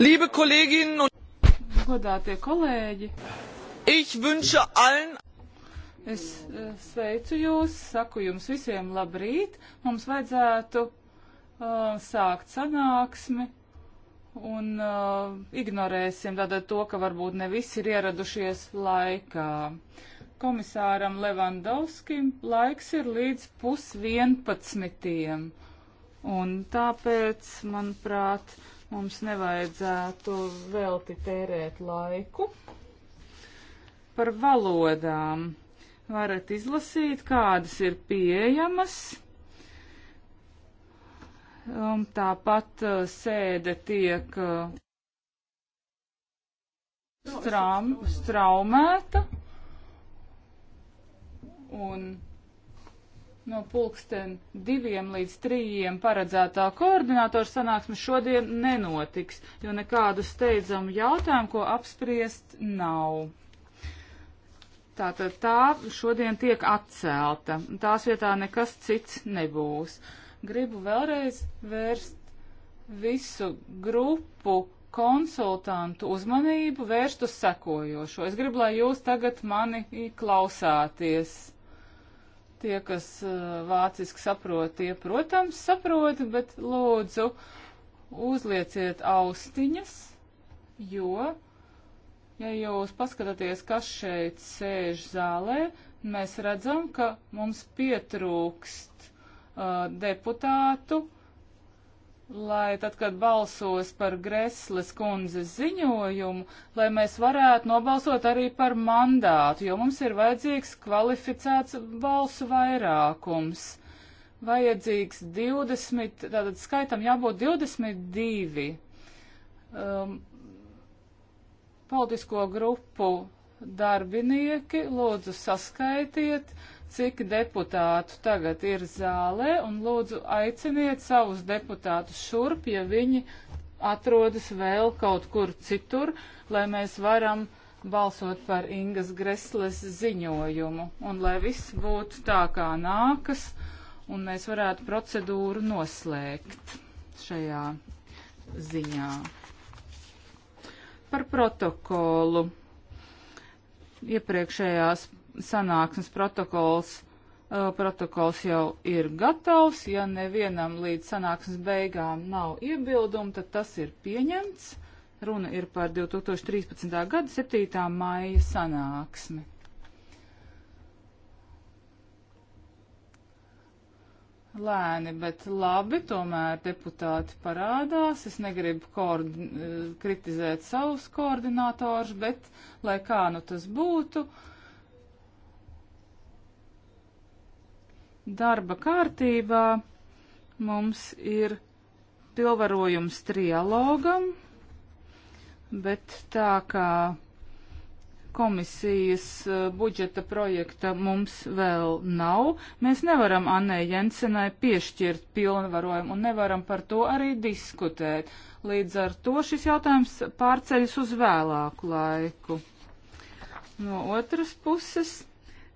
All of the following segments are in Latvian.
Liebe Kolleginnen un... und Godātie kolēģi! Ich wünsche allen. Es eh, sveicu jūs, saku jums visiem labrīt. Mums vajadzētu uh, sākt sanāksmi un uh, ignorēsim tātad to, ka varbūt ne visi ir ieradušies laikā. Komisāram Levandovskim laiks ir līdz pusvienpadsmitiem. Un tāpēc, manuprāt, uh, Mums nevajadzētu velti tērēt laiku. Par valodām varat izlasīt, kādas ir pieejamas. Um, tāpat uh, sēde tiek uh, straum, straumēta. Un no pulksten diviem līdz trījiem paredzētā koordinātora sanāksme šodien nenotiks, jo nekādu steidzamu jautājumu, ko apspriest, nav. Tātad tā šodien tiek atcelta. Tās vietā nekas cits nebūs. Gribu vēlreiz vērst visu grupu konsultantu uzmanību vērst uz sekojošo. Es gribu, lai jūs tagad mani klausāties. Tie, kas eh, vāciski saprot, tie, protams, saprot, bet lūdzu uzlieciet austiņas, jo, ja jūs paskatāties, kas šeit sēž zālē, mēs redzam, ka mums pietrūkst uh, deputātu, uh, lai tad, kad balsos par Gresles kundzes ziņojumu, lai mēs varētu nobalsot arī par mandātu, jo mums ir vajadzīgs kvalificēts balsu vairākums. Vajadzīgs 20, tātad skaitam jābūt 22 um, politisko grupu darbinieki, lūdzu saskaitiet, uh, cik deputātu tagad ir zālē, un lūdzu aiciniet savus deputātus šurp, ja viņi atrodas vēl kaut kur citur, lai mēs varam balsot par Ingas Gresles ziņojumu, un lai viss būtu tā kā nākas, un mēs varētu procedūru noslēgt šajā ziņā. Par protokolu iepriekšējās sanāksmes protokols, uh, protokols jau ir gatavs. Ja nevienam līdz sanāksmes beigām nav iebildumu, tad tas ir pieņemts. Runa ir par 2013. gada 7. maija sanāksmi. Lēni, bet labi, tomēr deputāti parādās. Es negribu eh, kritizēt savus koordinatorus, bet lai kā nu tas būtu, uh, darba kārtībā mums ir pilvarojums trialogam, bet tā kā komisijas e, budžeta projekta mums vēl nav, mēs nevaram Annē Jensenai piešķirt pilnvarojumu un nevaram par to arī diskutēt. Līdz ar to šis jautājums pārceļas uz vēlāku laiku. No otras puses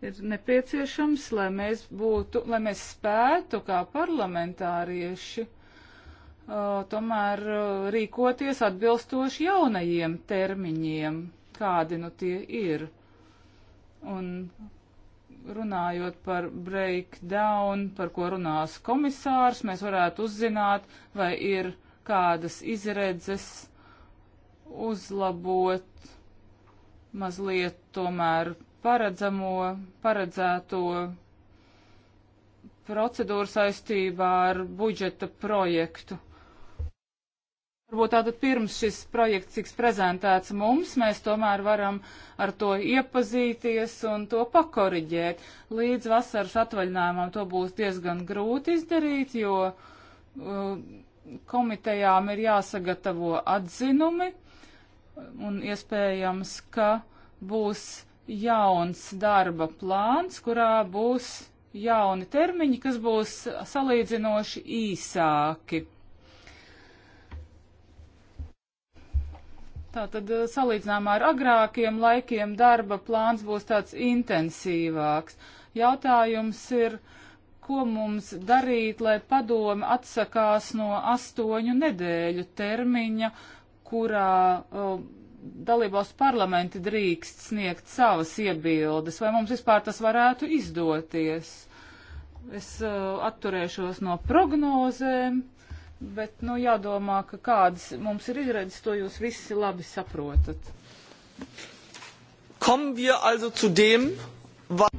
ir nepieciešams, lai mēs būtu, lai mēs spētu kā parlamentārieši uh, tomēr uh, rīkoties atbilstoši jaunajiem termiņiem, kādi nu tie ir. Un runājot par breakdown, par ko runās komisārs, mēs varētu uzzināt, vai ir kādas izredzes uzlabot mazliet tomēr paredzamo, paredzēto procedūru saistībā ar budžeta projektu. Varbūt tātad pirms šis projekts tiks prezentēts mums, mēs tomēr varam ar to iepazīties un to pakoriģēt. Līdz vasaras atvaļinājumam to būs diezgan grūti izdarīt, jo uh, komitejām ir jāsagatavo atzinumi un iespējams, ka būs jauns darba plāns, kurā būs jauni termiņi, kas būs salīdzinoši īsāki. Tātad eh, salīdzinājumā ar agrākiem laikiem darba plāns būs tāds intensīvāks. Jautājums ir, ko mums darīt, lai padome atsakās no astoņu nedēļu termiņa, kurā uh, dalībvalsts parlamenti drīkst sniegt savas iebildes, vai mums vispār tas varētu izdoties. Es uh, atturēšos no prognozēm, bet, nu, jādomā, ka kādas mums ir izredzes, to jūs visi labi saprotat. Kommen wir also zu dem, was.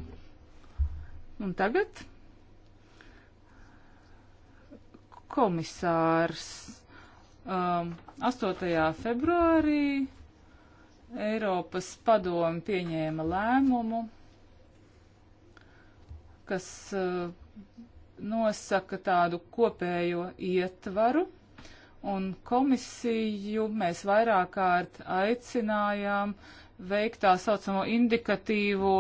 Un tagad? Komisārs. Um, 8. februārī Eiropas padomi pieņēma lēmumu, kas eh, nosaka tādu kopējo ietvaru, un komisiju mēs vairāk kārt aicinājām veikt tā saucamo indikatīvo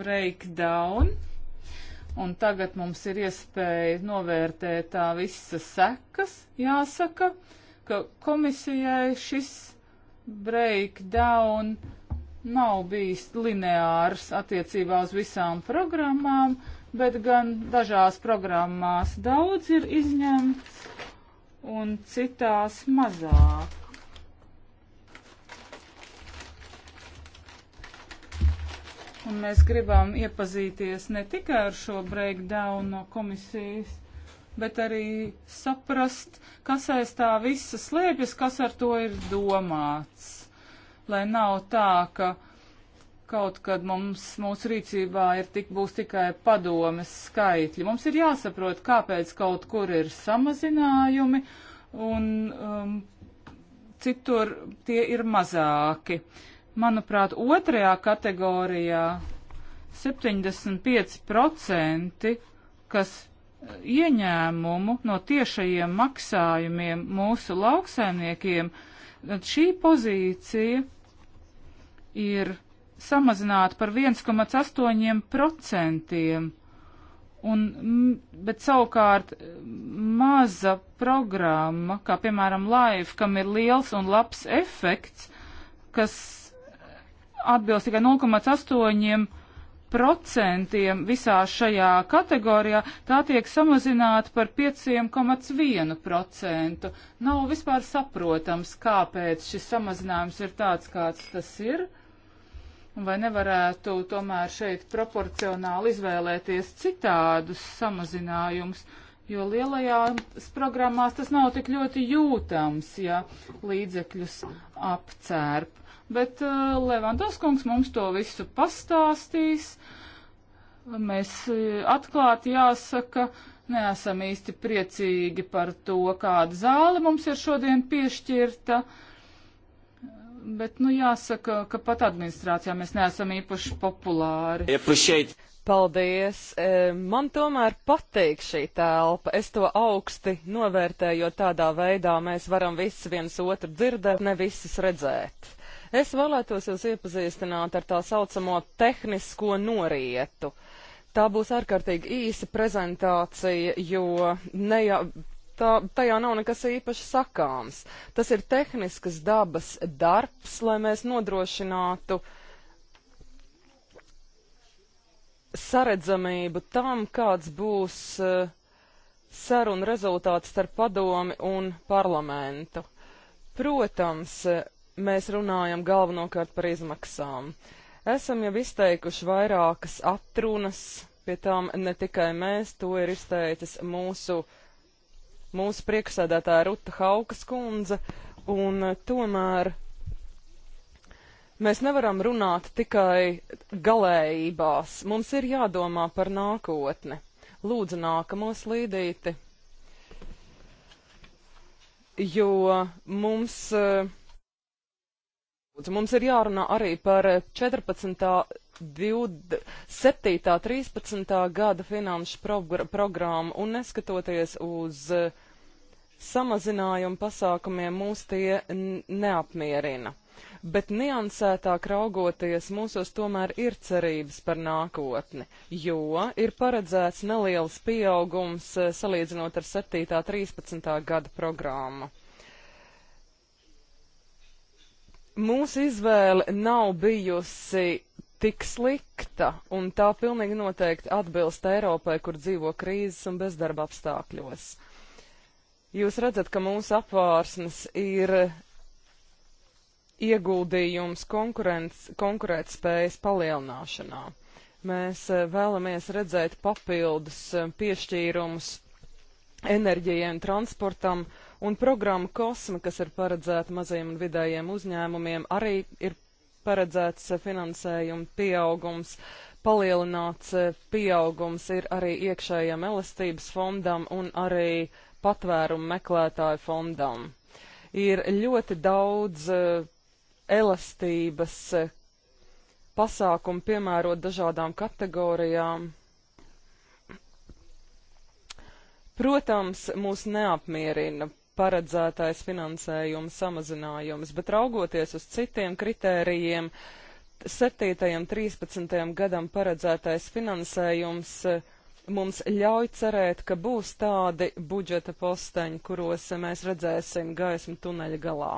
breakdown, un tagad mums ir iespēja novērtēt tā visa sekas, jāsaka. Uh, ka komisijai šis breakdown nav bijis lineārs attiecībā uz visām programmām, bet gan dažās programmās daudz ir izņemts un citās mazāk. Un mēs gribam iepazīties ne tikai ar šo breakdown no komisijas, bet arī saprast, kas aiz tā visa slēpjas, kas ar to ir domāts. Lai nav tā, ka kaut kad mums, mūsu rīcībā ir tik, būs tikai padomes skaitļi. Mums ir jāsaprot, kāpēc kaut kur ir samazinājumi un um, citur tie ir mazāki. Manuprāt, otrajā kategorijā 75%, kas ieņēmumu no tiešajiem maksājumiem mūsu lauksaimniekiem, tad šī pozīcija ir samazināta par 1,8%. Un, bet savukārt maza programma, kā piemēram Live, kam ir liels un labs efekts, kas atbilst tikai 0,8% procentiem visā šajā kategorijā, tā tiek samazināta par 5,1%. Nav vispār saprotams, kāpēc šis samazinājums ir tāds, kāds tas ir. Vai nevarētu tomēr šeit proporcionāli izvēlēties citādus samazinājumus, jo lielajās programmās tas nav tik ļoti jūtams, ja līdzekļus apcērp bet uh, Levandovskungs mums to visu pastāstīs. Mēs uh, atklāti jāsaka, neesam īsti priecīgi par to, kāda zāle mums ir šodien piešķirta. Bet, nu, jāsaka, ka pat administrācijā mēs neesam īpaši populāri. Appreciate. Paldies! E, man tomēr patīk šī telpa. Es to augsti novērtēju, jo tādā veidā mēs varam visus viens otru dzirdēt, ne visus redzēt. Es vēlētos jūs iepazīstināt ar tā saucamo tehnisko norietu. Tā būs ārkārtīgi īsa prezentācija, jo ne jau tā, tajā nav nekas īpaši sakāms. Tas ir tehniskas dabas darbs, lai mēs nodrošinātu saredzamību tam, kāds būs uh, saruna rezultāts starp padomi un parlamentu. Protams, eh, mēs runājam galvenokārt par izmaksām. Esam jau izteikuši vairākas atrunas, pie tām ne tikai mēs, to ir izteicis mūsu, mūsu priekšsēdētāja Ruta Haukas kundze, un tomēr mēs nevaram runāt tikai galējībās, mums ir jādomā par nākotni. Lūdzu, nākamos līdīti, jo mums uh, Mums ir jārunā arī par 14. 20, 7. 13. gada finanšu progr programmu un neskatoties uz eh, samazinājumu pasākumiem mūs tie neapmierina. Bet niansētāk raugoties, mūsos tomēr ir cerības par nākotni, jo ir paredzēts neliels pieaugums eh, salīdzinot ar 7. 13. gada programmu. Mūsu izvēle nav bijusi tik slikta, un tā pilnīgi noteikti atbilst Eiropai, kur dzīvo krīzes un bezdarba apstākļos. Jūs redzat, ka mūsu apvārsnes ir ieguldījums konkurētspējas palielināšanā. Mēs eh, vēlamies redzēt papildus eh, piešķīrumus enerģijai un transportam, uh, Un programma Kosma, kas ir paredzēta mazajiem un vidējiem uzņēmumiem, arī ir paredzēts eh, finansējuma pieaugums. Palielināts eh, pieaugums ir arī iekšējiem elastības fondam un arī patvērumu meklētāju fondam. Ir ļoti daudz eh, elastības pasākumu piemērot dažādām kategorijām. Protams, mūs neapmierina paredzētais finansējuma samazinājums, bet raugoties uz citiem kritērijiem, 7.13. gadam paredzētais finansējums eh, mums ļauj cerēt, ka būs tādi budžeta posteņi, kuros mēs redzēsim gaismu tuneļa galā.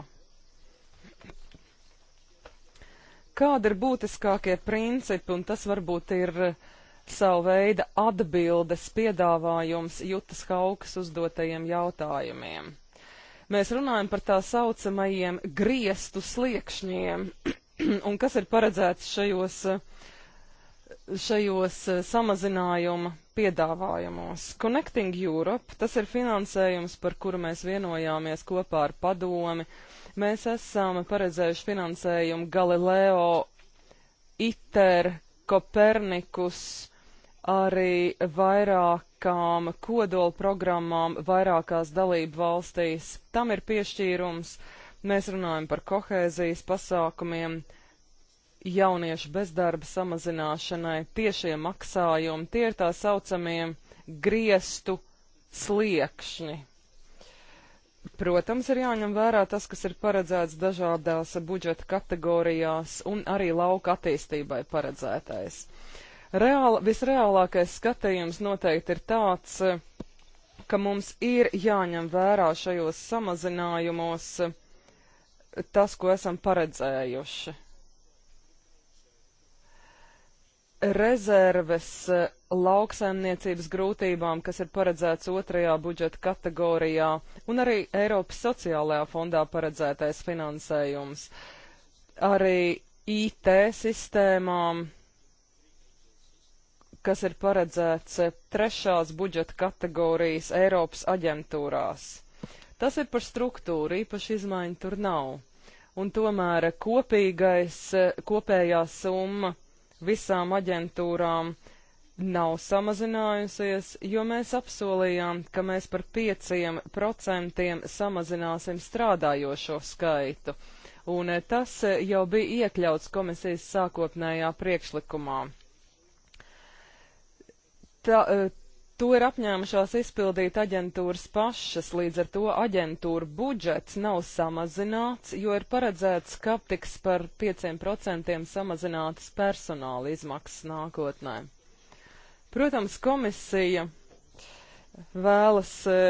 Kādi ir būtiskākie principi, un tas varbūt ir eh, savu veidu atbildes piedāvājums Jutas Haukas uzdotajiem jautājumiem? Mēs runājam par tā saucamajiem griestu sliekšņiem, un kas ir paredzēts šajos, šajos eh, samazinājuma piedāvājumos. Connecting Europe, tas ir finansējums, par kuru mēs vienojāmies kopā ar padomi. Mēs esam paredzējuši finansējumu Galileo, ITER, Kopernikus, arī vairāk lielākām kodolprogrammām vairākās dalību valstīs. Tam ir piešķīrums. Mēs runājam par kohēzijas pasākumiem, jauniešu bezdarba samazināšanai, tiešie maksājumi, tie ir tā saucamie griestu sliekšņi. Protams, ir jāņem vērā tas, kas ir paredzēts dažādās budžeta kategorijās un arī lauka attīstībai paredzētais. Reāla, visreālākais skatījums noteikti ir tāds, ka mums ir jāņem vērā šajos samazinājumos tas, ko esam paredzējuši. Rezerves eh, lauksaimniecības grūtībām, kas ir paredzēts otrajā budžeta kategorijā, un arī Eiropas sociālajā fondā paredzētais finansējums. Arī IT sistēmām kas ir paredzēts trešās budžeta kategorijas Eiropas aģentūrās. Tas ir par struktūru, īpaši izmaiņu tur nav. Un tomēr kopīgais, kopējā summa visām aģentūrām nav samazinājusies, jo mēs apsolījām, ka mēs par 5% samazināsim strādājošo skaitu. Un tas jau bija iekļauts komisijas sākotnējā priekšlikumā ta, e, to ir apņēmušās izpildīt aģentūras pašas, līdz ar to aģentūra budžets nav samazināts, jo ir paredzēts, ka tiks par 5% samazinātas personāla izmaksas nākotnē. Protams, komisija vēlas e,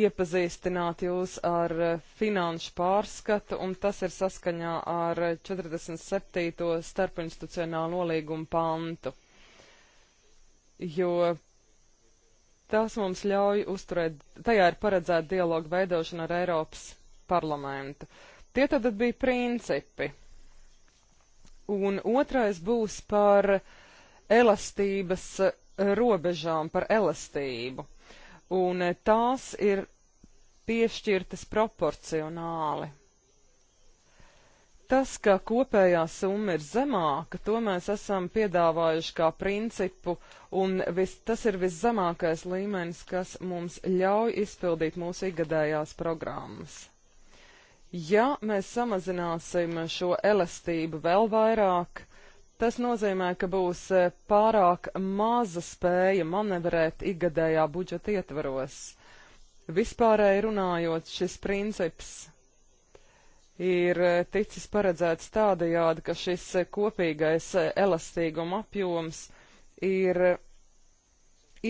iepazīstināt jūs ar e, finanšu pārskatu, un tas ir saskaņā ar 47. starpinstitucionālo nolīgumu pantu jo tas mums ļauj uzturēt, tajā ir paredzēta dialogu veidošana ar Eiropas parlamentu. Tie tad bija principi. Un otrais būs par elastības eh, robežām, par elastību. Un eh, tās ir piešķirtas proporcionāli. Tas, ka kopējā summa ir zemāka, to mēs esam piedāvājuši kā principu, un vis, tas ir viszemākais līmenis, kas mums ļauj izpildīt mūsu ikgadējās programmas. Ja mēs samazināsim šo elastību vēl vairāk, tas nozīmē, ka būs eh, pārāk maza spēja manevrēt ikgadējā budžeta ietvaros. Vispārēji runājot, šis princips ir eh, ticis paredzēts tādajādi, ka šis eh, kopīgais eh, elastīguma apjoms ir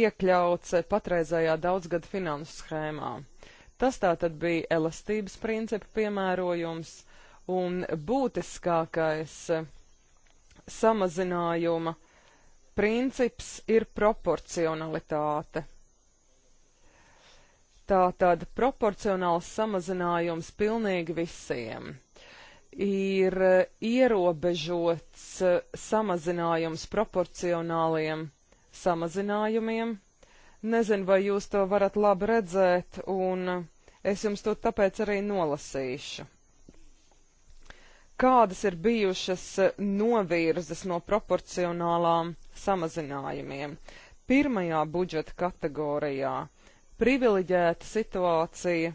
iekļauts patreizējā daudzgada finanšu schēmā. Tas tātad bija elastības principa piemērojums un būtiskākais samazinājuma princips ir proporcionalitāte. Tātad proporcionāls samazinājums pilnīgi visiem. Ir e, ierobežots e, samazinājums proporcionāliem samazinājumiem. Nezinu, vai jūs to varat labi redzēt, un es jums to tāpēc arī nolasīšu. Kādas ir bijušas e, novirzes no proporcionālām samazinājumiem? Pirmajā budžeta kategorijā privileģēta situācija,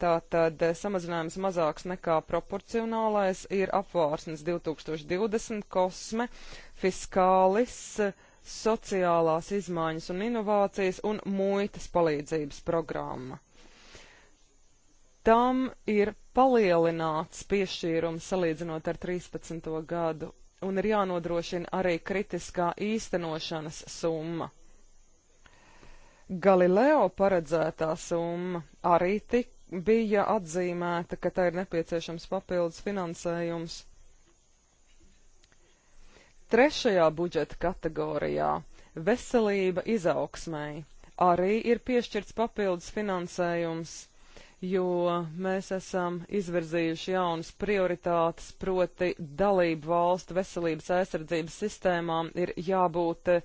tātad eh, samazinājums mazāks nekā proporcionālais, ir apvārsnes 2020, kosme, fiskālis, sociālās izmaiņas un inovācijas un muitas palīdzības programma. Tam ir palielināts piešķīrums salīdzinot ar 13. gadu, un ir jānodrošina arī kritiskā īstenošanas summa. Galileo paredzētā summa arī tik bija atzīmēta, ka tai ir nepieciešams papildus finansējums. Trešajā budžeta kategorijā - veselība izaugsmai - arī ir piešķirts papildus finansējums, jo mēs esam izvirzījuši jaunas prioritātes, proti dalību valstu veselības aizsardzības sistēmām ir jābūt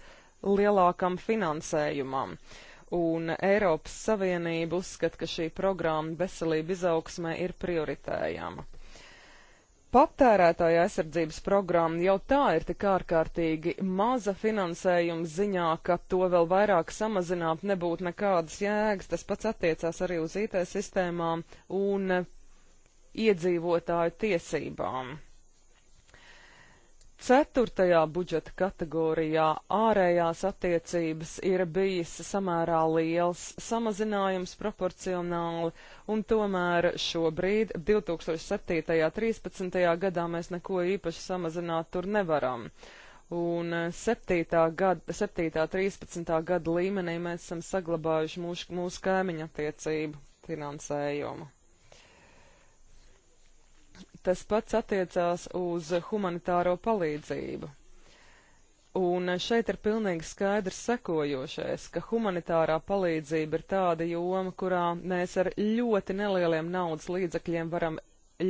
lielākam finansējumam. Uh, un Eiropas Savienība uzskata, ka šī programma veselība izaugsmē ir prioritējama. Patērētāja aizsardzības programma jau tā ir tik ārkārtīgi maza finansējuma ziņā, ka to vēl vairāk samazināt nebūtu nekādas jēgas. Tas pats attiecās arī uz IT sistēmām un iedzīvotāju tiesībām. Ceturtajā budžeta kategorijā ārējās attiecības ir bijis samērā liels samazinājums proporcionāli, un tomēr šobrīd 2007.13. gadā mēs neko īpaši samazināt tur nevaram. Un 7.13. gada līmenī mēs esam saglabājuši mūsu, mūsu kaimiņu attiecību finansējumu. Tas pats attiecās uz humanitāro palīdzību. Un šeit ir pilnīgi skaidrs sekojošais, ka humanitārā palīdzība ir tāda joma, kurā mēs ar ļoti nelieliem naudas līdzekļiem varam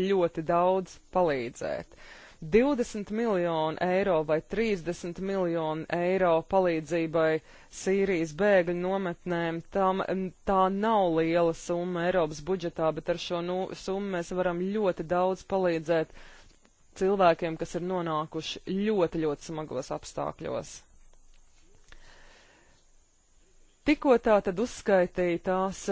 ļoti daudz palīdzēt. 20 miljonu eiro vai 30 miljonu eiro palīdzībai Sīrijas bēgļu nometnēm, tam, tā nav liela summa Eiropas budžetā, bet ar šo nu, summu mēs varam ļoti daudz palīdzēt cilvēkiem, kas ir nonākuši ļoti, ļoti smagos apstākļos. Tikko tā tad uzskaitīja tās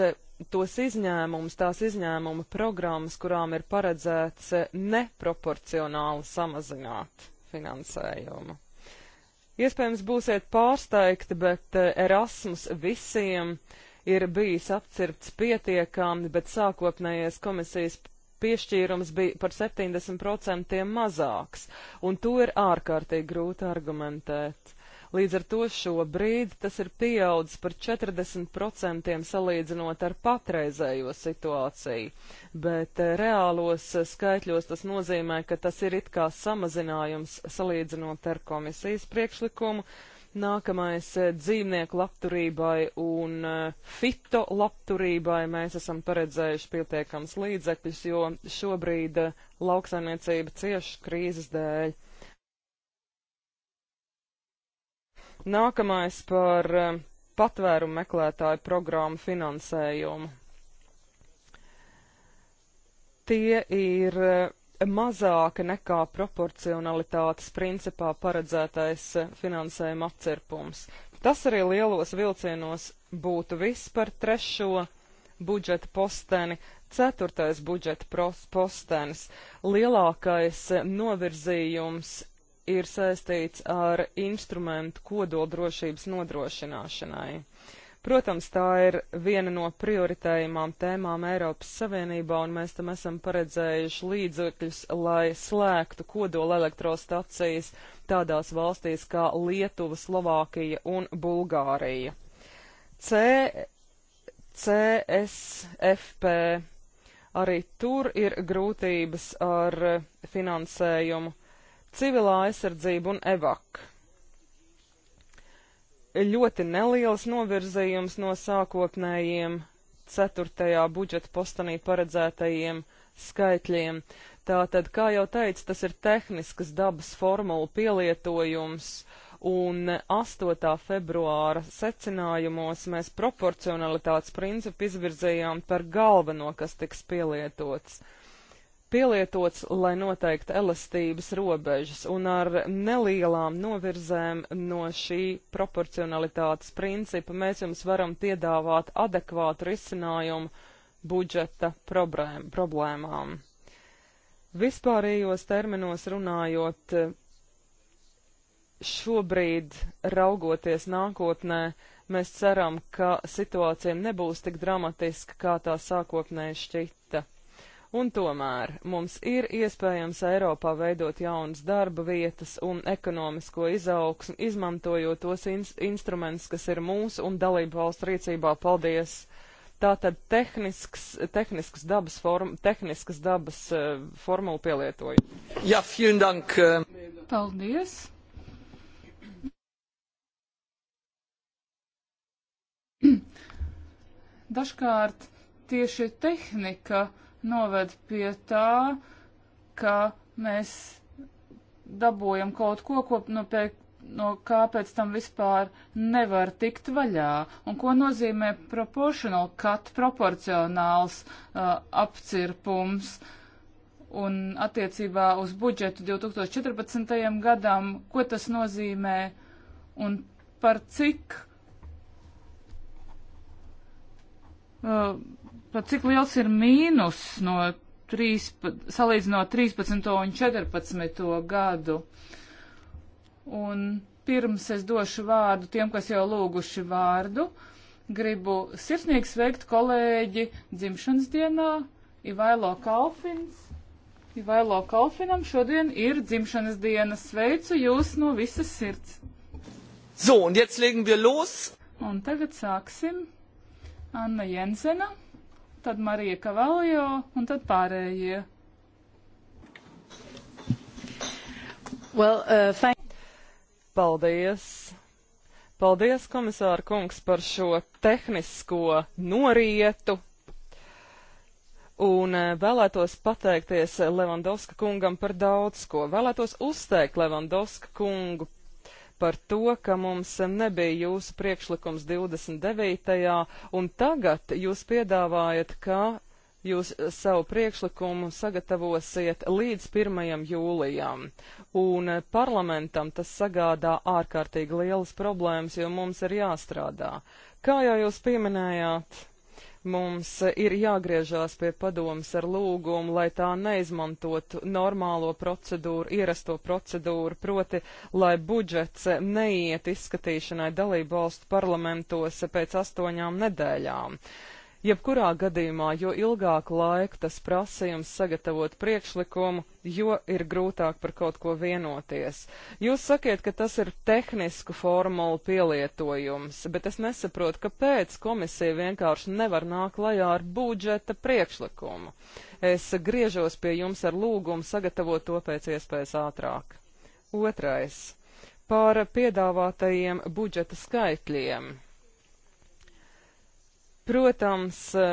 tos izņēmumus, tās izņēmuma programmas, kurām ir paredzēts eh, neproporcionāli samazināt finansējumu. Iespējams, būsiet pārsteigti, bet eh, Erasmus visiem ir bijis apcirpts pietiekami, bet sākotnējais komisijas piešķīrums bija par 70% mazāks, un to ir ārkārtīgi grūti argumentēt. Līdz ar to šobrīd tas ir pieaudzis par 40% salīdzinot ar patreizējo situāciju, bet eh, reālos eh, skaitļos tas nozīmē, ka tas ir it kā samazinājums salīdzinot ar komisijas priekšlikumu. Nākamais eh, dzīvnieku labturībai un fito labturībai mēs esam paredzējuši pietiekams līdzekļus, jo šobrīd lauksaimniecība cieši krīzes dēļ. Nākamais par eh, patvērumu meklētāju programmu finansējumu. Tie ir eh, mazāka nekā proporcionalitātes principā paredzētais eh, finansējuma apcirpums. Tas arī lielos vilcienos būtu viss par trešo budžeta posteni, ceturtais budžeta postenis. Lielākais novirzījums ir saistīts ar instrumentu kodoldrošības nodrošināšanai. Protams, tā ir viena no prioritējumām tēmām Eiropas Savienībā, un mēs tam esam paredzējuši līdzekļus, lai slēgtu kodola elektrostacijas tādās valstīs kā Lietuva, Slovākija un Bulgārija. C, CSFP arī tur ir grūtības ar finansējumu Civilā aizsardzība un evak. Ļoti neliels novirzījums no sākotnējiem ceturtajā budžeta postanī paredzētajiem skaitļiem. Tātad, kā jau teicu, tas ir tehniskas dabas formulu pielietojums, un 8. februāra secinājumos mēs proporcionalitātes principu izvirzījām par galveno, kas tiks pielietots pielietots, lai noteikti elastības robežas un ar nelielām novirzēm no šī proporcionalitātes principa mēs jums varam piedāvāt adekvātu risinājumu budžeta problēm, problēmām. Vispārējos terminos runājot, šobrīd raugoties nākotnē, mēs ceram, ka situācija nebūs tik dramatiska, kā tā sākotnēji šķita. Un tomēr mums ir iespējams Eiropā veidot jaunas darba vietas un ekonomisko izaugsmu, izmantojot tos ins instrumentus, kas ir mūsu un dalību valstu rīcībā. Paldies! Tātad tehnisks, tehnisks dabas form, tehniskas dabas uh, eh, formulu pielietoju. Jā, ja, vielen dank! Eh. Paldies! Dažkārt tieši tehnika noved pie tā, ka mēs dabūjam kaut ko, ko no, pie, no kā pēc tam vispār nevar tikt vaļā, un ko nozīmē proportional cut, proporcionāls uh, apcirpums. Un attiecībā uz budžetu 2014. gadam, ko tas nozīmē un par cik uh, Pat cik liels ir mīnus no 3, salīdzinot 13. un 14. gadu? Un pirms es došu vārdu tiem, kas jau lūguši vārdu, gribu sirsnīgi sveikt kolēģi dzimšanas dienā Ivailo Kalfins. Ivailo Kalfinam šodien ir dzimšanas diena. Sveicu jūs no visas sirds! So, un jetzt legen wir los! Un tagad sāksim. Anna Jensena tad Marija Kavaljo un tad pārējie. Well, uh, Paldies! Paldies, komisāra kungs, par šo tehnisko norietu. Un uh, vēlētos pateikties Levandovska kungam par daudz ko. Vēlētos uzteikt Levandovska kungu par to, ka mums nebija jūsu priekšlikums 29. un tagad jūs piedāvājat, ka jūs savu priekšlikumu sagatavosiet līdz 1. jūlijam. Un parlamentam tas sagādā ārkārtīgi lielas problēmas, jo mums ir jāstrādā. Kā jau jūs pieminējāt, Mums ir jāgriežās pie padomas ar lūgumu, lai tā neizmantotu normālo procedūru, ierasto procedūru, proti, lai budžets neiet izskatīšanai dalību valstu parlamentos pēc astoņām nedēļām. Jebkurā gadījumā, jo ilgāku laiku tas prasa jums sagatavot priekšlikumu, jo ir grūtāk par kaut ko vienoties. Jūs sakiet, ka tas ir tehnisku formulu pielietojums, bet es nesaprotu, kāpēc komisija vienkārši nevar nākt klajā ar budžeta priekšlikumu. Es griežos pie jums ar lūgumu sagatavot to pēc iespējas ātrāk. Otrais par piedāvātajiem budžeta skaitļiem. Protams, eh,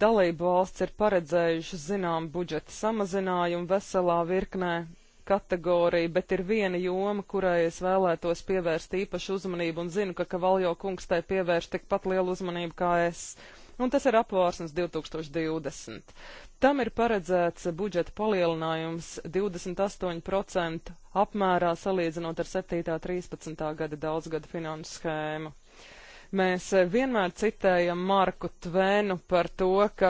dalību valsts ir paredzējušas zinām budžeta samazinājumu veselā virknē kategoriju, bet ir viena joma, kurai es vēlētos pievērst īpašu uzmanību un zinu, ka Kavaljo kungs tai pievērš tikpat lielu uzmanību kā es. Un tas ir apvārsnes 2020. Tam ir paredzēts budžeta palielinājums 28% apmērā salīdzinot ar 7.13. gada daudzgada finanšu schēmu. Mēs eh, vienmēr citējam Marku Tvēnu par to, ka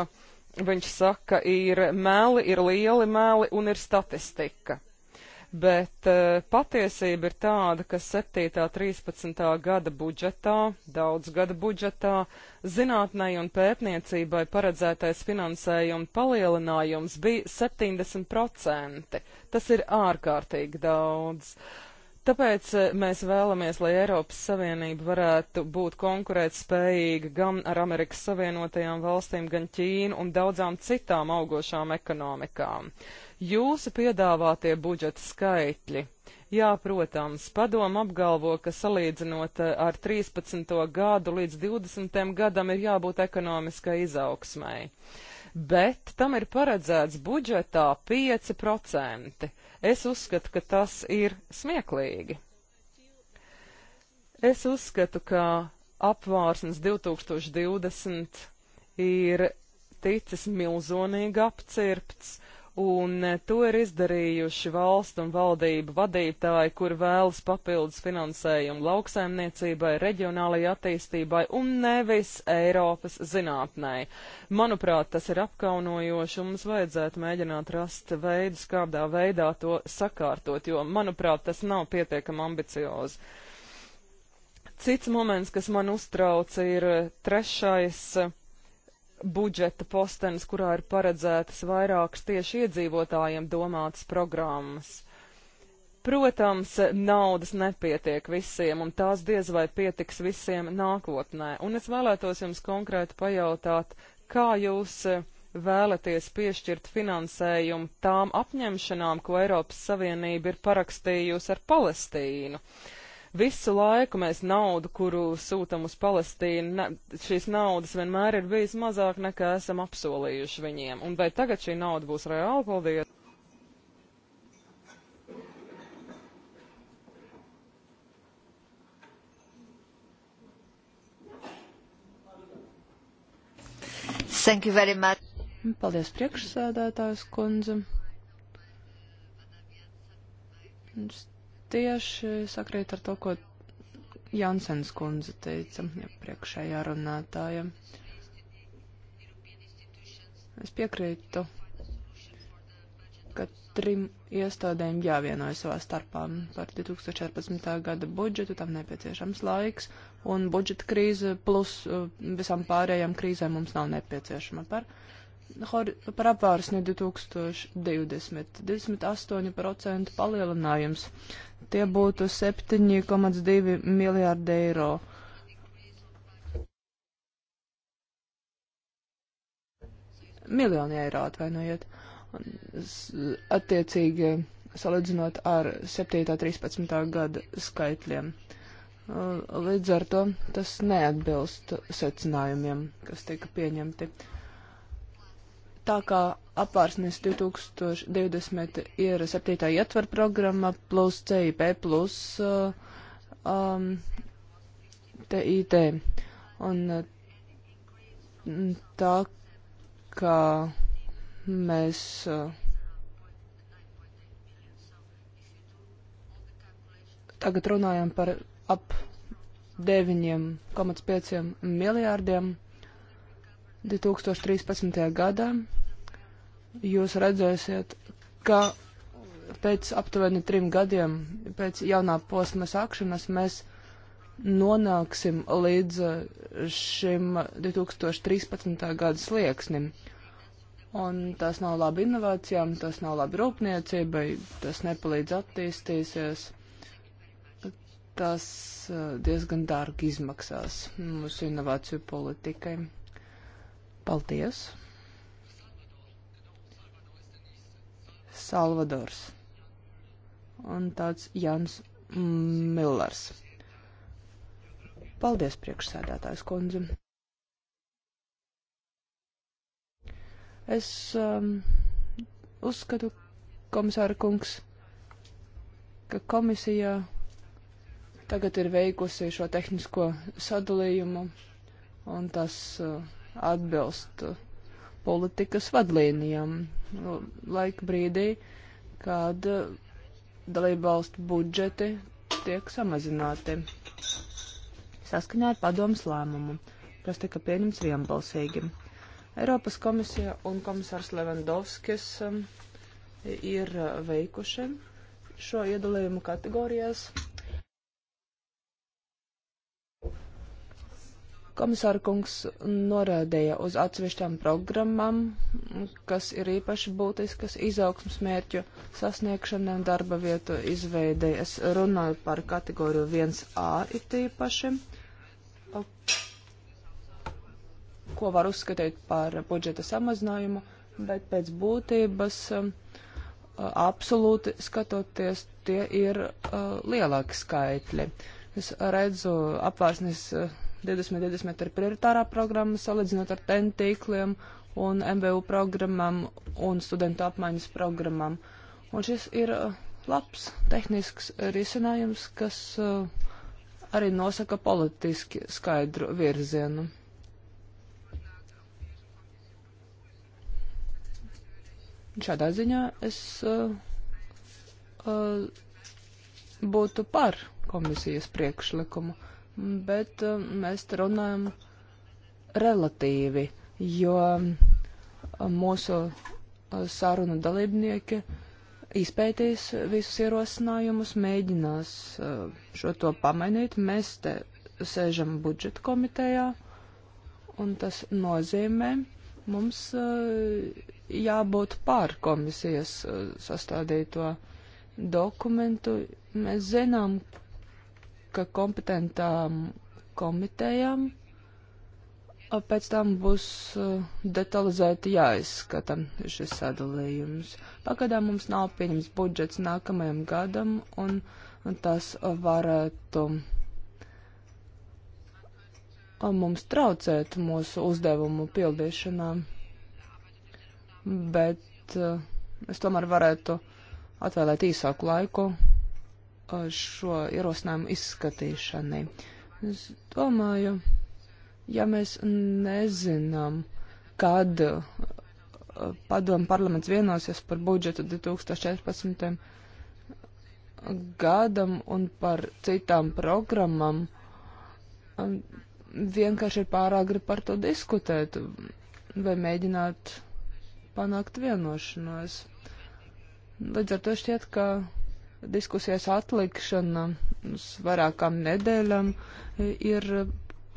viņš saka, ir meli, ir lieli meli un ir statistika bet uh, patiesība ir tāda, ka 7.13. gada budžetā, daudz gada budžetā, zinātnē un pētniecībai paredzētais finansējuma palielinājums bija 70%. Tas ir ārkārtīgi daudz. Uh, Tāpēc eh, mēs vēlamies, lai Eiropas Savienība varētu būt konkurētspējīga gan ar Amerikas Savienotajām valstīm, gan Ķīnu un daudzām citām augošām ekonomikām. Jūsu piedāvātie budžeta skaitļi. Jā, protams, padomu apgalvo, ka salīdzinot eh, ar 13. gadu līdz 20. gadam ir jābūt ekonomiskai izaugsmai bet tam ir paredzēts budžetā 5%. Es uzskatu, ka tas ir smieklīgi. Es uzskatu, ka apvārsnes 2020 ir ticis milzonīgi apcirpts Un to ir izdarījuši valstu un valdību vadītāji, kur vēlas papildus finansējumu lauksaimniecībai, reģionālajai attīstībai un nevis Eiropas zinātnē. Manuprāt, tas ir apkaunojoši un mums vajadzētu mēģināt rast veidus, kādā veidā to sakārtot, jo, manuprāt, tas nav pietiekami ambiciozi. Cits moments, kas man uztrauc, ir trešais budžeta postenis, kurā ir paredzētas vairākas tieši iedzīvotājiem domātas programmas. Protams, naudas nepietiek visiem, un tās diez vai pietiks visiem nākotnē. Un es vēlētos jums konkrēti pajautāt, kā jūs eh, vēlaties piešķirt finansējumu tām apņemšanām, ko Eiropas Savienība ir parakstījusi ar Palestīnu. Uh, Visu laiku mēs naudu, kuru sūtam uz Palestīnu, ne, šīs naudas vienmēr ir bijis mazāk nekā esam apsolījuši viņiem. Un vai tagad šī nauda būs reāla? Paldies! Thank you very much. Paldies priekšsēdētājs kundze. Just tieši sakrīt ar to, ko Jansens kundze teica iepriekšējā ja runātāja. Es piekrītu, ka trim iestādēm jāvienojas savā starpā par 2014. gada budžetu, tam nepieciešams laiks, un budžeta krīze plus uh, visām pārējām krīzēm mums nav nepieciešama par par apvārsni 2020 - 28% palielinājums. Tie būtu 7,2 miljārdi eiro. Miljoni eiro atvainojiet. Attiecīgi salīdzinot ar 7.13. gada skaitļiem. Nu, līdz ar to tas neatbilst secinājumiem, kas tika pieņemti. Uh, Tā kā apvārsnes 2020 ir septītā ietver programma plus CIP plus uh, um, TIT. Un uh, tā kā mēs. Uh, tagad runājam par ap 9,5 miljārdiem 2013. gadā jūs redzēsiet, ka pēc aptuveni trim gadiem, pēc jaunā posma sākšanas, mēs nonāksim līdz eh, šim 2013. gada slieksnim. Un tas nav labi inovācijām, tas nav labi rūpniecībai, tas nepalīdz attīstīsies, tas eh, diezgan dārgi izmaksās mūsu inovāciju politikai. Paldies! Salvadors un tāds Jans Millers. Paldies, priekšsēdētājs kundze. Es um, uzskatu, komisāra kungs, ka komisija tagad ir veikusi šo tehnisko sadalījumu un tas uh, atbilst uh, politikas vadlīnijām laika brīdī, kad eh, dalībvalstu budžeti tiek samazināti saskaņā ar padomas lēmumu, kas tika pieņemts vienbalsīgi. Eiropas komisija un komisārs Levandovskis eh, ir veikuši šo iedalījumu kategorijās Komisāra kungs norādīja uz atsevišķām programmām, kas ir īpaši būtiskas izaugsmas mērķu sasniegšanai un darba vietu izveidei. Es runāju par kategoriju 1A it īpaši, ko var uzskatīt par budžeta samazinājumu, bet pēc būtības absolūti skatoties, tie ir lielāki skaitļi. Es redzu apvārsnes 2020 ir prioritārā programma, salīdzinot ar TEN tīkliem un MBU programmām un studentu apmaiņas programmām. Un šis ir uh, labs tehnisks risinājums, kas uh, arī nosaka politiski skaidru virzienu. Šādā ziņā es uh, uh, būtu par komisijas priekšlikumu bet uh, mēs runājam relatīvi, jo uh, mūsu uh, sarunu dalībnieki izpētīs visus ierosinājumus, mēģinās šo to pamainīt. Mēs te sēžam budžeta komitejā, un tas nozīmē, mums jābūt pār komisijas sastādīto dokumentu. Mēs zinām, ka kompetentām komitejām pēc tam būs uh, detalizēti jāizskata šis sadalījums. Pagaidām mums nav pieņems budžets nākamajam gadam, un, un tas varētu mums traucēt mūsu uzdevumu pildīšanā. Bet uh, es tomēr varētu atvēlēt īsāku laiku Eh, šo ierosinājumu izskatīšanai. Es domāju, ja mēs nezinām, kad eh, padomu parlaments vienosies par budžetu 2014. gadam un par citām programmam, eh, vienkārši ir pāragri par to diskutēt vai mēģināt panākt vienošanos. Līdz ar to šķiet, ka diskusijas atlikšana uz vairākām nedēļām ir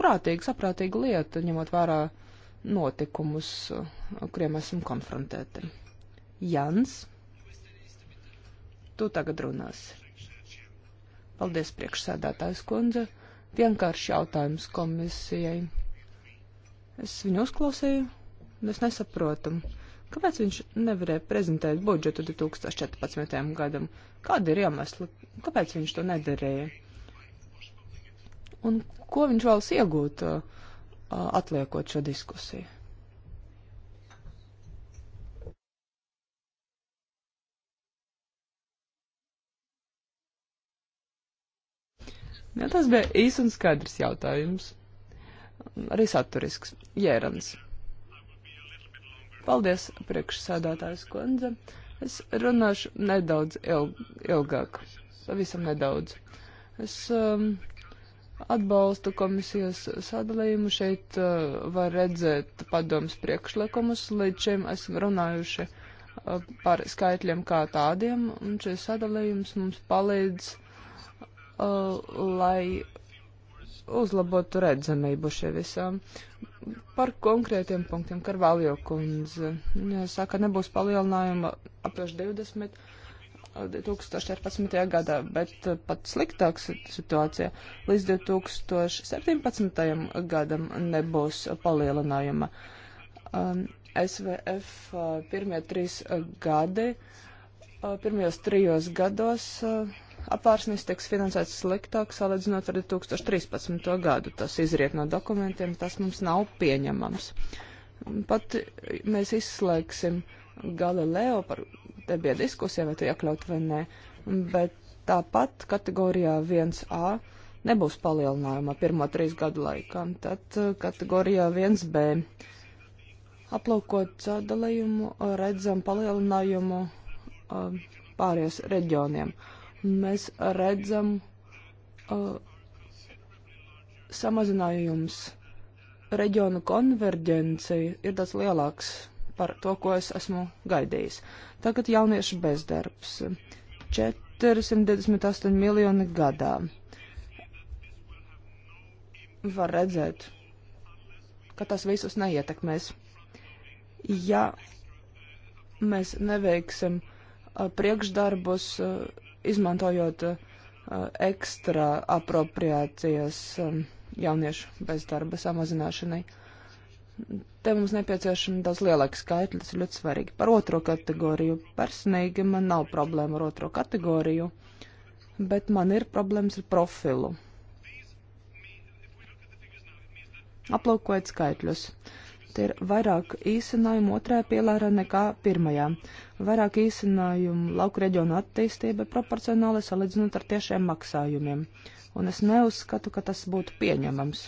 prātīga, saprātīga lieta, ņemot vērā notikumus, kuriem esam konfrontēti. Jans, tu tagad runāsi. Paldies, priekšsēdētājs kundze. Vienkārši jautājums komisijai. Es viņu uzklausīju, un es nesaprotu. Kāpēc viņš nevarēja prezentēt budžetu 2014. gadam? Kāda ir iemesla? Kāpēc viņš to nedarīja? Un ko viņš vēlas iegūt, uh, atliekot šo diskusiju? Ja, tas bija īsts un skaidrs jautājums. Arī saturisks. Jērans. Yeah, Paldies, priekšsēdētājs kundze. Es runāšu nedaudz ilg ilgāk, pavisam nedaudz. Es um, atbalstu komisijas sadalījumu. Šeit uh, var redzēt padomus priekšlikumus. Līdz šim esam runājuši uh, par skaitļiem kā tādiem, un šis sadalījums mums palīdz, uh, lai uzlabotu redzamību šie visām par konkrētiem punktiem, Karvaljo kundze. Viņa saka, nebūs palielinājuma aptuveni 20. 2014. Eh, gadā, bet eh, pat sliktāks situācija līdz 2017. gadam nebūs palielinājuma. Um, SVF eh, pirmie trīs gadi, pirmajos trijos gados apvārsnis tiks finansēts sliktāk salīdzinot ar 2013. gadu. Tas izriet no dokumentiem, tas mums nav pieņemams. Pat eh, mēs izslēgsim Galileo, par te bija diskusija, vai to iekļaut vai nē, bet tāpat kategorijā 1A nebūs palielinājuma pirmo trīs gadu laikā. Tad eh, kategorijā 1B aplaukot sadalījumu redzam palielinājumu eh, pārējais reģioniem. Uh, mēs redzam uh, samazinājums. Reģionu konverģencija ir daudz lielāks par to, ko es esmu gaidījis. Tagad jauniešu bezdarbs. 428 miljoni gadā. Var redzēt, ka tas visus neietekmēs. Ja mēs neveiksim uh, priekšdarbus uh, izmantojot uh, ekstra apropriācijas um, jauniešu bezdarba samazināšanai. Te mums nepieciešama daudz lielāka skaitļa, tas ir ļoti svarīgi. Par otro kategoriju personīgi man nav problēma ar otro kategoriju, bet man ir problēmas ar profilu. Aplaukojot skaitļus. Uh, Te ir vairāk īsinājumu otrajā pilārā nekā pirmajā. Vairāk īsinājumu lauku reģionu attīstība proporcionāli salīdzinot ar tiešiem maksājumiem. Un es neuzskatu, ka tas būtu pieņemams.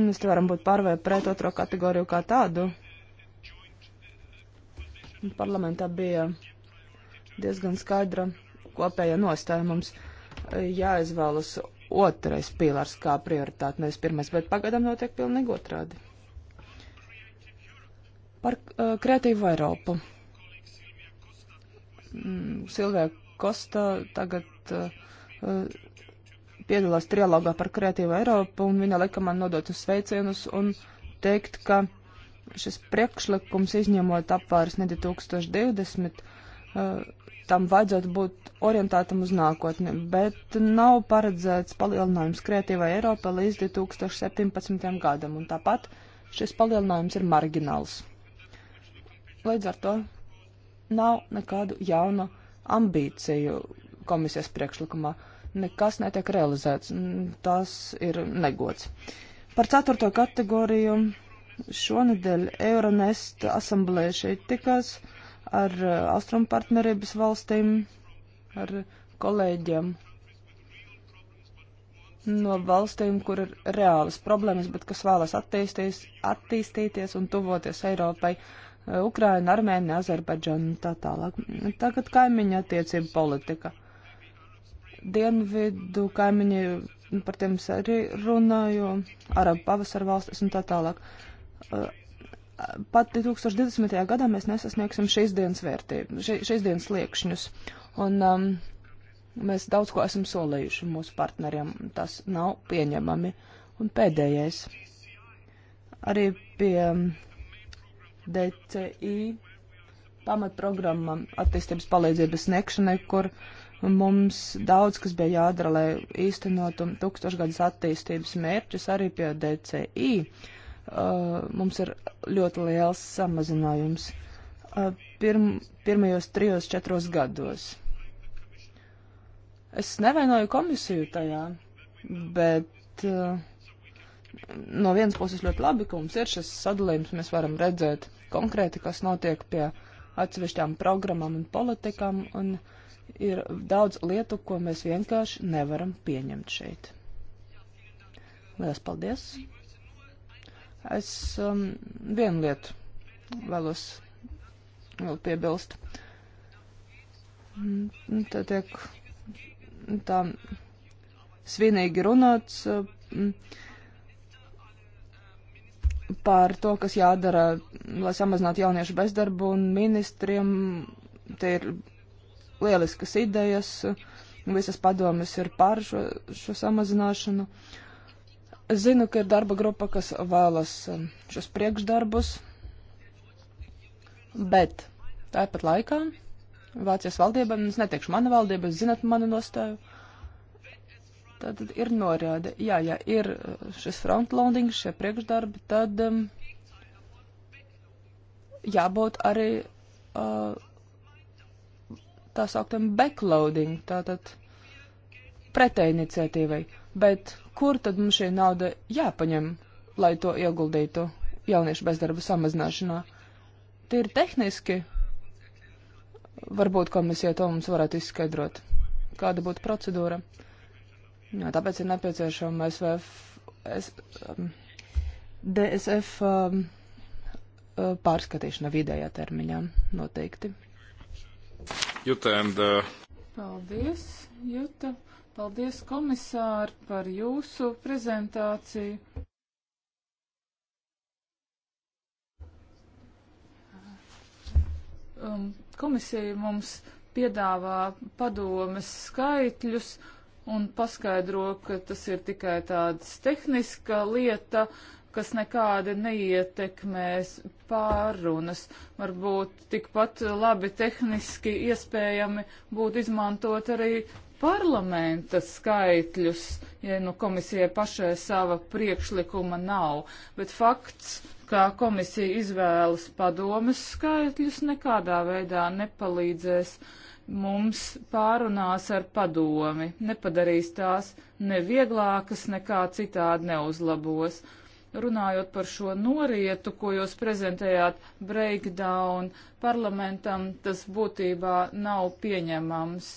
Mēs te varam būt pār vai pret otro kategoriju kā tādu. Parlamentā bija diezgan skaidra kopēja nostāja mums jāizvēlas otrais pīlārs kā prioritāte, nevis pirmais, bet pagadam notiek pilnīgi otrādi. Par uh, kreatīvu Eiropu. Mm, Silvija Kosta tagad uh, piedalās trialogā par kreatīvu Eiropu, un viņa lika man nodot uz sveicienus un teikt, ka šis priekšlikums, izņemot apvārs ne 2020, uh, tam vajadzētu būt orientētam uz nākotni, bet nav paredzēts palielinājums Kreatīvai Eiropai līdz 2017. gadam, un tāpat šis palielinājums ir margināls. Līdz ar to nav nekādu jaunu ambīciju komisijas priekšlikumā. Nekas netiek realizēts. Tas ir negods. Par ceturto kategoriju šonedēļ Euronest asamblē šeit tikās. Uh, ar eh, austrumu partnerības valstīm, ar kolēģiem no valstīm, kur ir reālas problēmas, bet kas vēlas attīstīties un tuvoties Eiropai. Eh, Ukraina, Armēnija, Azerbaidžana un tā tālāk. Tagad kaimiņa attiecība politika. Dienvidu kaimiņi par tiem arī runāju, Arabu pavasaru valstis un tā tālāk. Eh, pat 2020. gadā mēs nesasniegsim šīs dienas vērtību, še, šīs dienas liekšņus. Un um, mēs daudz ko esam solījuši mūsu partneriem. Tas nav pieņemami. Un pēdējais. Arī pie um, DCI pamatprogramma attīstības palīdzības sniegšanai, kur mums daudz kas bija jādara, lai īstenotu tūkstošgadus attīstības mērķus arī pie DCI. Uh, mums ir ļoti liels samazinājums pirm, pirmajos trijos, četros gados. Es nevainoju komisiju tajā, bet no vienas puses ļoti labi, ka mums ir šis sadalījums, mēs varam redzēt konkrēti, kas notiek pie atsevišķām programmām un politikām, un ir daudz lietu, ko mēs vienkārši nevaram pieņemt šeit. Lielas paldies! Es um, vienu lietu vēlos vēl piebilst. Mm, tā tiek tā svinīgi runāts mm, par to, kas jādara, lai samazinātu jauniešu bezdarbu un ministriem. Te ir lieliskas idejas, visas padomas ir par šo, šo samazināšanu. Uh, Zinu, ka ir darba grupa, kas vēlas um, šos priekšdarbus, bet tāpat laikā Vācijas valdība, es neteikšu mana valdība, es zinat manu nostāju, tad ir norāde, jā, ja ir uh, šis frontloading, šie priekšdarbi, tad um, jābūt arī uh, tā sauktiem backloading, tātad pretēji iniciatīvai. Uh, bet kur tad mums šī nauda jāpaņem, lai to ieguldītu jauniešu bezdarba samazināšanā? Tie ir tehniski. Varbūt komisija to mums varētu izskaidrot, kāda būtu procedūra. Jā, tāpēc ir nepieciešama SVF, S, um, DSF um, uh, pārskatīšana vidējā termiņā noteikti. Juta and, uh... Paldies, Juta. Paldies, komisāri, par jūsu prezentāciju. Um, komisija mums piedāvā padomes skaitļus un paskaidro, ka tas ir tikai tāds tehniska lieta, kas nekādi neietekmēs pārunas. Varbūt tikpat labi tehniski iespējami būtu izmantot arī parlamenta skaitļus, ja nu komisijai pašai sava priekšlikuma nav, bet fakts, ka komisija izvēlas padomas skaitļus, nekādā veidā nepalīdzēs mums pārunās ar padomi, nepadarīs tās nevieglākas, nekā citādi neuzlabos. Runājot par šo norietu, ko jūs prezentējāt, breakdown, parlamentam tas būtībā nav pieņemams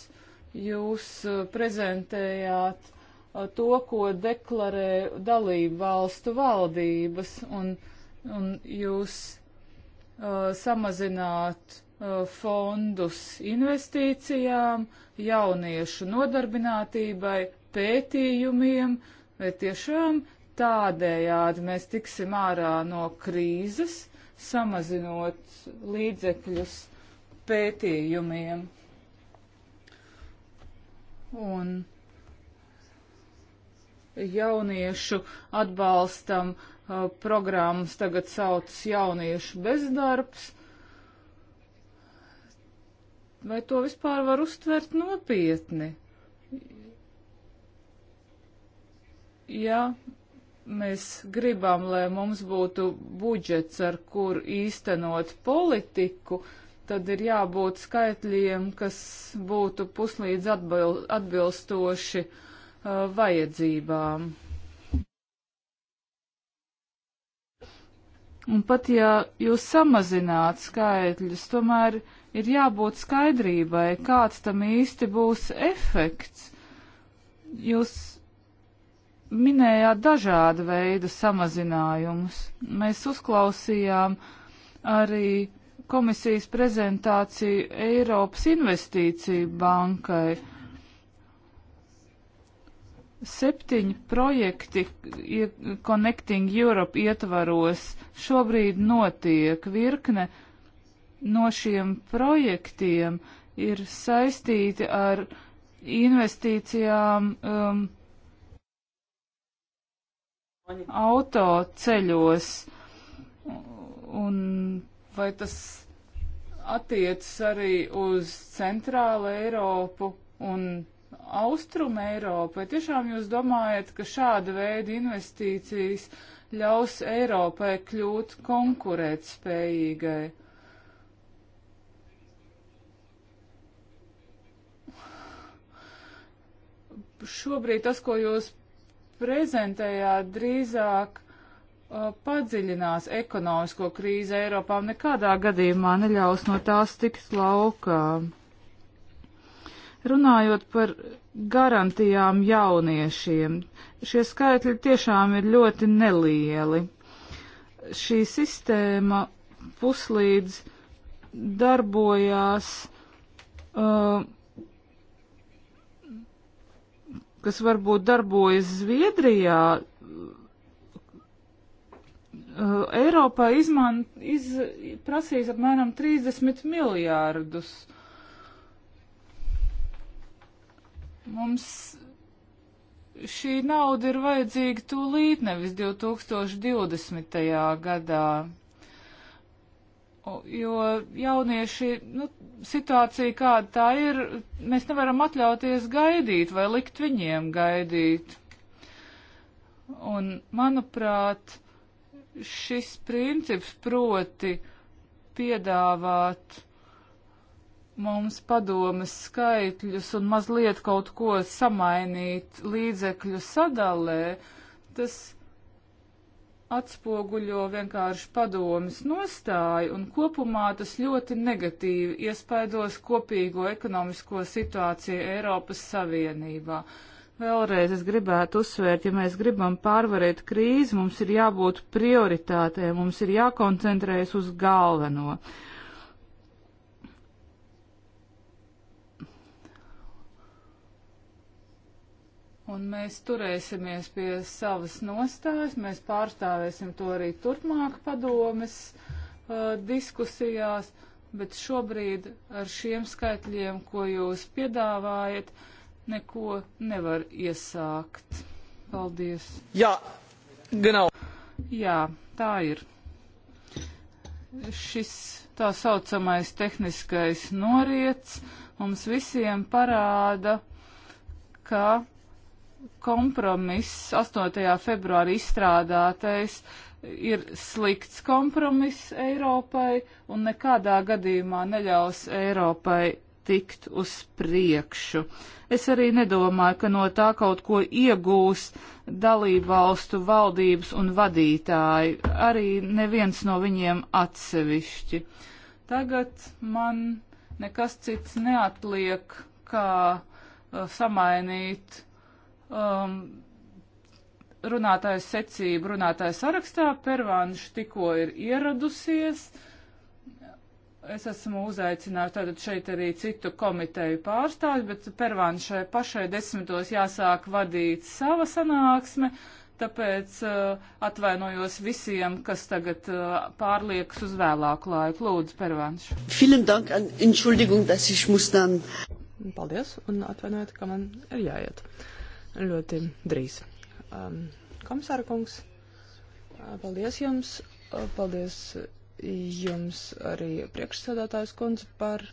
Jūs eh, prezentējāt eh, to, ko deklarē dalību valstu valdības, un, un jūs uh, samazināt uh, fondus investīcijām, jauniešu nodarbinātībai, pētījumiem, vai tiešām tādējādi mēs tiksim ārā no krīzes, samazinot līdzekļus pētījumiem un jauniešu atbalstam uh, programmas tagad sauc jauniešu bezdarbs. Vai to vispār var uztvert nopietni? Ja mēs gribam, lai mums būtu budžets, ar kur īstenot politiku, uh, tad ir jābūt skaitļiem, kas būtu puslīdz atbil, atbilstoši uh, vajadzībām. Un pat ja jūs samazināt skaitļus, tomēr ir jābūt skaidrībai, kāds tam īsti būs efekts. Jūs minējāt dažādu veidu samazinājumus. Mēs uzklausījām arī uh, komisijas prezentāciju Eiropas investīciju bankai. Septiņi projekti Connecting Europe ietvaros šobrīd notiek virkne no šiem projektiem ir saistīti ar investīcijām um, autoceļos un Vai tas attiecas arī uz centrālu Eiropu un austrumu Eiropu? Vai tiešām jūs domājat, ka šāda veida investīcijas ļaus Eiropai kļūt konkurētspējīgai? Šobrīd tas, ko jūs prezentējāt, drīzāk uh, Uh, padziļinās ekonomisko krīzi Eiropā un nekādā gadījumā neļaus no tās tikt laukā. Runājot par garantijām jauniešiem, šie skaitļi tiešām ir ļoti nelieli. Šī sistēma puslīdz darbojās, uh, kas varbūt darbojas Zviedrijā, uh, Eiropā izman, iz, prasīs apmēram 30 miljārdus. Mums šī nauda ir vajadzīga tūlīt, nevis 2020. gadā. Jo jaunieši, nu, situācija kāda tā ir, mēs nevaram atļauties gaidīt vai likt viņiem gaidīt. Un, manuprāt, šis princips proti piedāvāt mums padomas skaitļus un mazliet kaut ko samainīt līdzekļu sadalē, tas atspoguļo vienkārši padomas nostāju un kopumā tas ļoti negatīvi iespaidos kopīgo ekonomisko situāciju Eiropas Savienībā. Uh, Vēlreiz es gribētu uzsvērt, ja mēs gribam pārvarēt krīzi, mums ir jābūt prioritātē, mums ir jākoncentrējas uz galveno. Un mēs turēsimies pie savas nostājas, mēs pārstāvēsim to arī turpmāk padomes uh, diskusijās, bet šobrīd ar šiem skaitļiem, ko jūs piedāvājat, uh, neko nevar iesākt. Paldies. Jā, genau. Jā, tā ir. Šis tā saucamais tehniskais noriets mums visiem parāda, ka kompromiss 8. februāri izstrādātais ir slikts kompromiss Eiropai un nekādā gadījumā neļaus Eiropai tikt uz priekšu. Es arī nedomāju, ka no tā kaut ko iegūs dalībvalstu valdības un vadītāji, arī neviens no viņiem atsevišķi. Tagad man nekas cits neatliek, kā uh, samainīt um, runātājs secību runātājs sarakstā. Pervānš tikko ir ieradusies. Uh, Es esmu uzaicinājusi tātad šeit arī citu komiteju pārstāvi, bet Pervāna šai pašai desmitos jāsāk vadīt sava sanāksme, tāpēc uh, atvainojos visiem, kas tagad uh, pārliekas uz vēlāku laiku. Lūdzu, Pervānš. Paldies un atvainojiet, ka man ir jāiet ļoti drīz. Um, komisāra kungs, uh, paldies jums, uh, paldies jums arī priekšsēdētājs kundze par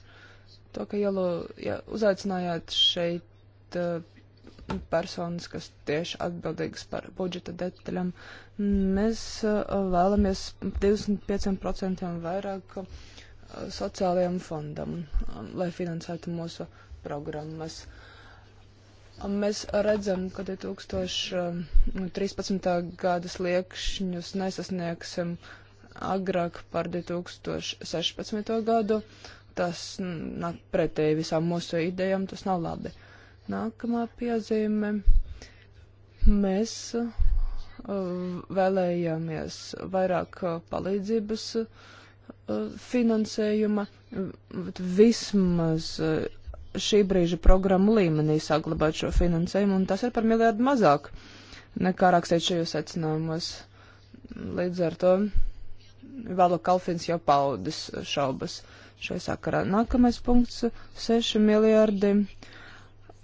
to, ka ielu ja, uzaicinājāt šeit uh, personas, kas tieši atbildīgas par budžeta detaļām. Mēs uh, vēlamies 25% vairāk uh, sociālajiem fondam, um, lai finansētu mūsu programmas. Um, mēs redzam, ka 2013. Um, gada sliekšņus nesasniegsim. Uh, agrāk par 2016. gadu. Tas nāk pretēji visām mūsu idejām, tas nav labi. Nākamā piezīme. Mēs uh, vēlējāmies vairāk uh, palīdzības uh, finansējuma, vismaz šī brīža programmu līmenī saglabāt šo finansējumu, un tas ir par miljardu mazāk nekā rakstīt šajos secinājumos. Līdz ar to Vēlo Kalfins jau paudis šaubas šai sakarā. Nākamais punkts - 6 miljardi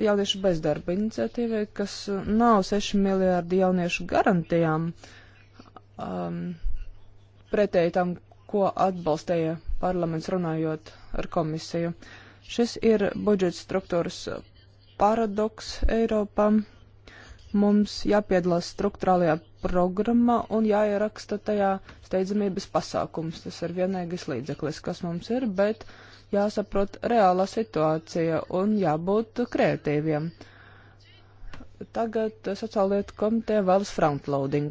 jauniešu bezdarba iniciatīvai, kas nav 6 miljardi jauniešu garantijām, um, pretēji tam, ko atbalstīja parlaments runājot ar komisiju. Šis ir budžeta struktūras paradoks Eiropā. Mums jāpiedalās struktūrālajā programma un jāieraksta tajā steidzamības pasākums. Tas ir vienīgais līdzeklis, kas mums ir, bet jāsaprot reāla situācija un jābūt kreatīviem. Tagad sociālietu komiteja vēlas frontloading.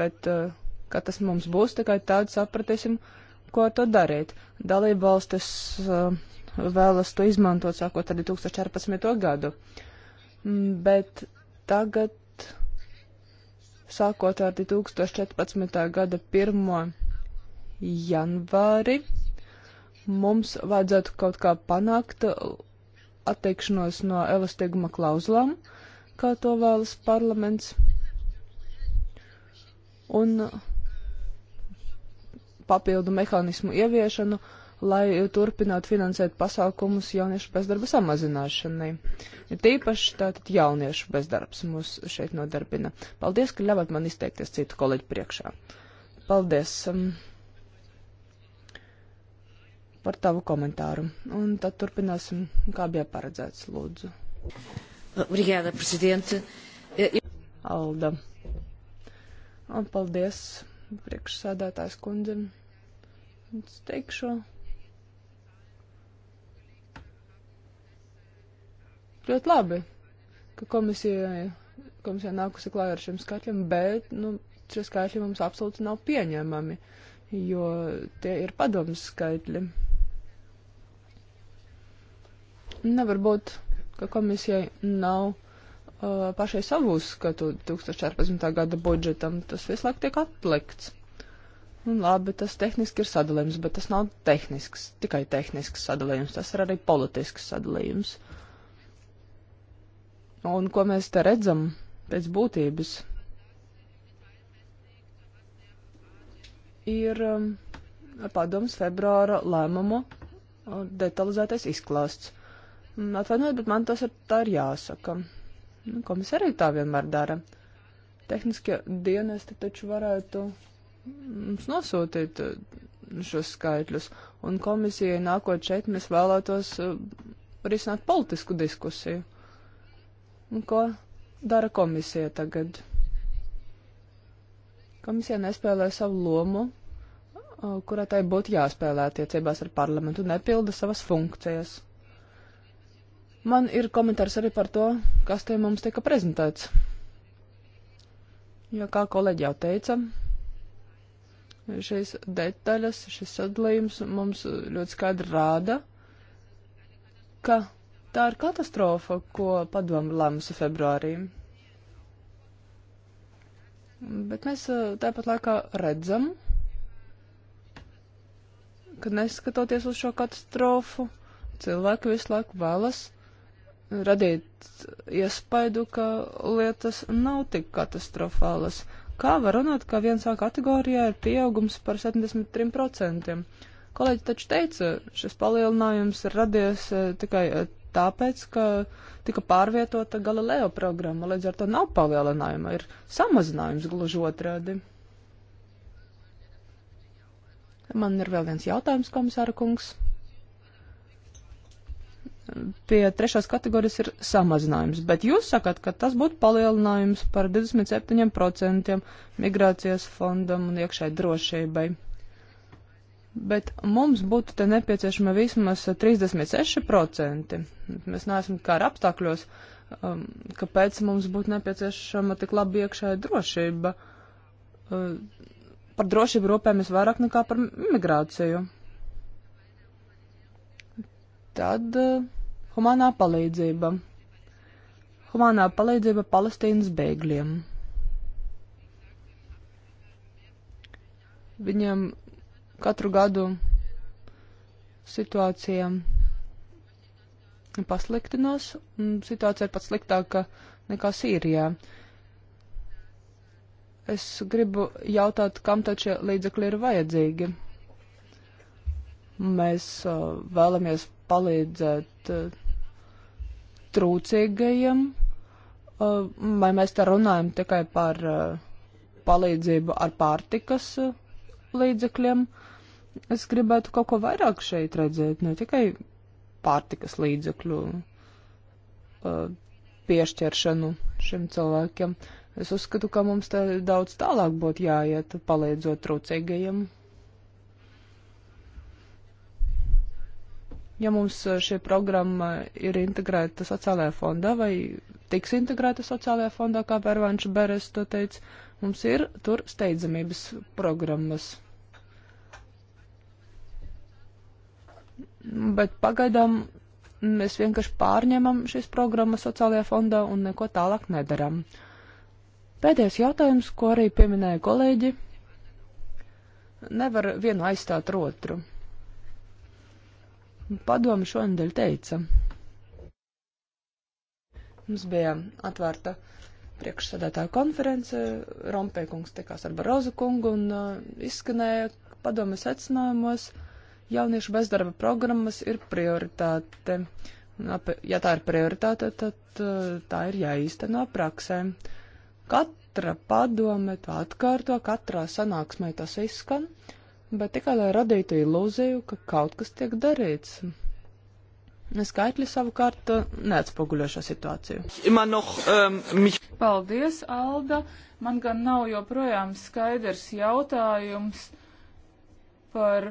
Bet, eh, kā tas mums būs, tikai tādu sapratīsim, ko to darīt. Dalībvalstis uh, eh, vēlas to izmantot sākot ar 2014. gadu. Mm, bet tagad, sākot ar 2014. gada 1. janvāri, mums vajadzētu kaut kā panākt atteikšanos no elastīguma klauzulām, kā to vēlas parlaments. Un papildu mehānismu ieviešanu uh, lai turpinātu finansēt pasākumus jauniešu bezdarba samazināšanai. Tīpaši tātad jauniešu bezdarbs mūs šeit nodarbina. Paldies, ka ļāvāt man izteikties citu kolēģu priekšā. Paldies um, par tavu komentāru. Un tad turpināsim, kā bija paredzēts, lūdzu. Obrigada, prezidente. Eh, eh, Alda. Un paldies priekšsādātājs kundzim. Es teikšu. ļoti labi, ka komisija, komisija nākusi klāja ar šiem skaitļiem, bet nu, šie skaitļi mums absolūti nav pieņemami, jo tie ir padomas skaitļi. Nevar būt, ka komisijai nav uh, pašai savu uzskatu 2014. gada budžetam. Tas visu laiku tiek atlikts. Un nu, labi, tas tehniski ir sadalījums, bet tas nav tehnisks, tikai tehnisks sadalījums, tas ir arī politisks sadalījums. Uh, Un ko mēs te redzam pēc būtības? Ir um, padoms februāra lēmumu uh, detalizētais izklāsts. Atvainojiet, bet man tas ir tā ir jāsaka. Nu, Komisija arī tā vienmēr dara. Tehniskie dienesti taču varētu mums nosūtīt uh, šos skaitļus, un komisijai nākot šeit mēs vēlētos uh, risināt politisku diskusiju. Un ko dara komisija tagad? Komisija nespēlē savu lomu, kurā tai būtu jāspēlē attiecībās ar parlamentu, nepilda savas funkcijas. Man ir komentārs arī par to, kas te mums tika prezentēts. Jo, kā kolēģi jau teica, šīs detaļas, šis sadalījums mums ļoti skaidri rāda, ka Tā ir katastrofa, ko padomu lēmusi februārī. Bet mēs eh, tāpat laikā redzam, ka neskatoties uz šo katastrofu, cilvēki visu laiku vēlas radīt iespaidu, ka lietas nav tik katastrofālas. Kā var runāt, ka viens A kategorijā ir pieaugums par 73%? Kolēģi taču teica, šis palielinājums ir radies eh, tikai eh, tāpēc, ka tika pārvietota Galileo programma, līdz ar to nav palielinājuma, ir samazinājums gluži otrādi. Man ir vēl viens jautājums, komisāra kungs. Pie trešās kategorijas ir samazinājums, bet jūs sakat, ka tas būtu palielinājums par 27% migrācijas fondam un iekšēji drošībai bet mums būtu te nepieciešama vismaz 36%. Mēs neesam kā ar apstākļos, um, kāpēc mums būtu nepieciešama tik laba iekšēja drošība. Uh, par drošību rūpējamies vairāk nekā par migrāciju. Tad uh, humanā palīdzība. Humanā palīdzība Palestīnas bēgļiem. Viņam katru gadu situācija pasliktinās, un situācija ir pat sliktāka nekā Sīrijā. Es gribu jautāt, kam taču līdzekļi ir vajadzīgi. Mēs uh, vēlamies palīdzēt uh, trūcīgajiem, uh, vai mēs te runājam tikai par uh, palīdzību ar pārtikas uh, līdzekļiem, uh, Es gribētu kaut ko vairāk šeit redzēt, ne tikai pārtikas līdzekļu uh, piešķiršanu šiem cilvēkiem. Es uzskatu, ka mums te daudz tālāk būtu jāiet, palīdzot trūcīgajiem. Ja mums uh, šī programma ir integrēta sociālajā fondā vai tiks integrēta sociālajā fondā, kā Pērvanš Beres to teica, mums ir tur steidzamības programmas. bet pagaidām mēs vienkārši pārņemam šīs programmas sociālajā fondā un neko tālāk nedaram. Pēdējais jautājums, ko arī pieminēja kolēģi, nevar vienu aizstāt ar otru. Padomi šonadēļ teica. Mums bija atvērta priekšsēdētāja konference, Rompēkungs tikās ar Barozu kungu un uh, izskanēja padomi secinājumos, uh, Jauniešu bezdarba programmas ir prioritāte. Ja tā ir prioritāte, tad eh, tā ir jāīsteno praksē. Katra padome to atkārto, katrā sanāksmē tas izskan, bet tikai lai radītu ilūziju, ka kaut kas tiek darīts. Skaitļi savukārt eh, neatspoguļo šo situāciju. Noch, um, ehm, mich... Paldies, Alda. Man gan nav joprojām skaidrs jautājums par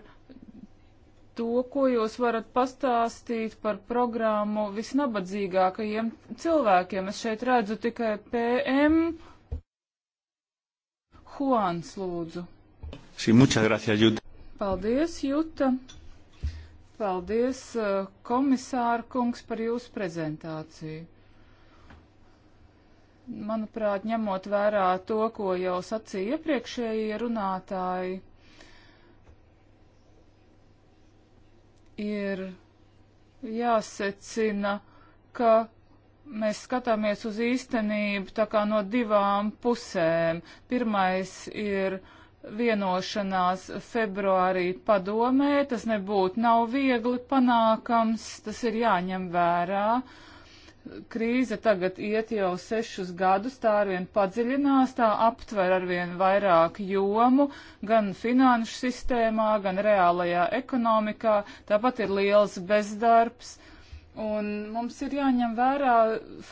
to, ko jūs varat pastāstīt par programmu visnabadzīgākajiem cilvēkiem. Es šeit redzu tikai PM. Juans, lūdzu. Sí, muchas gracias, Juta. Paldies, Juta. Paldies, eh, komisāra kungs, par jūsu prezentāciju. Manuprāt, ņemot vērā to, ko jau sacīja iepriekšējie runātāji ir jāsecina, ka mēs skatāmies uz īstenību tā kā no divām pusēm. Pirmais ir vienošanās februārī padomē, tas nebūtu nav viegli panākams, tas ir jāņem vērā. Uh, krīze tagad iet jau sešus gadus, tā arvien padziļinās, tā aptver arvien vairāk jomu, gan finanšu sistēmā, gan reālajā ekonomikā, tāpat ir liels bezdarbs. Un mums ir jāņem vērā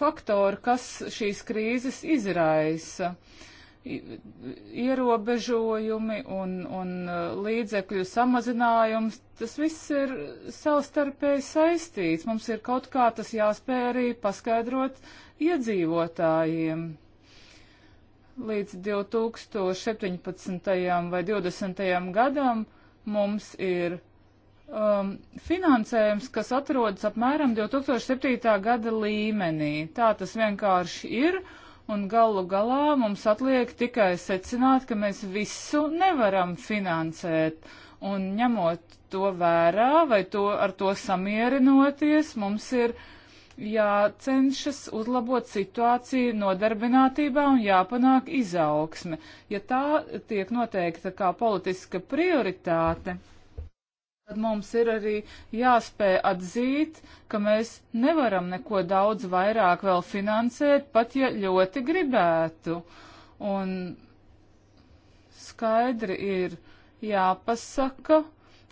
faktori, kas šīs krīzes izraisa. Uh, ierobežojumi un, un uh, līdzekļu samazinājums, tas viss ir savstarpēji saistīts. Mums ir kaut kā tas jāspēj arī paskaidrot iedzīvotājiem. Līdz 2017. vai 2020. gadam mums ir um, finansējums, kas atrodas apmēram 2007. gada līmenī. Tā tas vienkārši ir un galu galā mums atliek tikai secināt, ka mēs visu nevaram finansēt. Un ņemot to vērā vai to, ar to samierinoties, mums ir jācenšas uzlabot situāciju nodarbinātībā un jāpanāk izaugsme. Ja tā tiek noteikta kā politiska prioritāte, tad mums ir arī jāspēj atzīt, ka mēs nevaram neko daudz vairāk vēl finansēt, pat ja ļoti gribētu. Un skaidri ir jāpasaka,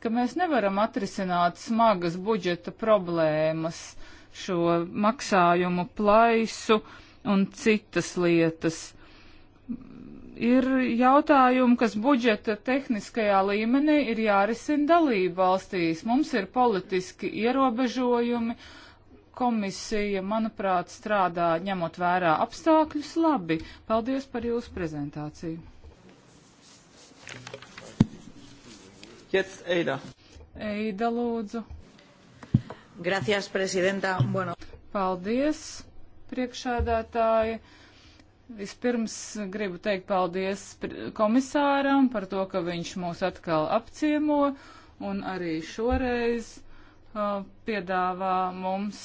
ka mēs nevaram atrisināt smagas budžeta problēmas, šo maksājumu plaisu un citas lietas ir jautājumi, kas budžeta tehniskajā līmenī ir jārisina dalību valstīs. Mums ir politiski ierobežojumi. Komisija, manuprāt, strādā ņemot vērā apstākļus labi. Paldies par jūsu prezentāciju. Jetzt Eida. Eida, lūdzu. Gracias, prezidenta. Bueno. Paldies, priekšādātāji. Vispirms gribu teikt paldies komisāram par to, ka viņš mūs atkal apciemo un arī šoreiz uh, piedāvā mums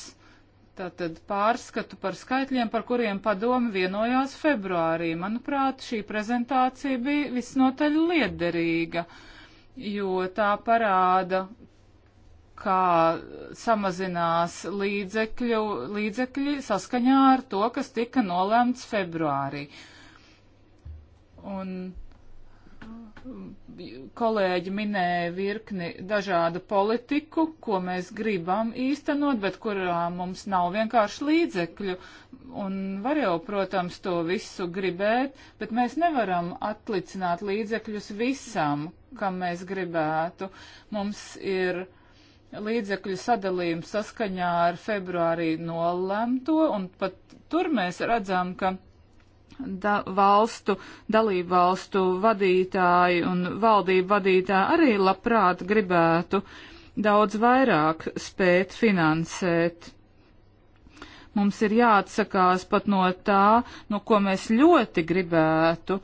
tātad pārskatu par skaitļiem, par kuriem padomi vienojās februārī. Manuprāt, šī prezentācija bija visnotaļ liederīga, jo tā parāda, kā samazinās līdzekļu, līdzekļi saskaņā ar to, kas tika nolēmts februārī. Un kolēģi minēja virkni dažādu politiku, ko mēs gribam īstenot, bet kurā mums nav vienkārši līdzekļu. Un var jau, protams, to visu gribēt, bet mēs nevaram atlicināt līdzekļus visam, kam mēs gribētu. Mums ir līdzekļu sadalījumu saskaņā ar februārī nolemto, un pat tur mēs redzam, ka da valstu, dalību valstu vadītāji un valdību vadītāji arī labprāt gribētu daudz vairāk spēt finansēt. Mums ir jāatsakās pat no tā, no ko mēs ļoti gribētu.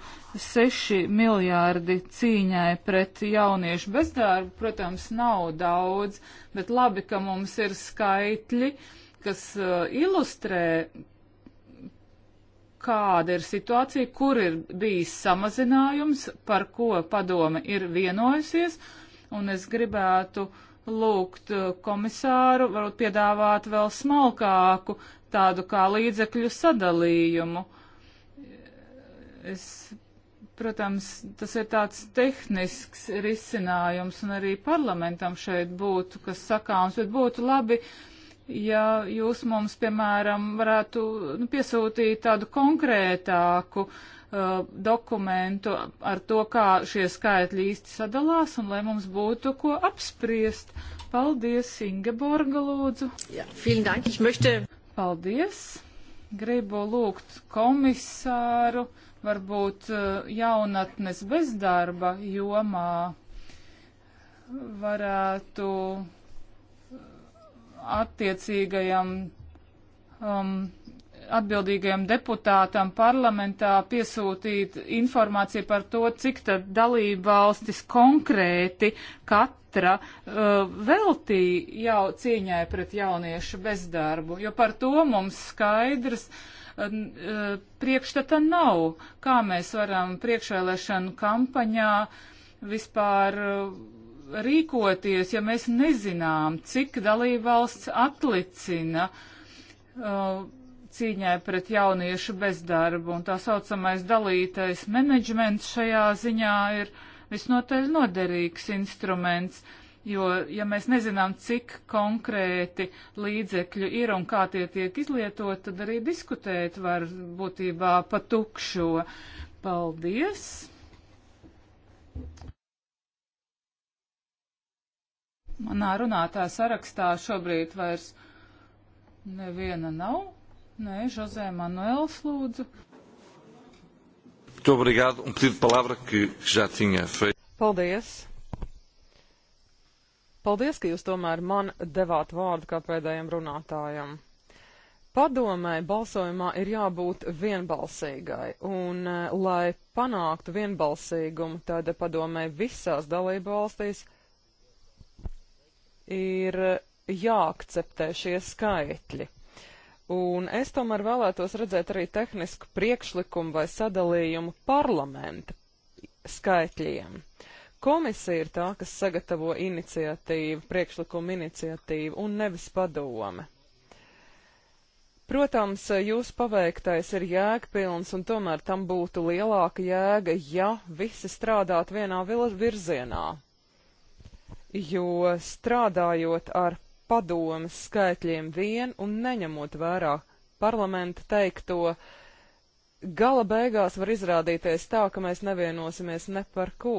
Seši miljārdi cīņai pret jauniešu bezdarbu, protams, nav daudz, bet labi, ka mums ir skaitļi, kas uh, ilustrē kāda ir situācija, kur ir bijis samazinājums, par ko padome ir vienojusies, un es gribētu lūgt uh, komisāru, varbūt piedāvāt vēl smalkāku tādu kā līdzekļu sadalījumu. Es, protams, tas ir tāds tehnisks risinājums, un arī parlamentam šeit būtu, kas sakāms, bet būtu labi, ja jūs mums, piemēram, varētu nu, piesūtīt tādu konkrētāku uh, dokumentu ar to, kā šie skaitļi īsti sadalās, un lai mums būtu ko apspriest. Paldies, Ingeborga, lūdzu. Ja, vielen Dank, ich möchte. Paldies! Gribu lūgt komisāru, varbūt eh, jaunatnes bezdarba jomā varētu eh, attiecīgajam um, atbildīgajam deputātam parlamentā piesūtīt informāciju par to, cik tad dalība valstis konkrēti katra uh, veltī jau cīņai pret jauniešu bezdarbu, jo par to mums skaidrs uh, uh, priekšstata nav, kā mēs varam priekšvēlēšanu kampaņā vispār uh, rīkoties, ja mēs nezinām, cik dalībvalsts atlicina uh, cīņai pret jauniešu bezdarbu, un tā saucamais dalītais menedžments šajā ziņā ir visnotaļ noderīgs instruments, jo, ja mēs nezinām, cik konkrēti līdzekļu ir un kā tie tiek izlietot, tad arī diskutēt var būtībā pa tukšo. Paldies! Manā runātā sarakstā šobrīd vairs neviena nav. Nē, José Manuels, lūdzu. Muito obrigado. Um pedido de palavra que já tinha feito. Paldies. Paldies, ka jūs tomēr man devāt vārdu kā pēdējiem runātājiem. Padomē balsojumā ir jābūt vienbalsīgai, un e, lai panāktu vienbalsīgumu, tad padomē visās dalību valstīs ir e, jāakceptē šie skaitļi. Un es tomēr vēlētos redzēt arī tehnisku priekšlikumu vai sadalījumu parlamenta skaitļiem. Komisija ir tā, kas sagatavo iniciatīvu, priekšlikumu iniciatīvu un nevis padome. Protams, jūsu paveiktais ir jēgpilns, un tomēr tam būtu lielāka jēga, ja visi strādātu vienā virzienā. Jo strādājot ar padomas skaitļiem vien un neņemot vērā parlamenta teikto, gala beigās var izrādīties tā, ka mēs nevienosimies ne par ko.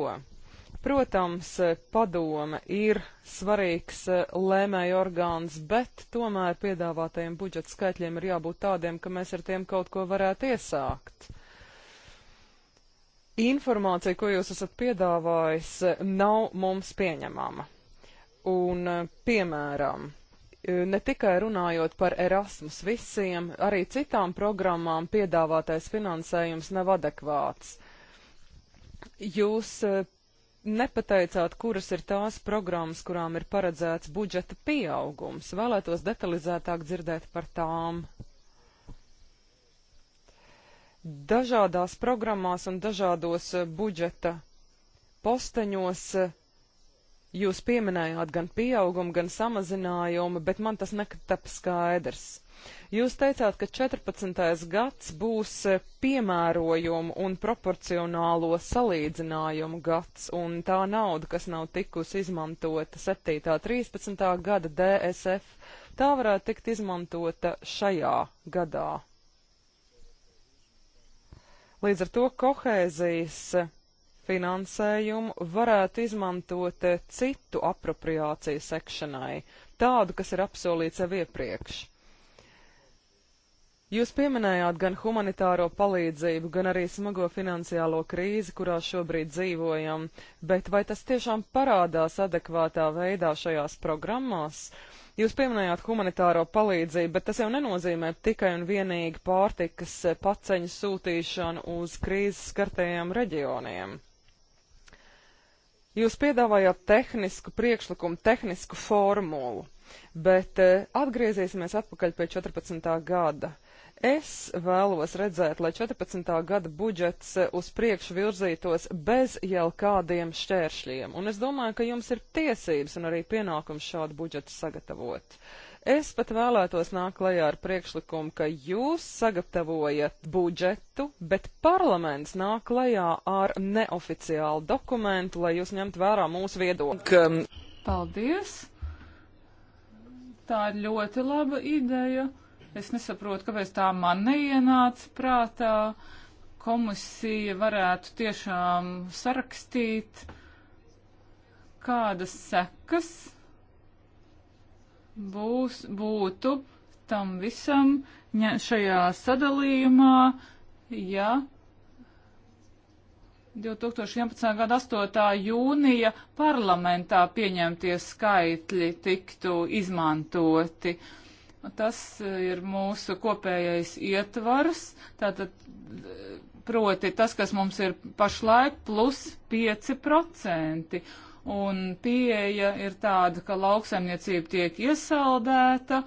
Protams, padome ir svarīgs eh, lēmēju orgāns, bet tomēr piedāvātajiem budžeta skaitļiem ir jābūt tādiem, ka mēs ar tiem kaut ko varētu iesākt. Informācija, ko jūs esat piedāvājis, eh, nav mums pieņemama. Un, eh, piemēram, eh, ne tikai runājot par Erasmus visiem, arī citām programmām piedāvātais finansējums nav adekvāts. Jūs eh, nepateicāt, kuras ir tās programmas, kurām ir paredzēts budžeta pieaugums. Vēlētos detalizētāk dzirdēt par tām. Dažādās programmās un dažādos budžeta posteņos Jūs pieminējāt gan pieaugumu, gan samazinājumu, bet man tas nekad tap skaidrs. Jūs teicāt, ka 14. gads būs eh, piemērojumu un proporcionālo salīdzinājumu gads, un tā nauda, kas nav tikusi izmantota 7.13. gada DSF, tā varētu tikt izmantota šajā gadā. Līdz ar to kohēzijas finansējumu varētu izmantot eh, citu apropriāciju sekšanai, tādu, kas ir apsolīts jau iepriekš. Jūs pieminējāt gan humanitāro palīdzību, gan arī smago finansiālo krīzi, kurā šobrīd dzīvojam, bet vai tas tiešām parādās adekvātā veidā šajās programmās? Jūs pieminējāt humanitāro palīdzību, bet tas jau nenozīmē tikai un vienīgi pārtikas eh, paceņu sūtīšanu uz krīzes skartajiem reģioniem. Jūs piedāvājāt tehnisku priekšlikumu, tehnisku formulu, bet eh, atgriezīsimies atpakaļ pie 14. gada. Es vēlos redzēt, lai 14. gada budžets eh, uz priekšu virzītos bez jau kādiem šķēršļiem, un es domāju, ka jums ir tiesības un arī pienākums šādu budžetu sagatavot. Uh, Es pat vēlētos nākt klajā ar priekšlikumu, ka jūs sagatavojat budžetu, bet parlaments nāk klajā ar neoficiālu dokumentu, lai jūs ņemt vērā mūsu viedokli. Paldies! Tā ir ļoti laba ideja. Es nesaprotu, kāpēc tā man neienāca prātā. Komisija varētu tiešām sarakstīt, kādas sekas būs, būtu tam visam šajā sadalījumā, ja 2011. gada 8. jūnija parlamentā pieņemtie skaitļi tiktu izmantoti. Tas ir mūsu kopējais ietvars, tātad proti tas, kas mums ir pašlaik, plus 5% un pieeja ir tāda, ka lauksaimniecība tiek iesaldēta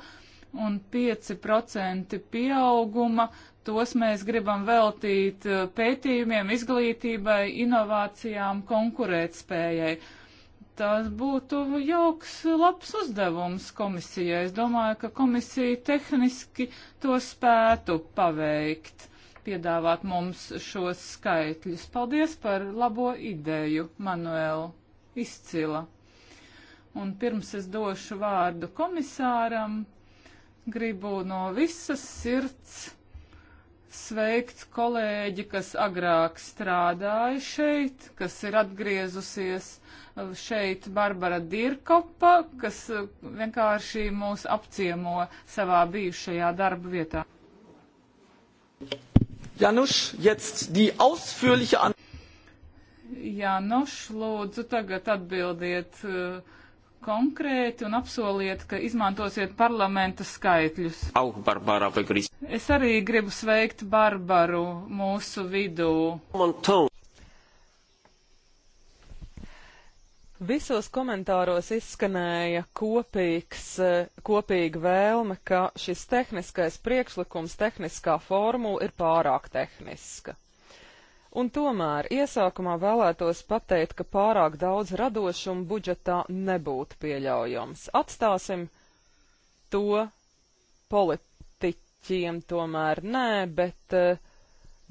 un 5% pieauguma. Tos mēs gribam veltīt eh, pētījumiem, izglītībai, inovācijām, konkurētspējai. Tas būtu jauks, labs uzdevums komisijai. Es domāju, ka komisija tehniski to spētu paveikt piedāvāt mums šos skaitļus. Paldies par labo ideju, Manuēlu izcila. Un pirms es došu vārdu komisāram, gribu no visas sirds sveikt kolēģi, kas agrāk strādāja šeit, kas ir atgriezusies eh, šeit Barbara Dirkopa, kas eh, vienkārši mūs apciemo savā bijušajā darba vietā. Januš, jetzt die ausführliche Jānoš, lūdzu, tagad atbildiet uh, konkrēti un apsoliet, ka izmantosiet parlamenta skaitļus. Au, Barbara, vai grīz? Es arī gribu sveikt Barbaru mūsu vidū. Visos komentāros izskanēja kopīgs, uh, kopīga vēlme, ka šis tehniskais priekšlikums, tehniskā formula ir pārāk tehniska. Un tomēr iesākumā vēlētos pateikt, ka pārāk daudz radošumu budžetā nebūtu pieļaujams. Atstāsim to politiķiem tomēr nē, bet uh,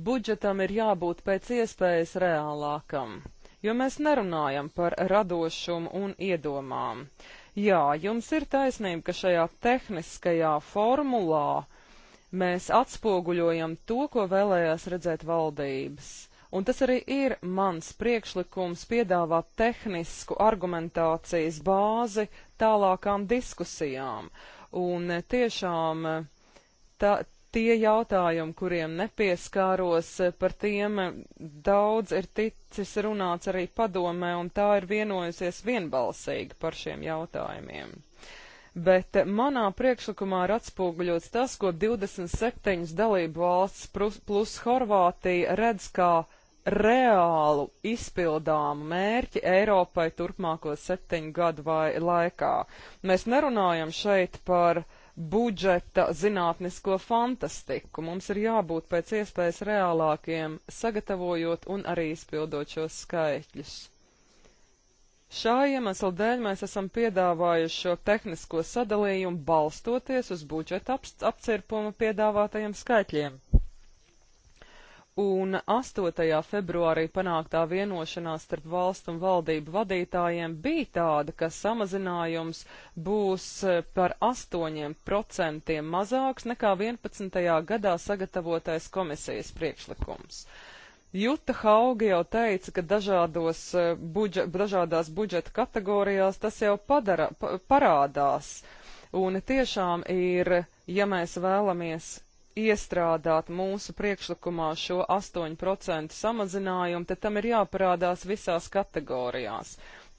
budžetam ir jābūt pēc iespējas reālākam, jo mēs nerunājam par radošumu un iedomām. Jā, jums ir taisnība, ka šajā tehniskajā formulā mēs atspoguļojam to, ko vēlējās redzēt valdības Un tas arī ir mans priekšlikums piedāvāt tehnisku argumentācijas bāzi tālākām diskusijām. Un eh, tiešām eh, tā, tie jautājumi, kuriem nepieskāros, eh, par tiem daudz ir ticis runāts arī padomē, un tā ir vienojusies vienbalsīgi par šiem jautājumiem bet manā priekšlikumā ir atspoguļots tas, ko 27 dalību valsts plus, plus Horvātija redz kā reālu izpildāmu mērķi Eiropai turpmāko septiņu gadu vai laikā. Mēs nerunājam šeit par budžeta zinātnisko fantastiku. Mums ir jābūt pēc iespējas reālākiem, sagatavojot un arī izpildot šos skaitļus. Šā iemesla dēļ mēs esam piedāvājuši šo tehnisko sadalījumu balstoties uz budžeta ap apcirpuma piedāvātajiem skaitļiem. Un 8. februārī panāktā vienošanās starp valstu un valdību vadītājiem bija tāda, ka samazinājums būs e, par 8% mazāks nekā 11. gadā sagatavotais komisijas priekšlikums. Uh, Juta Hauga jau teica, ka dažādos, eh, budžet, dažādās budžeta kategorijās tas jau padara, pa, parādās. Un tiešām ir, ja mēs vēlamies iestrādāt mūsu priekšlikumā šo 8% samazinājumu, tad tam ir jāparādās visās kategorijās.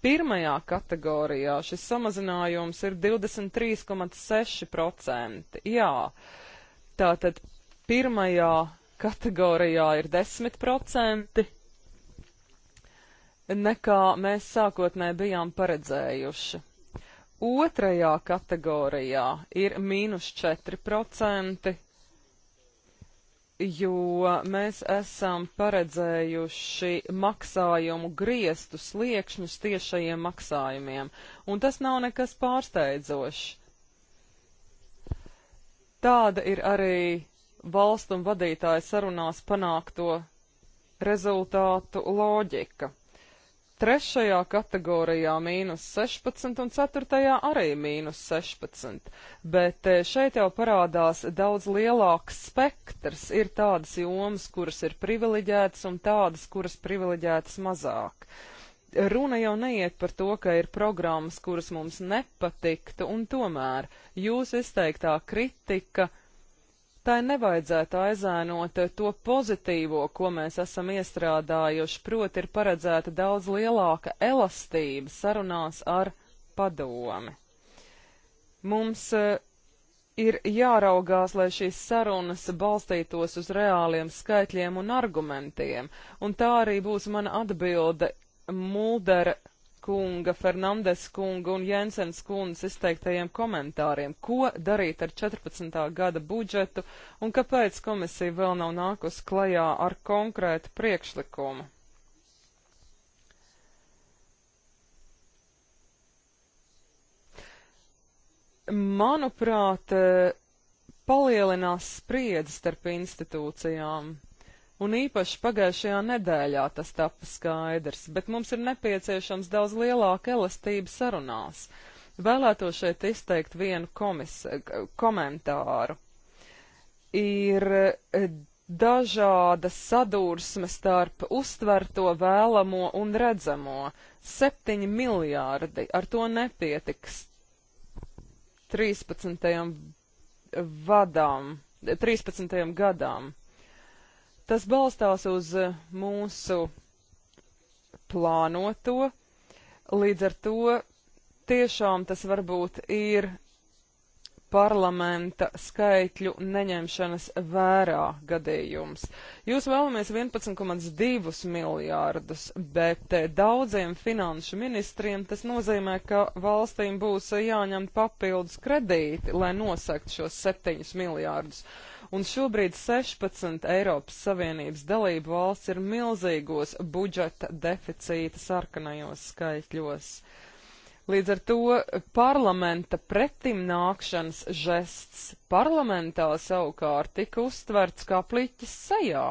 Pirmajā kategorijā šis samazinājums ir 23,6%. Jā, tātad pirmajā kategorijā ir 10%, nekā mēs sākotnē bijām paredzējuši. Otrajā kategorijā ir mīnus 4%, jo mēs esam paredzējuši maksājumu griestu sliekšņus tiešajiem maksājumiem, un tas nav nekas pārsteidzošs. Tāda ir arī valstu un vadītāju sarunās panākto rezultātu loģika. Trešajā kategorijā mīnus 16 un ceturtajā arī mīnus 16, bet eh, šeit jau parādās daudz lielāks spektrs. Ir tādas jomas, kuras ir privileģētas un tādas, kuras privileģētas mazāk. Runa jau neiet par to, ka ir programmas, kuras mums nepatiktu, un tomēr jūs izteiktā kritika uh, tai nevajadzētu aizēnot to pozitīvo, ko mēs esam iestrādājuši, proti ir paredzēta daudz lielāka elastība sarunās ar padomi. Mums e, ir jāraugās, lai šīs sarunas balstītos uz reāliem skaitļiem un argumentiem, un tā arī būs mana atbilde Muldera kunga, Fernandes kunga un Jensens kundas izteiktajiem komentāriem, ko darīt ar 14. gada budžetu un kāpēc komisija vēl nav nākus klajā ar konkrētu priekšlikumu. Manuprāt, palielinās spriedzi starp institūcijām un īpaši pagājušajā nedēļā tas tapa skaidrs, bet mums ir nepieciešams daudz lielāka elastība sarunās. Vēlētos šeit izteikt vienu komis, komentāru. Ir e, dažāda sadursme starp uztverto vēlamo un redzamo. Septiņi miljārdi, ar to nepietiks 13. vadām, 13. gadām. Tas balstās uz eh, mūsu plānoto, līdz ar to tiešām tas varbūt ir parlamenta skaitļu neņemšanas vērā gadījums. Jūs vēlamies 11,2 miljārdus, bet eh, daudziem finanšu ministriem tas nozīmē, ka valstīm būs eh, jāņem papildus kredīti, lai nosakt šos 7 miljārdus un šobrīd 16 Eiropas Savienības dalību valsts ir milzīgos budžeta deficīta sarkanajos skaitļos. Līdz ar to parlamenta pretimnākšanas žests parlamentā savukārt tika uztverts kā pliķis sejā,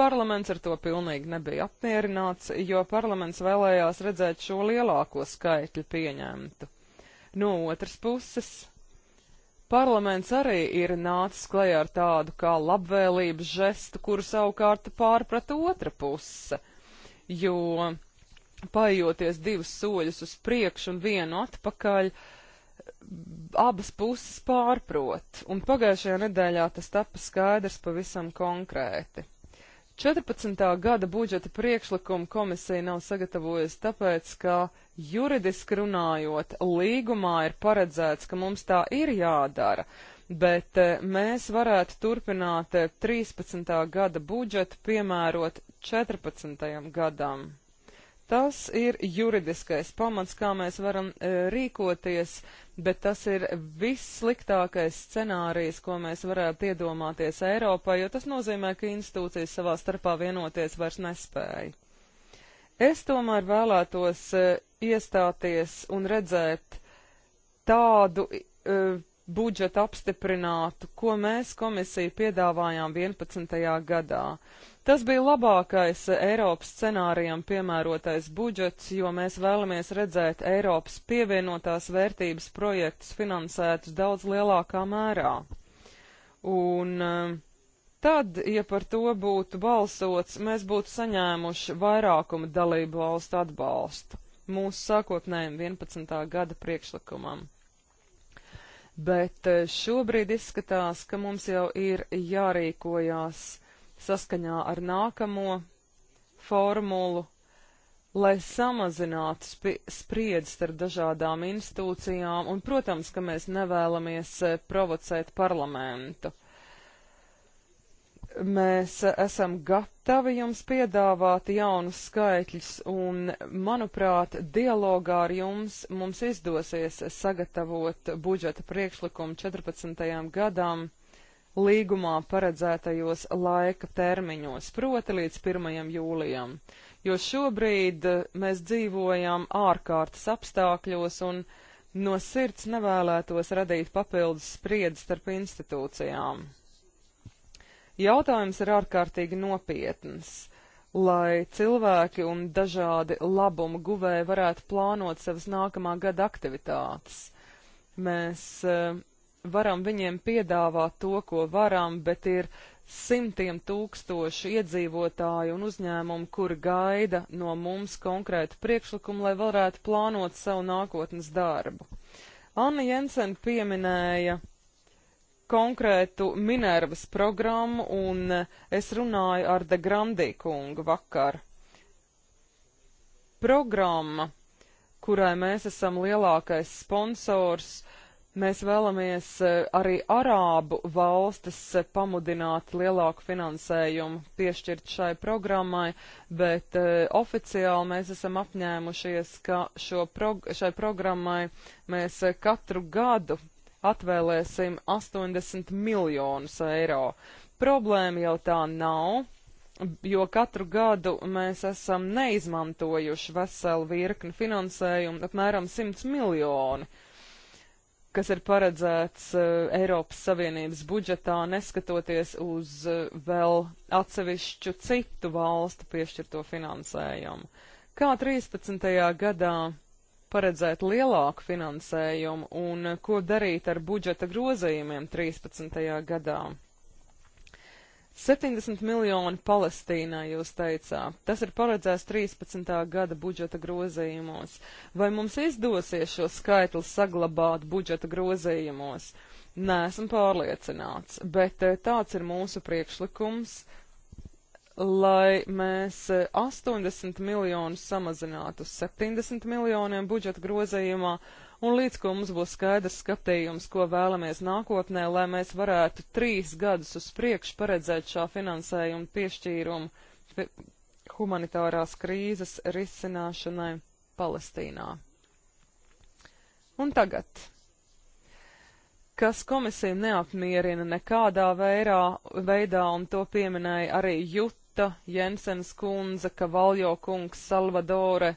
parlaments ar to pilnīgi nebija apmierināts, jo parlaments vēlējās redzēt šo lielāko skaitļu pieņemtu. No otras puses, Parlaments arī ir nācis klajā ar tādu kā labvēlības žestu, kuru savukārt pārprata otra puse, jo pajoties divus soļus uz priekšu un vienu atpakaļ, abas puses pārprot, un pagājušajā nedēļā tas tapa skaidrs pavisam konkrēti. 14. gada budžeta priekšlikumu komisija nav sagatavojusi tāpēc, ka juridiski runājot, līgumā ir paredzēts, ka mums tā ir jādara, bet eh, mēs varētu turpināt 13. Eh, gada budžetu piemērot 14. gadam. Tas ir juridiskais pamats, kā mēs varam e, rīkoties, bet tas ir vissliktākais scenārijs, ko mēs varētu iedomāties Eiropā, jo tas nozīmē, ka institūcijas savā starpā vienoties vairs nespēja. Es tomēr vēlētos e, iestāties un redzēt tādu e, budžetu apstiprinātu, ko mēs komisija piedāvājām 11. gadā. Tas bija labākais Eiropas scenārijam piemērotais budžets, jo mēs vēlamies redzēt Eiropas pievienotās vērtības projektus finansētus daudz lielākā mērā. Un um, tad, ja par to būtu balsots, mēs būtu saņēmuši vairākumu dalību valstu atbalstu mūsu sākotnējiem 11. gada priekšlikumam. Bet eh, šobrīd izskatās, ka mums jau ir jārīkojās saskaņā ar nākamo formulu, lai samazinātu spriedzi starp dažādām institūcijām, un, protams, ka mēs nevēlamies eh, provocēt parlamentu. Mēs eh, esam gatavi jums piedāvāt jaunus skaitļus, un, manuprāt, dialogā ar jums mums izdosies sagatavot budžeta priekšlikumu 14. gadam līgumā paredzētajos laika termiņos, proti līdz 1. jūlijam, jo šobrīd eh, mēs dzīvojam ārkārtas apstākļos un no sirds nevēlētos radīt papildus spriedzi starp institūcijām. Jautājums ir ārkārtīgi nopietns lai cilvēki un dažādi labumu guvēji varētu plānot savas nākamā gada aktivitātes. Mēs e, varam viņiem piedāvāt to, ko varam, bet ir simtiem tūkstoši iedzīvotāju un uzņēmumu, kuri gaida no mums konkrētu priekšlikumu, lai varētu plānot savu nākotnes darbu. Anna Jensen pieminēja konkrētu Minervas programmu, un es runāju ar De Grandī kungu vakar. Programma, kurai mēs esam lielākais sponsors, uh, Mēs vēlamies eh, arī arābu valstis eh, pamudināt lielāku finansējumu piešķirt šai programmai, bet uh, oficiāli mēs esam apņēmušies, ka prog šai programmai mēs katru gadu atvēlēsim 80 miljonus eiro. Problēma jau tā nav, jo katru gadu mēs esam neizmantojuši veselu virkni finansējumu, apmēram 100 miljoni kas ir paredzēts eh, Eiropas Savienības budžetā, neskatoties uz eh, vēl atsevišķu citu valstu piešķirto finansējumu. Kā 13. gadā paredzēt lielāku finansējumu un eh, ko darīt ar budžeta grozījumiem 13. gadā? 70 miljoni Palestīnai, jūs teicāt. Tas ir paredzēts 13. gada budžeta grozījumos. Vai mums izdosies šo skaitli saglabāt budžeta grozījumos? Nē, esmu pārliecināts, bet eh, tāds ir mūsu priekšlikums, lai mēs 80 eh, miljonus samazinātu uz 70 miljoniem budžeta grozījumā, uh, un līdz ko mums būs skaidrs skatījums, ko vēlamies nākotnē, lai mēs varētu trīs gadus uz priekšu paredzēt šā finansējuma piešķīrumu humanitārās krīzes risināšanai Palestīnā. Un tagad kas komisiju neapmierina nekādā veirā, veidā, un to pieminēja arī Juta, Jensens kundze, Kavaljo kungs, Salvadore,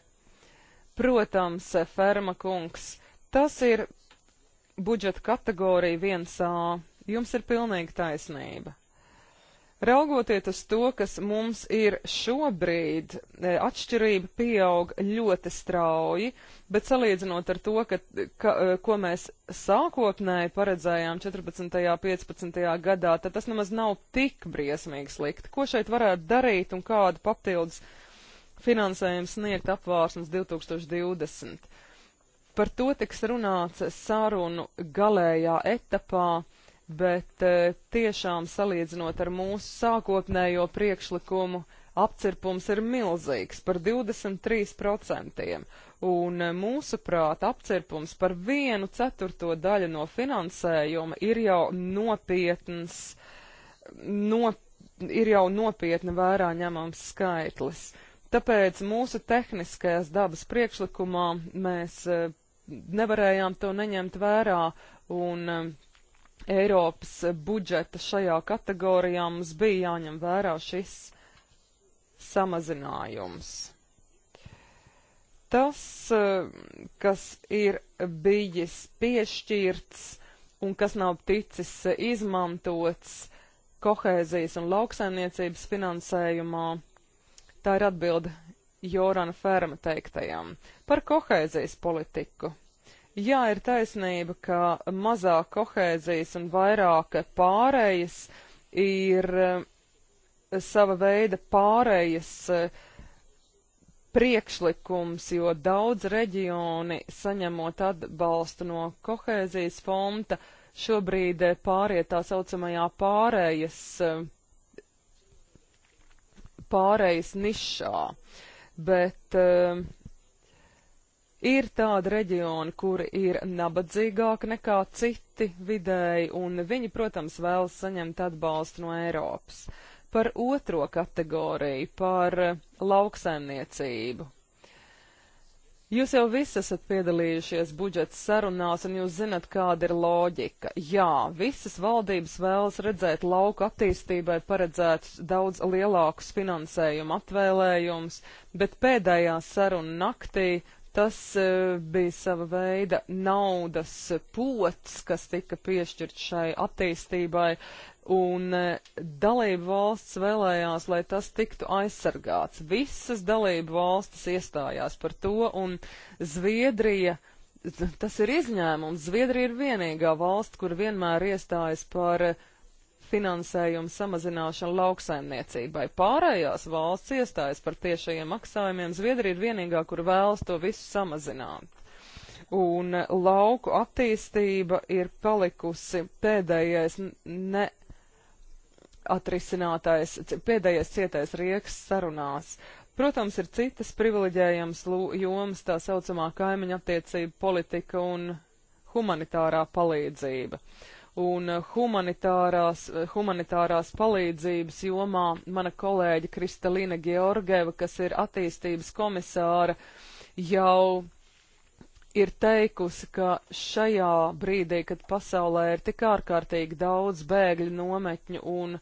protams, Ferma kungs. Tas ir budžeta kategorija 1A. Jums ir pilnīga taisnība. Raugoties uz to, kas mums ir šobrīd, e, atšķirība pieaug ļoti strauji, bet salīdzinot ar to, ka, ka, e, ko mēs sākotnēji paredzējām 14. un 15. gadā, tad tas nemaz nav tik briesmīgi slikti. Ko šeit varētu darīt un kādu papildus finansējumu sniegt apvārsnes 2020? Par to tiks runāts sārunu galējā etapā, bet eh, tiešām salīdzinot ar mūsu sākotnējo priekšlikumu, apcirpums ir milzīgs par 23%, un eh, mūsuprāt apcirpums par vienu ceturto daļu no finansējuma ir jau nopietns, nop, ir jau nopietni vērā ņemams skaitlis. Tāpēc mūsu tehniskajās dabas priekšlikumā mēs eh, nevarējām to neņemt vērā, un um, Eiropas budžeta šajā kategorijā mums bija jāņem vērā šis samazinājums. Tas, um, kas ir bijis piešķirts un kas nav ticis uh, izmantots kohēzijas un lauksaimniecības finansējumā, tā ir atbilde Jorana Ferma teiktajam par kohēzijas politiku. Jā, ir taisnība, ka mazāk kohēzijas un vairāk pārējas ir eh, sava veida pārējas eh, priekšlikums, jo daudz reģioni saņemot atbalstu no kohēzijas fonda šobrīd eh, pāriet tā saucamajā pārējas, pārējas nišā. Uh, bet uh, ir tādi reģioni, kuri ir nabadzīgāki nekā citi vidēji, un viņi, protams, vēlas saņemt atbalstu no Eiropas. Par otro kategoriju, par eh, lauksaimniecību, Jūs jau visi esat piedalījušies budžeta sarunās, un jūs zinat, kāda ir loģika. Jā, visas valdības vēlas redzēt lauku attīstībai paredzētus daudz lielākus finansējumu atvēlējumus, bet pēdējā saruna naktī tas uh, bija sava veida naudas pots, kas tika piešķirt šai attīstībai, un e, dalību valsts vēlējās, lai tas tiktu aizsargāts. Visas dalību valstis iestājās par to, un Zviedrija, tas ir izņēmums, Zviedrija ir vienīgā valsts, kur vienmēr iestājas par e, finansējumu samazināšanu lauksaimniecībai. Pārējās valsts iestājas par tiešajiem maksājumiem, Zviedrija ir vienīgā, kur vēlas to visu samazināt un e, lauku attīstība ir palikusi pēdējais ne atrisinātais, pēdējais cietais rieks sarunās. Protams, ir citas privileģējams jomas, tā saucamā kaimiņa attiecība politika un humanitārā palīdzība. Un humanitārās, humanitārās palīdzības jomā mana kolēģa Kristalina Georgieva, kas ir attīstības komisāra, jau ir teikusi, ka šajā brīdī, kad pasaulē ir tik ārkārtīgi daudz bēgļu nometņu un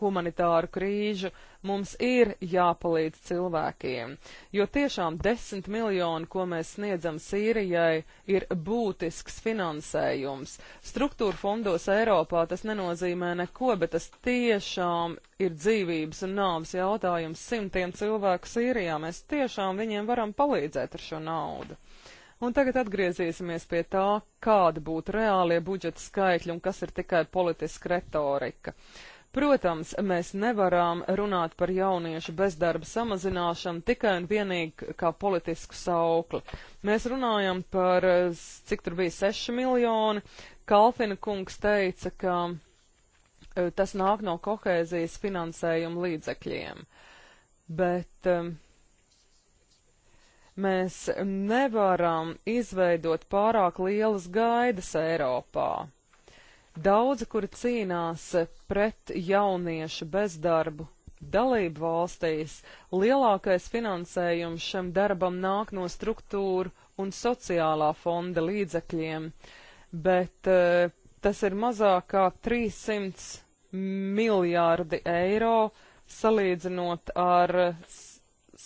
humanitāru krīžu, mums ir jāpalīdz cilvēkiem, jo tiešām desmit miljoni, ko mēs sniedzam Sīrijai, ir būtisks finansējums. Struktūra fondos Eiropā tas nenozīmē neko, bet tas tiešām ir dzīvības un nāves jautājums simtiem cilvēku Sīrijā. Mēs tiešām viņiem varam palīdzēt ar šo naudu. Un tagad atgriezīsimies pie tā, kāda būtu reālie budžeta skaitļi un kas ir tikai politiska retorika. Uh, Protams, mēs nevaram runāt par jauniešu bezdarba samazināšanu tikai un vienīgi kā politisku saukli. Mēs runājam par, eh, cik tur bija 6 miljoni. Kalfina kungs teica, ka eh, tas nāk no kohēzijas finansējuma līdzekļiem. Bet um, mēs nevaram izveidot pārāk lielas gaidas Eiropā Daudzi, kuri cīnās pret jauniešu bezdarbu dalību valstīs, lielākais finansējums šim darbam nāk no struktūra un sociālā fonda līdzekļiem, bet uh, tas ir mazāk kā 300 miljārdi eiro, salīdzinot ar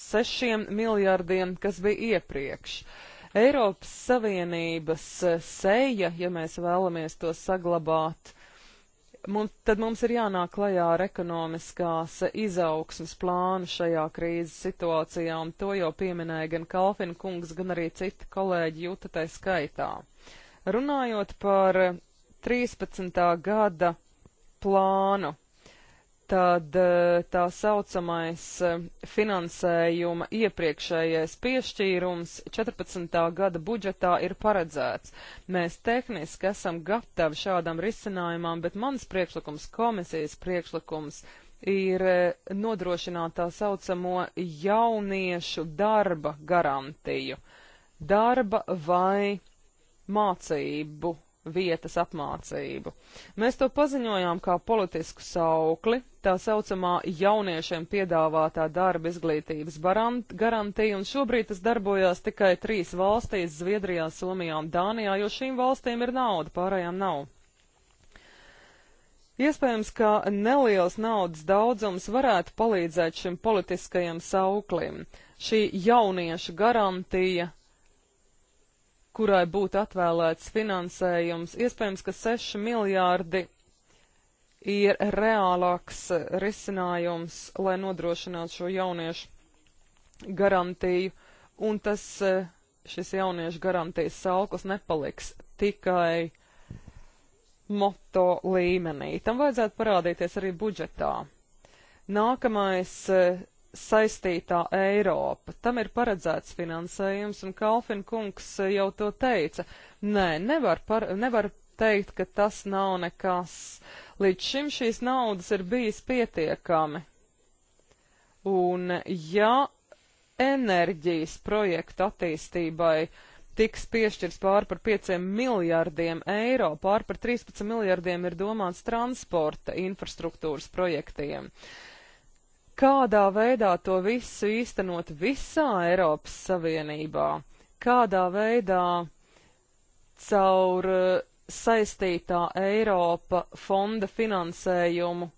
6 miljārdiem, kas bija iepriekš. Uh, Eiropas Savienības eh, seja, ja mēs vēlamies to saglabāt, mums, tad mums ir jānāk klajā ar ekonomiskās izaugsmas plānu šajā krīzes situācijā, un to jau pieminēja gan Kalfina kungs, gan arī citi kolēģi jūtatai skaitā. Runājot par 13. gada plānu, tad eh, tā saucamais eh, finansējuma iepriekšējais piešķīrums 14. gada budžetā ir paredzēts. Mēs tehniski esam gatavi šādam risinājumam, bet mans priekšlikums, komisijas priekšlikums, ir eh, nodrošināt tā saucamo jauniešu darba garantiju. Darba vai mācību vietas apmācību. Mēs to paziņojām kā politisku saukli, tā saucamā jauniešiem piedāvātā darba izglītības garantija, un šobrīd tas darbojās tikai trīs valstīs - Zviedrijā, Somijā un Dānijā, jo šīm valstīm ir nauda, pārējām nav. Iespējams, ka neliels naudas daudzums varētu palīdzēt šim politiskajam sauklim. Šī jauniešu garantija kurai būtu atvēlēts finansējums. Iespējams, ka 6 miljārdi ir reālāks risinājums, lai nodrošinātu šo jauniešu garantiju, un tas, šis jauniešu garantijas salkus nepaliks tikai moto līmenī. Tam vajadzētu parādīties arī budžetā. Nākamais saistītā Eiropa. Tam ir paredzēts finansējums, un Kalfin kungs jau to teica. Nē, nevar, par, nevar teikt, ka tas nav nekas. Līdz šim šīs naudas ir bijis pietiekami. Un ja enerģijas projektu attīstībai tiks piešķirs pār par 5 miljārdiem eiro, pār par 13 miljārdiem ir domāts transporta infrastruktūras projektiem. Uh, kādā veidā to visu īstenot visā Eiropas Savienībā, kādā veidā caur eh, saistītā Eiropa fonda finansējumu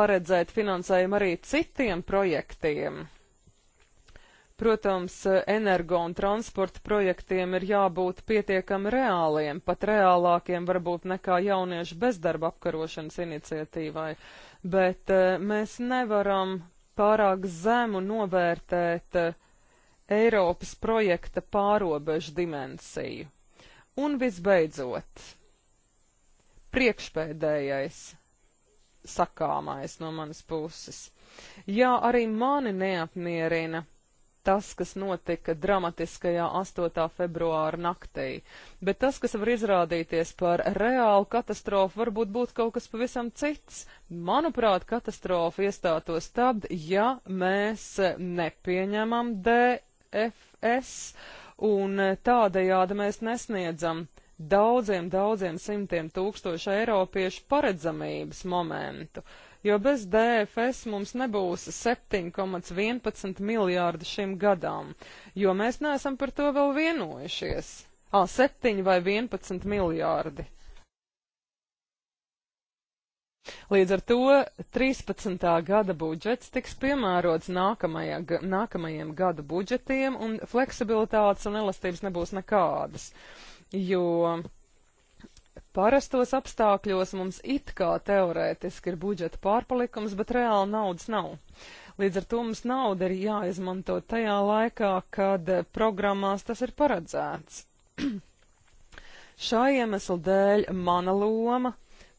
paredzēt finansējumu arī citiem projektiem. Protams, energo un transporta projektiem ir jābūt pietiekami reāliem, pat reālākiem varbūt nekā jauniešu bezdarba apkarošanas iniciatīvai, bet eh, mēs nevaram pārāk zemu novērtēt eh, Eiropas projekta pārobežu dimensiju. Un visbeidzot, priekšpēdējais sakāmais no manas puses. Jā, arī mani neapmierina tas, kas notika dramatiskajā 8. februāra naktī. Bet tas, kas var izrādīties par reālu katastrofu, varbūt būtu kaut kas pavisam cits. Manuprāt, katastrofa iestātos tad, ja mēs nepieņemam DFS un tādējādi mēs nesniedzam daudziem, daudziem simtiem tūkstošu eiropiešu paredzamības momentu, jo bez DFS mums nebūs 7,11 miljārdi šim gadam, jo mēs neesam par to vēl vienojušies. Ā, 7 vai 11 miljārdi. Līdz ar to 13. gada budžets tiks piemērots nākamajā, nākamajiem gada budžetiem, un fleksibilitātes un elastības nebūs nekādas. Uh, jo parastos apstākļos mums it kā teorētiski ir budžeta pārpalikums, bet reāli naudas nav. Līdz ar to mums nauda ir jāizmanto tajā laikā, kad programmās tas ir paredzēts. Šā iemesla dēļ mana loma,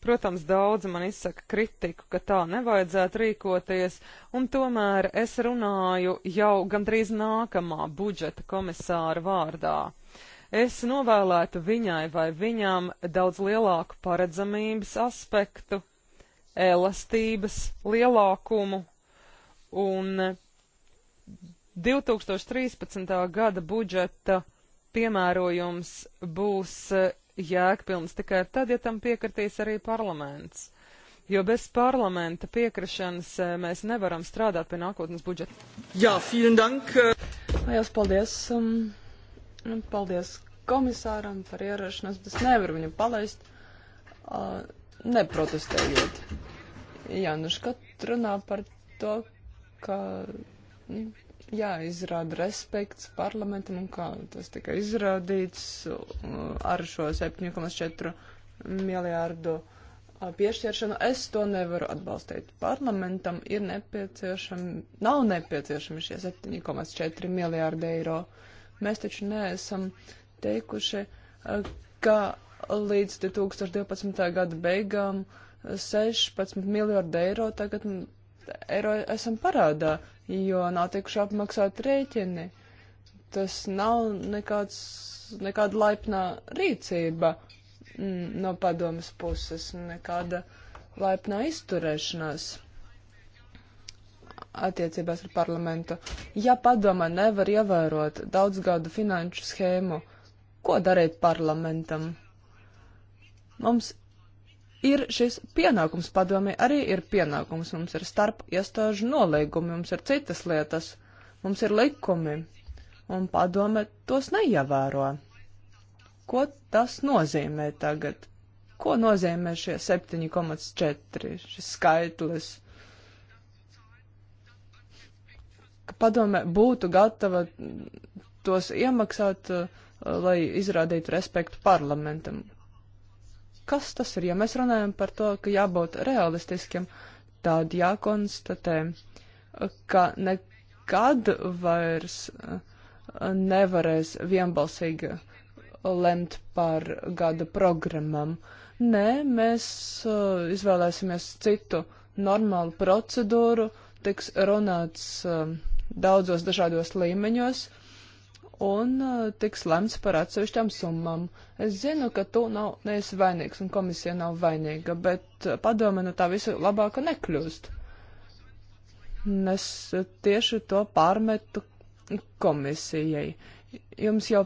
protams, daudzi man izsaka kritiku, ka tā nevajadzētu rīkoties, un tomēr es runāju jau gandrīz nākamā budžeta komisāra vārdā. Es novēlētu viņai vai viņam daudz lielāku paredzamības aspektu, elastības lielākumu un 2013. gada budžeta piemērojums būs e, jēgpilns tikai tad, ja tam piekritīs arī parlaments. Jo bez parlamenta piekrišanas e, mēs nevaram strādāt pie nākotnes budžeta. Jā, vielen dank! E. Lielas paldies! Um... Nu, paldies komisāram par ierašanos, bet es nevaru viņu palaist, uh, neprotestējot. Jā, nu škat runā par to, ka nu, jāizrāda respekts parlamentam un kā tas tika izrādīts uh, ar šo 7,4 miljārdu piešķiršanu. Es to nevaru atbalstīt. Parlamentam ir nepieciešami, nav nepieciešami šie 7,4 miljārdi eiro. Uh, Mēs taču neesam teikuši, eh, ka līdz 2012. gada beigām 16 eh, miljardi eiro tagad mm, eiro esam parādā, jo nav tikuši apmaksāti rēķini. Tas nav nekāds, nekāda laipnā rīcība mm, no padomas puses, nekāda laipnā izturēšanās attiecībās ar parlamentu. Ja padoma nevar ievērot daudzgadu finanšu schēmu, ko darīt parlamentam? Mums ir šis pienākums padomē, arī ir pienākums. Mums ir starp iestāžu nolīgumi, mums ir citas lietas, mums ir likumi, un padome tos neievēro. Ko tas nozīmē tagad? Ko nozīmē šie 7,4, šis skaitlis? ka padome būtu gatava tos iemaksāt, uh, lai izrādītu respektu parlamentam. Kas tas ir? Ja mēs runājam par to, ka jābūt realistiskiem, tad jākonstatē, ka nekad vairs uh, nevarēs vienbalsīgi lemt par gada programmam. Nē, mēs uh, izvēlēsimies citu normālu procedūru, tiks runāts uh, daudzos dažādos līmeņos un uh, tiks lemts par atsevišķām summām. Es zinu, ka tu nav, neesi vainīgs un komisija nav vainīga, bet uh, padome no tā visu labāka nekļūst. Es uh, tieši to pārmetu komisijai. Jums jau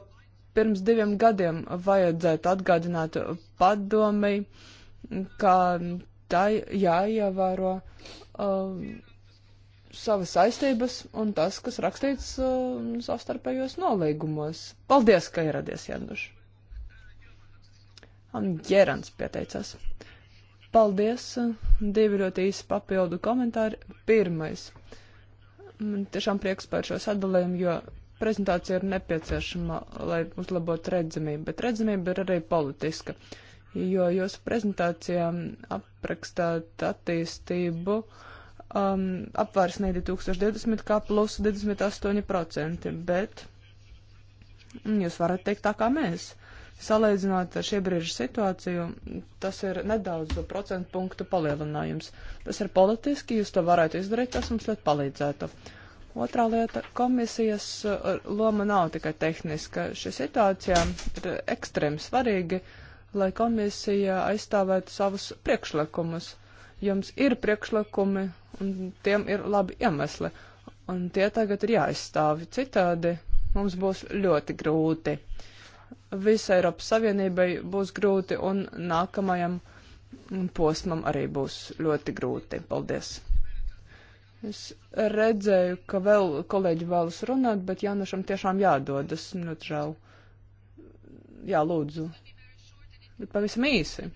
pirms diviem gadiem vajadzētu atgādināt padomei, ka tai jāievēro. Uh, um, savas saistības un tas, kas rakstīts uh, savstarpējos nolīgumos. Paldies, ka ieradies, Janduš. Un Gerants pieteicās. Paldies, divi ļoti īsi papildu komentāri. Pirmais. Man tiešām prieks par šo sadalījumu, jo prezentācija ir nepieciešama, lai uzlabotu redzamību, bet redzamība ir arī politiska, jo jūsu prezentācijā aprakstāt attīstību uh, um, apvārsnī 2020 kā plus 28%, bet mm, jūs varat teikt tā kā mēs. Salīdzinot ar šī brīža situāciju, tas ir nedaudz procentu punktu palielinājums. Tas ir politiski, jūs to varētu izdarīt, tas mums ļoti palīdzētu. Otrā lieta - komisijas uh, loma nav tikai tehniska. Šī situācija ir ekstrēms svarīgi, lai komisija aizstāvētu savus priekšlikumus jums ir priekšlikumi un tiem ir labi iemesli. Un tie tagad ir jāizstāvi citādi. Mums būs ļoti grūti. Visai Eiropas Savienībai būs grūti un nākamajam posmam arī būs ļoti grūti. Paldies! Es redzēju, ka vēl kolēģi vēlas runāt, bet Janušam tiešām jādodas. Ļoti nu, žēl. Jā, lūdzu. Bet pavisam īsi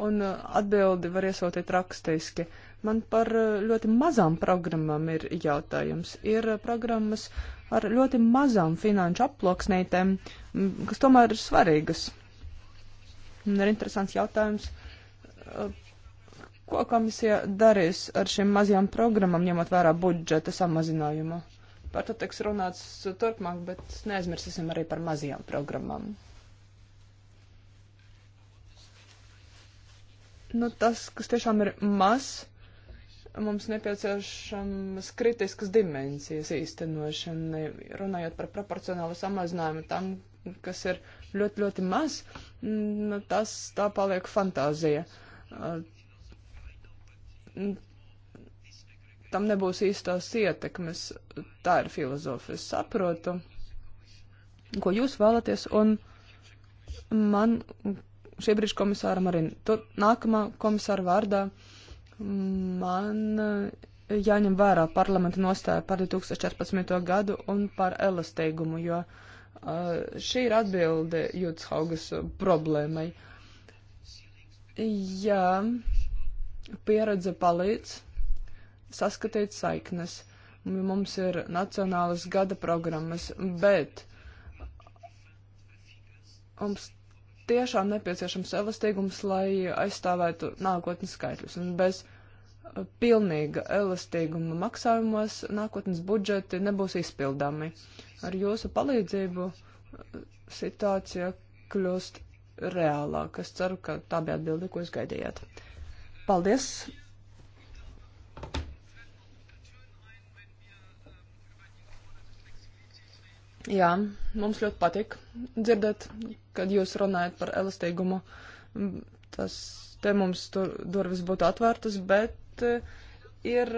un uh, atbildi var iesūtīt rakstiski. Man par uh, ļoti mazām programmām ir jautājums. Ir uh, programmas ar ļoti mazām finanšu aploksnītēm, kas tomēr ir svarīgas. Un ir interesants jautājums, ko komisija darīs ar šīm mazajām programmām, ņemot vērā budžeta samazinājumu. Par to tiks runāts turpmāk, bet neaizmirsīsim arī par mazajām programmām. nu, tas, kas tiešām ir mazs, mums nepieciešamas kritiskas dimensijas īstenošanai, runājot par proporcionālu samazinājumu tam, kas ir ļoti, ļoti maz, nu, tas tā paliek fantāzija. Uh, tam nebūs īstās ietekmes, tā ir filozofija. Es saprotu, ko jūs vēlaties, un man šī brīža komisāram, arī tur nākamā komisāra vārdā. Man eh, jāņem vērā parlamenta nostāja par 2014. gadu un par elastīgumu, jo eh, šī ir atbilde Jūtshaugas problēmai. Jā, pieredze palīdz saskatīt saiknes. Mums ir nacionālas gada programmas, bet mums tiešām nepieciešams elastīgums, lai aizstāvētu nākotnes skaitļus. Un bez uh, pilnīga elastīguma maksājumos nākotnes budžeti nebūs izpildāmi. Ar jūsu palīdzību uh, situācija kļūst reālāka. Es ceru, ka tā bija atbilde, ko jūs gaidījāt. Paldies! Jā, mums ļoti patīk dzirdēt, kad jūs runājat par elastīgumu. Tas te mums tur durvis būtu atvērtas, bet eh, ir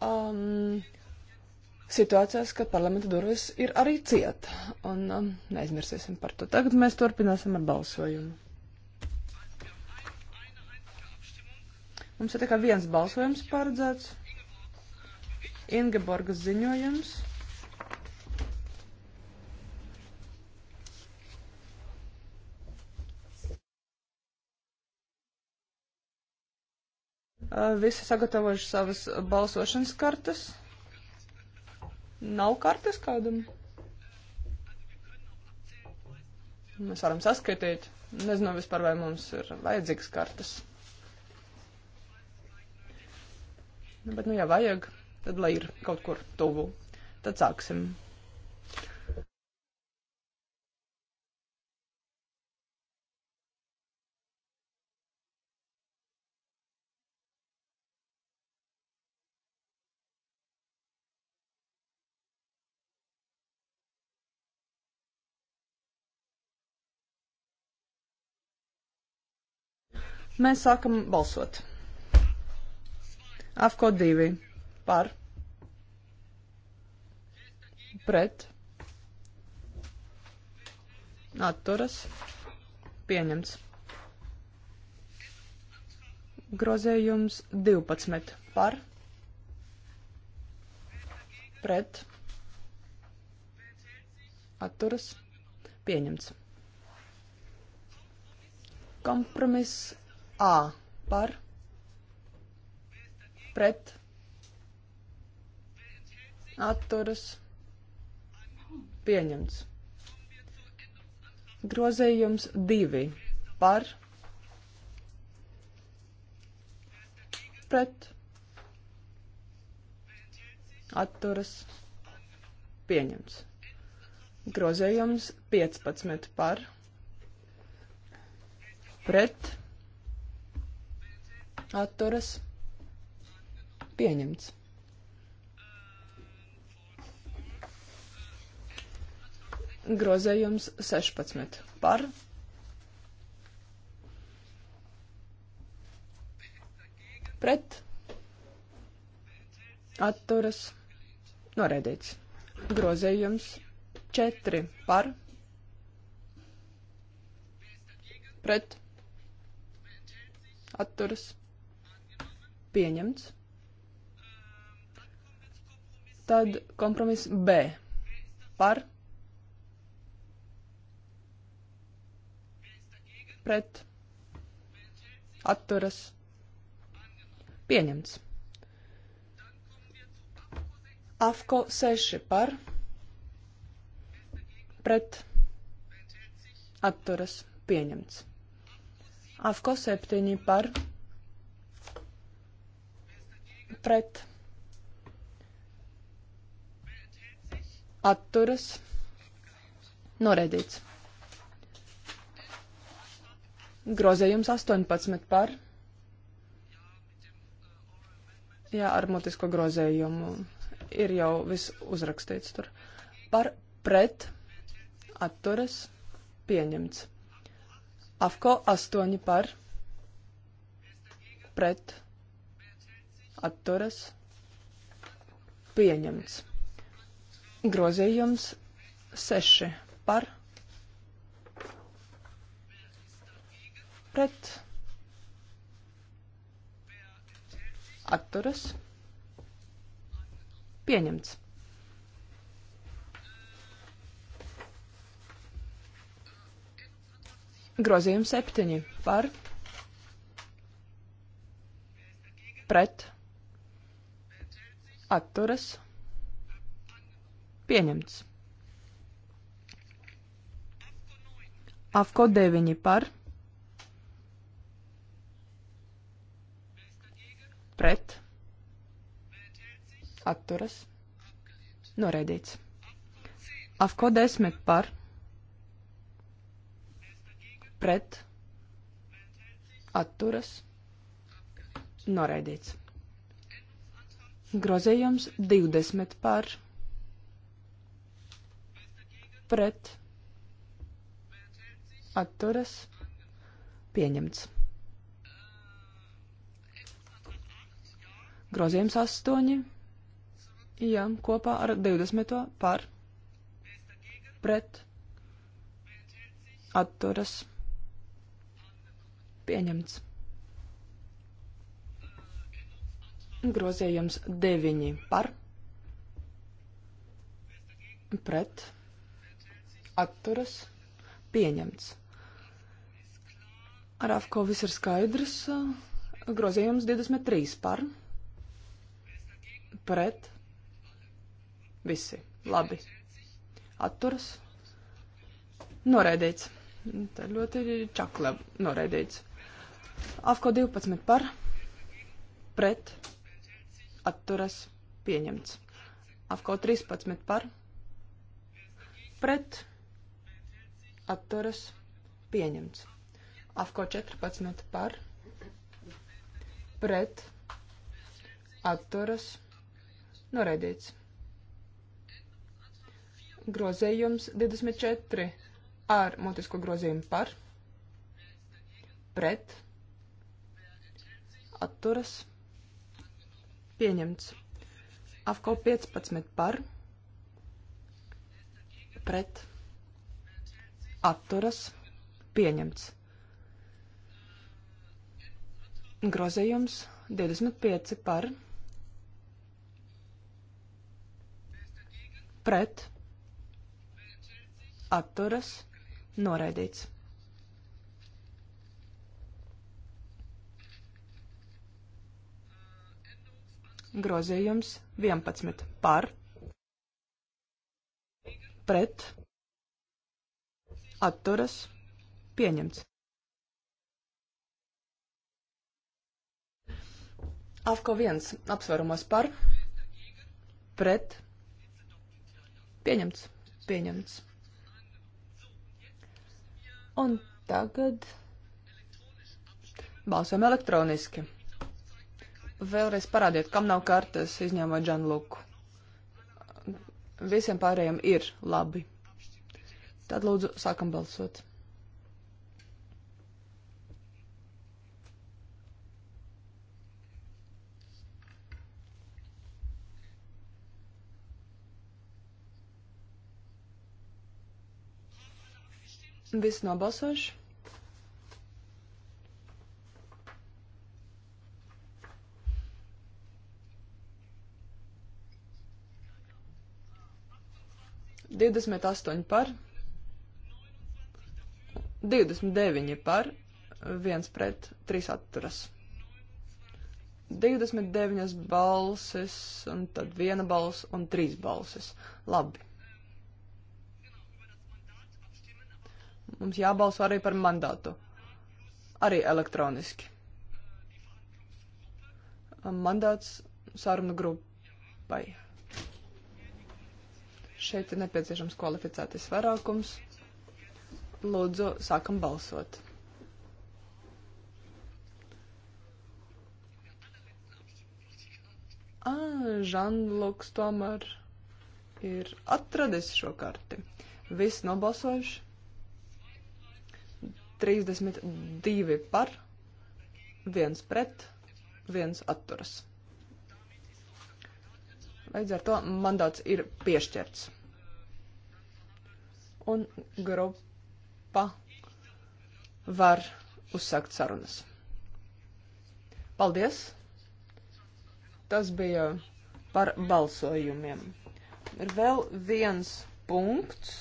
um, situācijas, kad parlamenta durvis ir arī cieta. Un um, neaizmirsīsim par to. Tagad mēs turpināsim ar balsojumu. Mums ir tikai viens balsojums paredzēts. Ingeborgas ziņojums. Visi sagatavojuši savas balsošanas kartes. Nav kartes kādam? Mēs varam saskaitīt. Nezinu vispār, vai mums ir vajadzīgas kartes. Nu, bet, nu, ja vajag, tad lai ir kaut kur tuvu. Tad sāksim. Mēs sākam balsot. AFCO 2 par pret atturas pieņemts. Grozējums 12 par pret atturas pieņemts. Kompromiss A par pret atturas pieņemts. Grozījums 2 par pret atturas pieņemts. Grozījums 15 par pret atturas pieņemts. Grozējums 16 par pret atturas noraidīts. Grozējums 4 par pret atturas Pieņemts. Tad kompromiss B. Par. Pret. Atturas. Pieņemts. AFCO 6 par pret atturas pieņemts. AFCO 7 par pret pret atturas noraidīts. Grozējums 18 par. Jā, ar mutisko grozējumu ir jau viss uzrakstīts tur. Par pret atturas pieņemts. Afko 8 par pret atturas atturas pieņemts. Grozījums 6 par pret atturas pieņemts. Grozījums 7 par pret atturas pieņemts atturas pieņemts. Afko 9 par pret atturas noraidīts. Afko 10 par pret atturas noraidīts. Grozījums 20 par pret atturas pieņemts. Grozījums 8, jā, kopā ar 20 par pret atturas pieņemts. Grozījums 9 par pret atturas pieņemts. Ar AFCO viss ir skaidrs. Grozījums 23 par pret visi. Labi. Atturas. Noraidīts. Tā ļoti čakla noraidīts. AFCO 12 par pret atturas pieņemts. Afko 13 par pret atturas pieņemts. Afko 14 par pret atturas noraidīts. Grozējums 24 ar mutisko grozījumu par pret atturas pieņemts Pieņemts. AFCO 15 par. Pret. Atturas. Pieņemts. Grozījums 25 par. Pret. Atturas. Noraidīts. Grozījums 11 par, pret, atturas, pieņemts. Afko 1 apsvarumos par, pret, pieņemts, pieņemts. Un tagad balsojam elektroniski. Vēlreiz parādiet, kam nav kartes, izņemot Džanluku. Visiem pārējiem ir labi. Tad lūdzu, sākam balsot. Viss nobalsojuši. 28 par, 29 par, 1 pret, 3 atturas. 29 balsis, un tad viena balss un trīs balsis. Labi. Mums jābalso arī par mandātu. Arī elektroniski. Mandāts sarunu grupai. Šeit ir nepieciešams kvalificētais vairākums. Lūdzu, sākam balsot. Žanluks tomēr ir atradis šo karti. Viss nobalsojuši. 32 par, 1 pret, 1 atturas. Līdz ar to mandāts ir piešķirts. Un grupa var uzsākt sarunas. Paldies! Tas bija par balsojumiem. Ir vēl viens punkts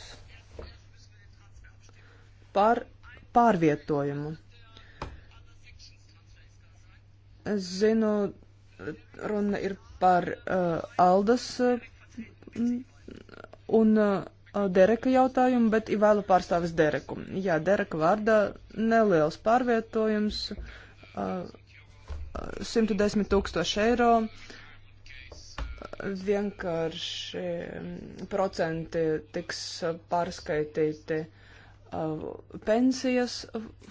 par pārvietojumu. Es zinu, runa ir par uh, Aldas uh, un uh, Dereka jautājumu, bet Ivēlu pārstāvis Dereku. Jā, Dereka vārdā neliels pārvietojums, uh, 110 tūkstoši eiro, vienkārši procenti tiks pārskaitīti uh, pensijas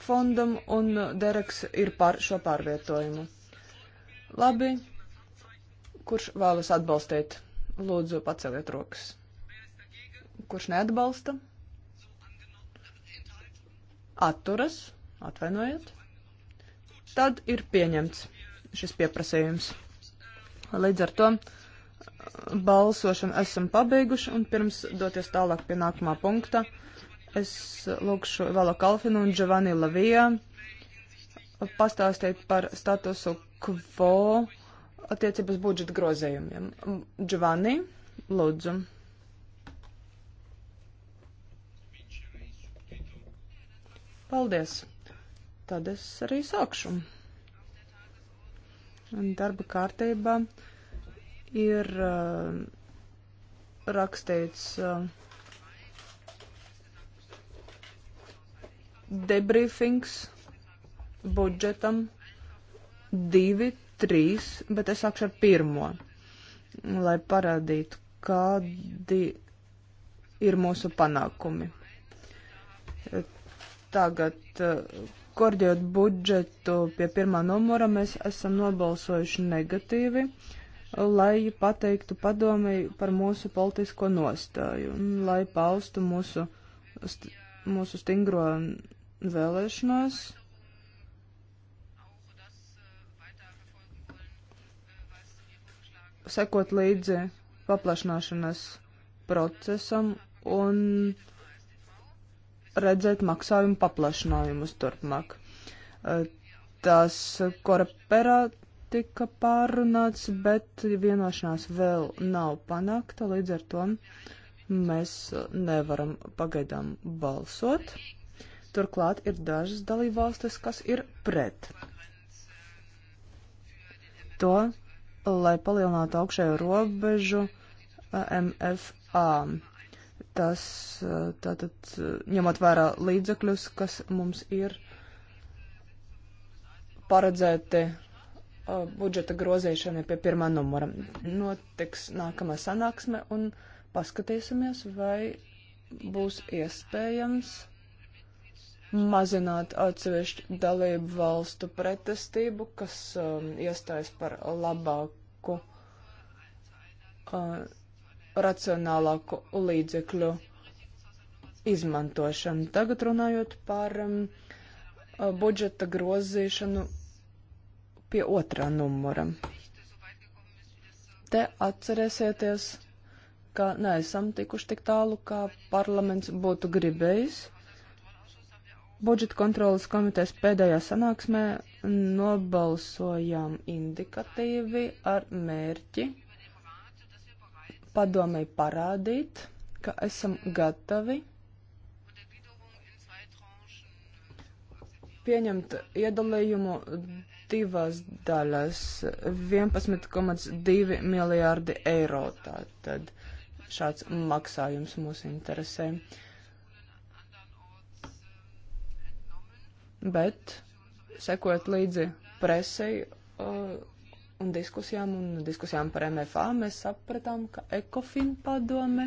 fondam, un Dereks ir par šo pārvietojumu. Labi, Kurš vēlas atbalstīt? Lūdzu, paceliet rokas. Kurš neatbalsta? Atturas, atvainojiet. Tad ir pieņemts šis pieprasījums. Līdz ar to uh, balsošanu esam pabeiguši, un pirms doties tālāk pie nākamā punkta, es lūkšu Valo Kalfinu un Giovanni Lavija pastāstīt par statusu quo attiecības budžeta grozējumiem. Giovanni, lūdzu. Paldies. Tad es arī sākšu. Darba kārtībā ir uh, rakstīts uh, debriefings budžetam divi trīs, bet es sākšu ar pirmo, lai parādītu, kādi ir mūsu panākumi. Tagad, kordējot budžetu pie pirmā numura, mēs esam nobalsojuši negatīvi, lai pateiktu padomēji par mūsu politisko nostāju, lai paustu mūsu, st mūsu stingro vēlēšanos. sekot līdzi paplašināšanas procesam un redzēt maksājumu paplašinājumus turpmāk. Tas korporā tika pārunāts, bet vienošanās vēl nav panākta, līdz ar to mēs nevaram pagaidām balsot. Turklāt ir dažas dalībvalstis, kas ir pret to lai palielinātu augšējo robežu MFA. Tas tātad ņemot vērā līdzekļus, kas mums ir paredzēti budžeta grozīšanai pie pirmā numura. Notiks nākamā sanāksme un paskatīsimies, vai būs iespējams mazināt atsevišķu dalību valstu pretestību, kas um, iestājas par labāku, uh, racionālāku līdzekļu izmantošanu. Tagad runājot par um, uh, budžeta grozīšanu pie otrā numura. Te atcerēsieties, ka neesam tikuši tik tālu, kā parlaments būtu gribējis budžeta kontrolas komitejas pēdējā sanāksmē nobalsojām indikatīvi ar mērķi padomēji parādīt, ka esam gatavi pieņemt iedalījumu divas daļas - 11,2 miljārdi eiro. Tātad šāds maksājums mūs interesē. Uh, bet sekot līdzi presei uh, un diskusijām un diskusijām par MFA, mēs sapratām, ka ECOFIN padome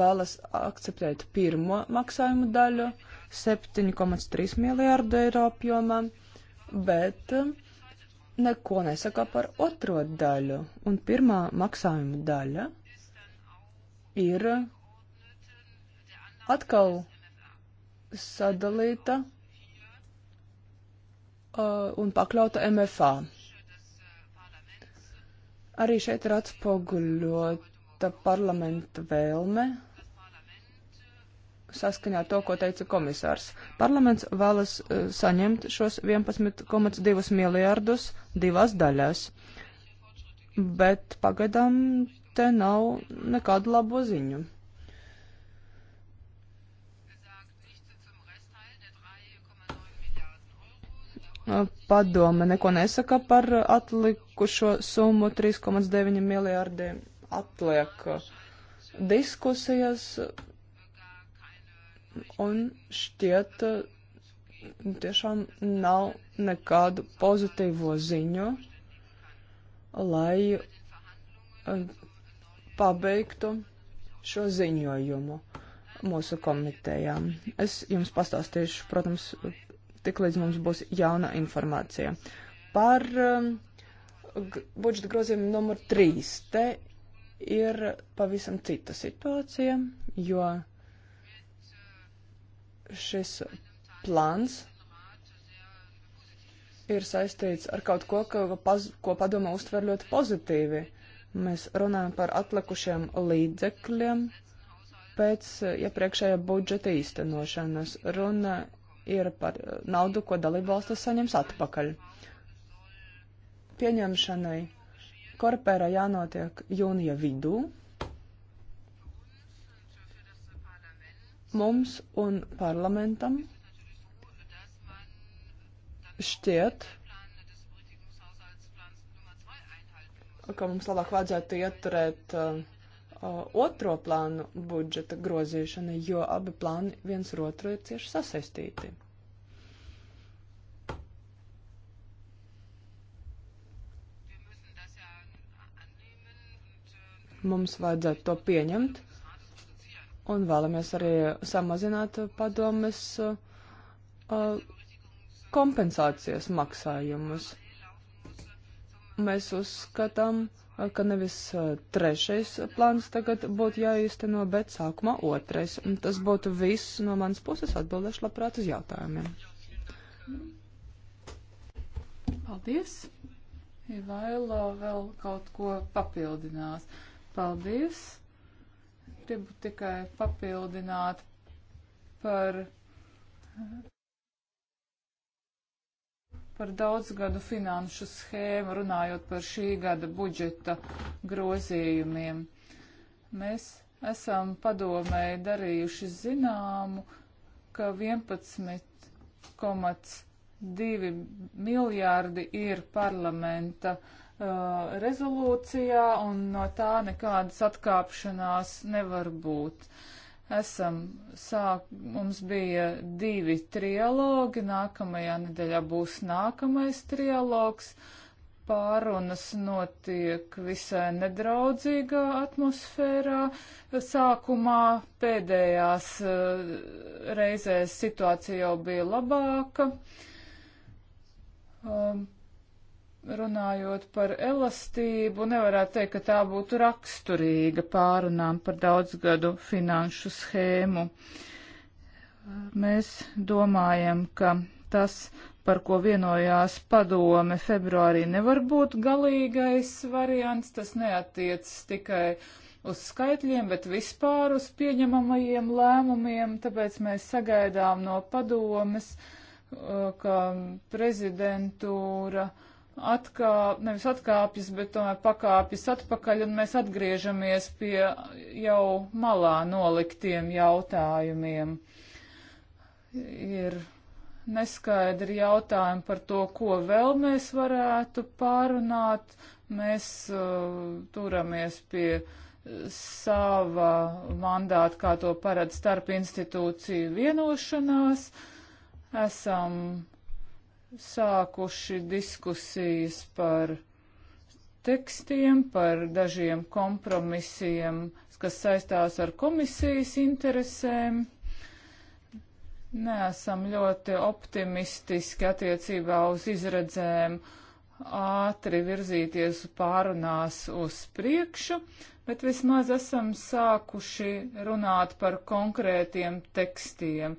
vēlas akceptēt pirmo maksājumu daļu 7,3 miljārdu eiro apjomā, bet uh, neko nesaka par otro daļu. Un pirmā maksājuma daļa ir atkal sadalīta uh, un pakļauta MFA. Arī šeit ir atspoguļota parlamenta vēlme saskaņā to, ko teica komisārs. Parlaments vēlas uh, saņemt šos 11,2 miljārdus divās daļās, bet pagaidām te nav nekādu labo ziņu. padome neko nesaka par atlikušo summu 3,9 miljārdiem. Atliek diskusijas un šķiet tiešām nav nekādu pozitīvo ziņu, lai pabeigtu šo ziņojumu mūsu komitejām. Es jums pastāstīšu, protams, tiklīdz mums būs jauna informācija. Par um, budžeta grozījumu numur 3 te ir pavisam cita situācija, jo šis plāns ir saistīts ar kaut ko, ka, paz, ko padoma uztver ļoti pozitīvi. Mēs runājam par atlikušiem līdzekļiem pēc uh, iepriekšējā budžeta īstenošanas. Runa ir par eh, naudu, ko dalībvalstis saņems atpakaļ. Pieņemšanai korpērā jānotiek jūnija vidū. Mums un parlamentam šķiet, ka mums labāk vajadzētu ieturēt uh, Uh, otro plānu budžeta grozīšana, jo abi plāni viens ar otru ir cieši sasaistīti. Mums vajadzētu to pieņemt un vēlamies arī samazināt padomes uh, kompensācijas maksājumus. Mēs uzskatām, ka ka nevis trešais plāns tagad būtu jāīsteno, bet sākumā otrais. Tas būtu viss no manas puses. Atbildēšu labprāt uz jautājumiem. Paldies! Ivailo vēl kaut ko papildinās. Paldies! Gribu tikai papildināt par par daudzgadu finanšu schēmu, runājot par šī gada budžeta grozījumiem. Mēs esam padomēji darījuši zināmu, ka 11,2 miljārdi ir parlamenta uh, rezolūcijā un no tā nekādas atkāpšanās nevar būt. Uh, Esam sāk, mums bija divi trialogi, nākamajā nedēļā būs nākamais trialogs. Pārunas notiek visai nedraudzīgā atmosfērā. Sākumā pēdējās eh, reizēs situācija jau bija labāka. Um, runājot par elastību, nevarētu teikt, ka tā būtu raksturīga pārunām par daudzgadu finanšu schēmu. Mēs domājam, ka tas, par ko vienojās padome februārī, nevar būt galīgais variants. Tas neatiec tikai uz skaitļiem, bet vispār uz pieņemamajiem lēmumiem, tāpēc mēs sagaidām no padomes, uh, ka prezidentūra uh, atkā, nevis atkāpjas, bet tomēr pakāpjas atpakaļ, un mēs atgriežamies pie jau malā noliktiem jautājumiem. Ir neskaidri jautājumi par to, ko vēl mēs varētu pārunāt. Mēs uh, turamies pie sava mandāta, kā to parad starp institūciju vienošanās. Esam uh, sākuši diskusijas par tekstiem, par dažiem kompromisiem, kas saistās ar komisijas interesēm. Neesam ļoti optimistiski attiecībā uz izredzēm ātri virzīties pārunās uz priekšu, bet vismaz esam sākuši runāt par konkrētiem tekstiem.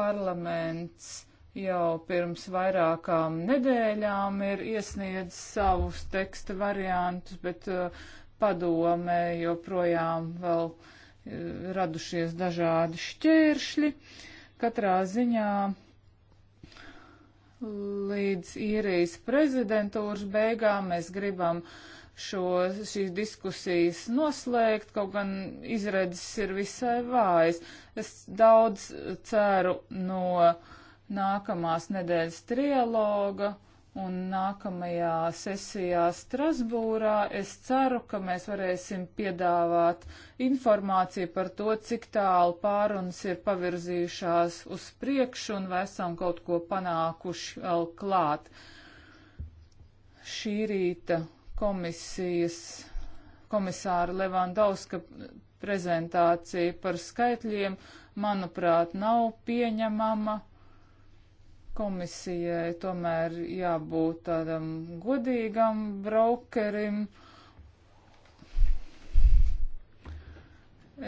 Parlaments jau pirms vairākām nedēļām ir iesniedz savus teksta variantus, bet uh, padomē joprojām vēl uh, radušies dažādi šķēršļi. Katrā ziņā līdz īrijas prezidentūras beigām mēs gribam šo, šīs diskusijas noslēgt, kaut gan izredzes ir visai vājas. Es daudz ceru no uh, nākamās nedēļas trialoga un nākamajā sesijā Strasbūrā. Es ceru, ka mēs varēsim piedāvāt informāciju par to, cik tālu pārunas ir pavirzījušās uz priekšu un vai esam kaut ko panākuši vēl klāt. Šī rīta komisijas komisāra Levandauska prezentācija par skaitļiem, manuprāt, nav pieņemama komisijai tomēr jābūt tādam godīgam brokerim.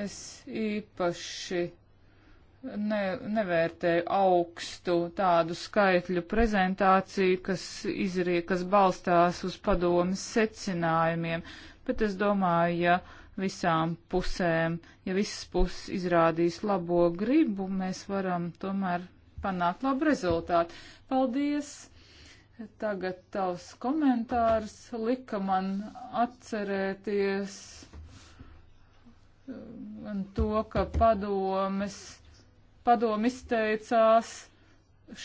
Es īpaši ne, nevērtēju augstu tādu skaitļu prezentāciju, kas izrie, kas balstās uz padomas secinājumiem, bet es domāju, ja visām pusēm, ja visas puses izrādīs labo gribu, mēs varam tomēr panākt labu rezultātu. Paldies! Tagad tavs komentārs lika man atcerēties um, to, ka padomes, padom izteicās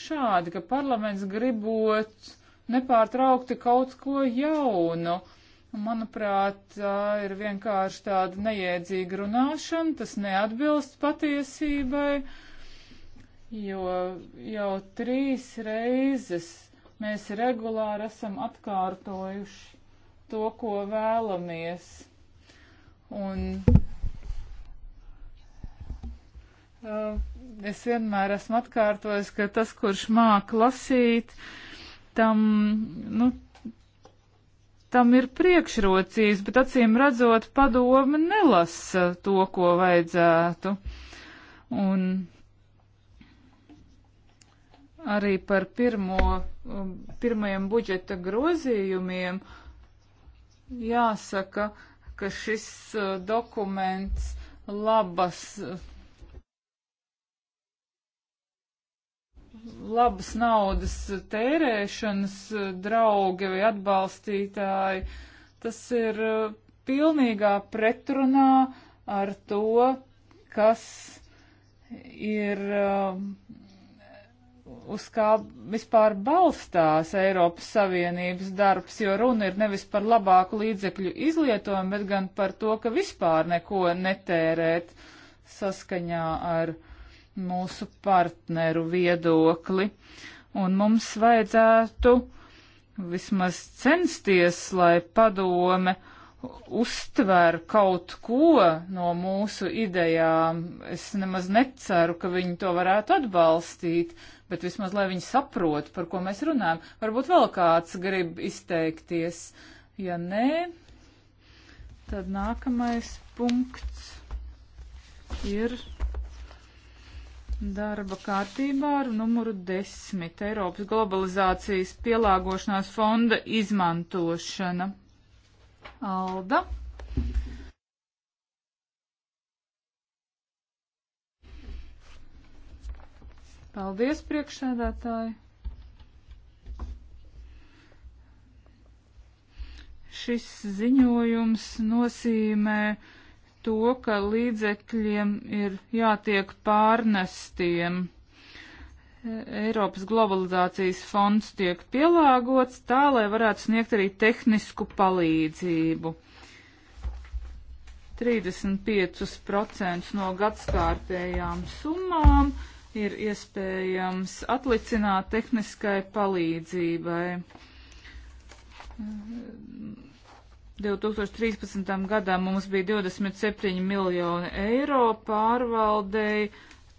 šādi, ka parlaments gribot nepārtraukti kaut ko jaunu. Manuprāt, tā ir vienkārši tāda neiedzīga runāšana, tas neatbilst patiesībai. Uh, jo jau trīs reizes mēs regulāri esam atkārtojuši to, ko vēlamies. Un uh, es vienmēr esmu atkārtojis, ka tas, kurš māk lasīt, tam, nu, tam ir priekšrocības, bet acīm redzot, padome nelasa to, ko vajadzētu. Un arī par pirmo, um, pirmajiem budžeta grozījumiem. Jāsaka, ka šis uh, dokuments labas, labas naudas tērēšanas uh, draugi vai atbalstītāji. Tas ir uh, pilnīgā pretrunā ar to, kas ir uh, uz kā vispār balstās Eiropas Savienības darbs, jo runa ir nevis par labāku līdzekļu izlietojumu, bet gan par to, ka vispār neko netērēt saskaņā ar mūsu partneru viedokli. Un mums vajadzētu vismaz censties, lai padome uztver kaut ko no mūsu idejām. Es nemaz neceru, ka viņi to varētu atbalstīt bet vismaz, lai viņi saprot, par ko mēs runājam. Varbūt vēl kāds grib izteikties. Ja nē, tad nākamais punkts ir darba kārtībā ar numuru 10 - Eiropas globalizācijas pielāgošanās fonda izmantošana. Alda. Paldies, priekšsēdētāji! Šis ziņojums nozīmē to, ka līdzekļiem ir jātiek pārnestiem. Eiropas globalizācijas fonds tiek pielāgots tā, lai varētu sniegt arī tehnisku palīdzību. 35% no gadskārtējām summām ir iespējams atlicināt tehniskai palīdzībai. 2013. gadā mums bija 27 miljoni eiro pārvaldei,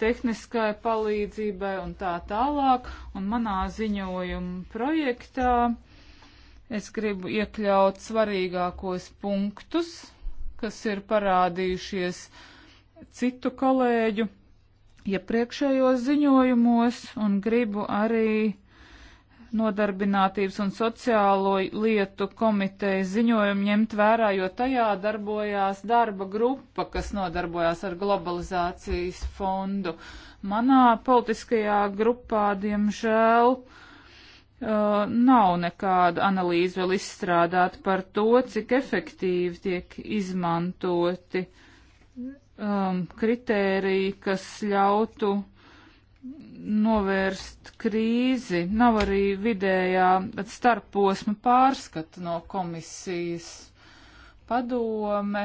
tehniskai palīdzībai un tā tālāk. Un manā ziņojuma projektā es gribu iekļaut svarīgākos punktus, kas ir parādījušies citu kolēģu iepriekšējos ziņojumos un gribu arī nodarbinātības un sociālo lietu komiteja ziņojumu ņemt vērā, jo tajā darbojās darba grupa, kas nodarbojās ar globalizācijas fondu. Manā politiskajā grupā, diemžēl, uh, nav nekāda analīze vēl izstrādāta par to, cik efektīvi tiek izmantoti uh, um, kritēriji, kas ļautu novērst krīzi. Nav arī vidējā starposma pārskata no komisijas padome.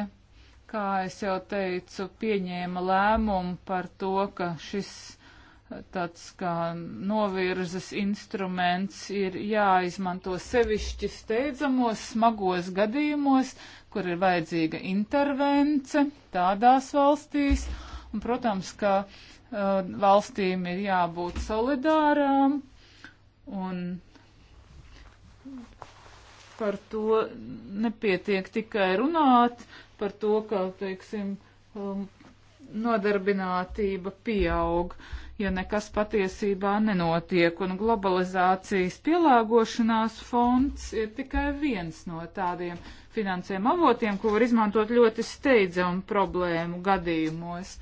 Kā es jau teicu, pieņēma lēmumu par to, ka šis uh, tāds kā novirzes instruments ir jāizmanto sevišķi steidzamos, smagos gadījumos, kur ir vajadzīga intervence tādās valstīs, un, protams, ka uh, valstīm ir jābūt solidārām, un par to nepietiek tikai runāt, par to, ka, teiksim, um, nodarbinātība pieaug, ja nekas patiesībā nenotiek, un globalizācijas pielāgošanās fonds ir tikai viens no tādiem finansējuma avotiem, ko var izmantot ļoti steidzamu problēmu gadījumos.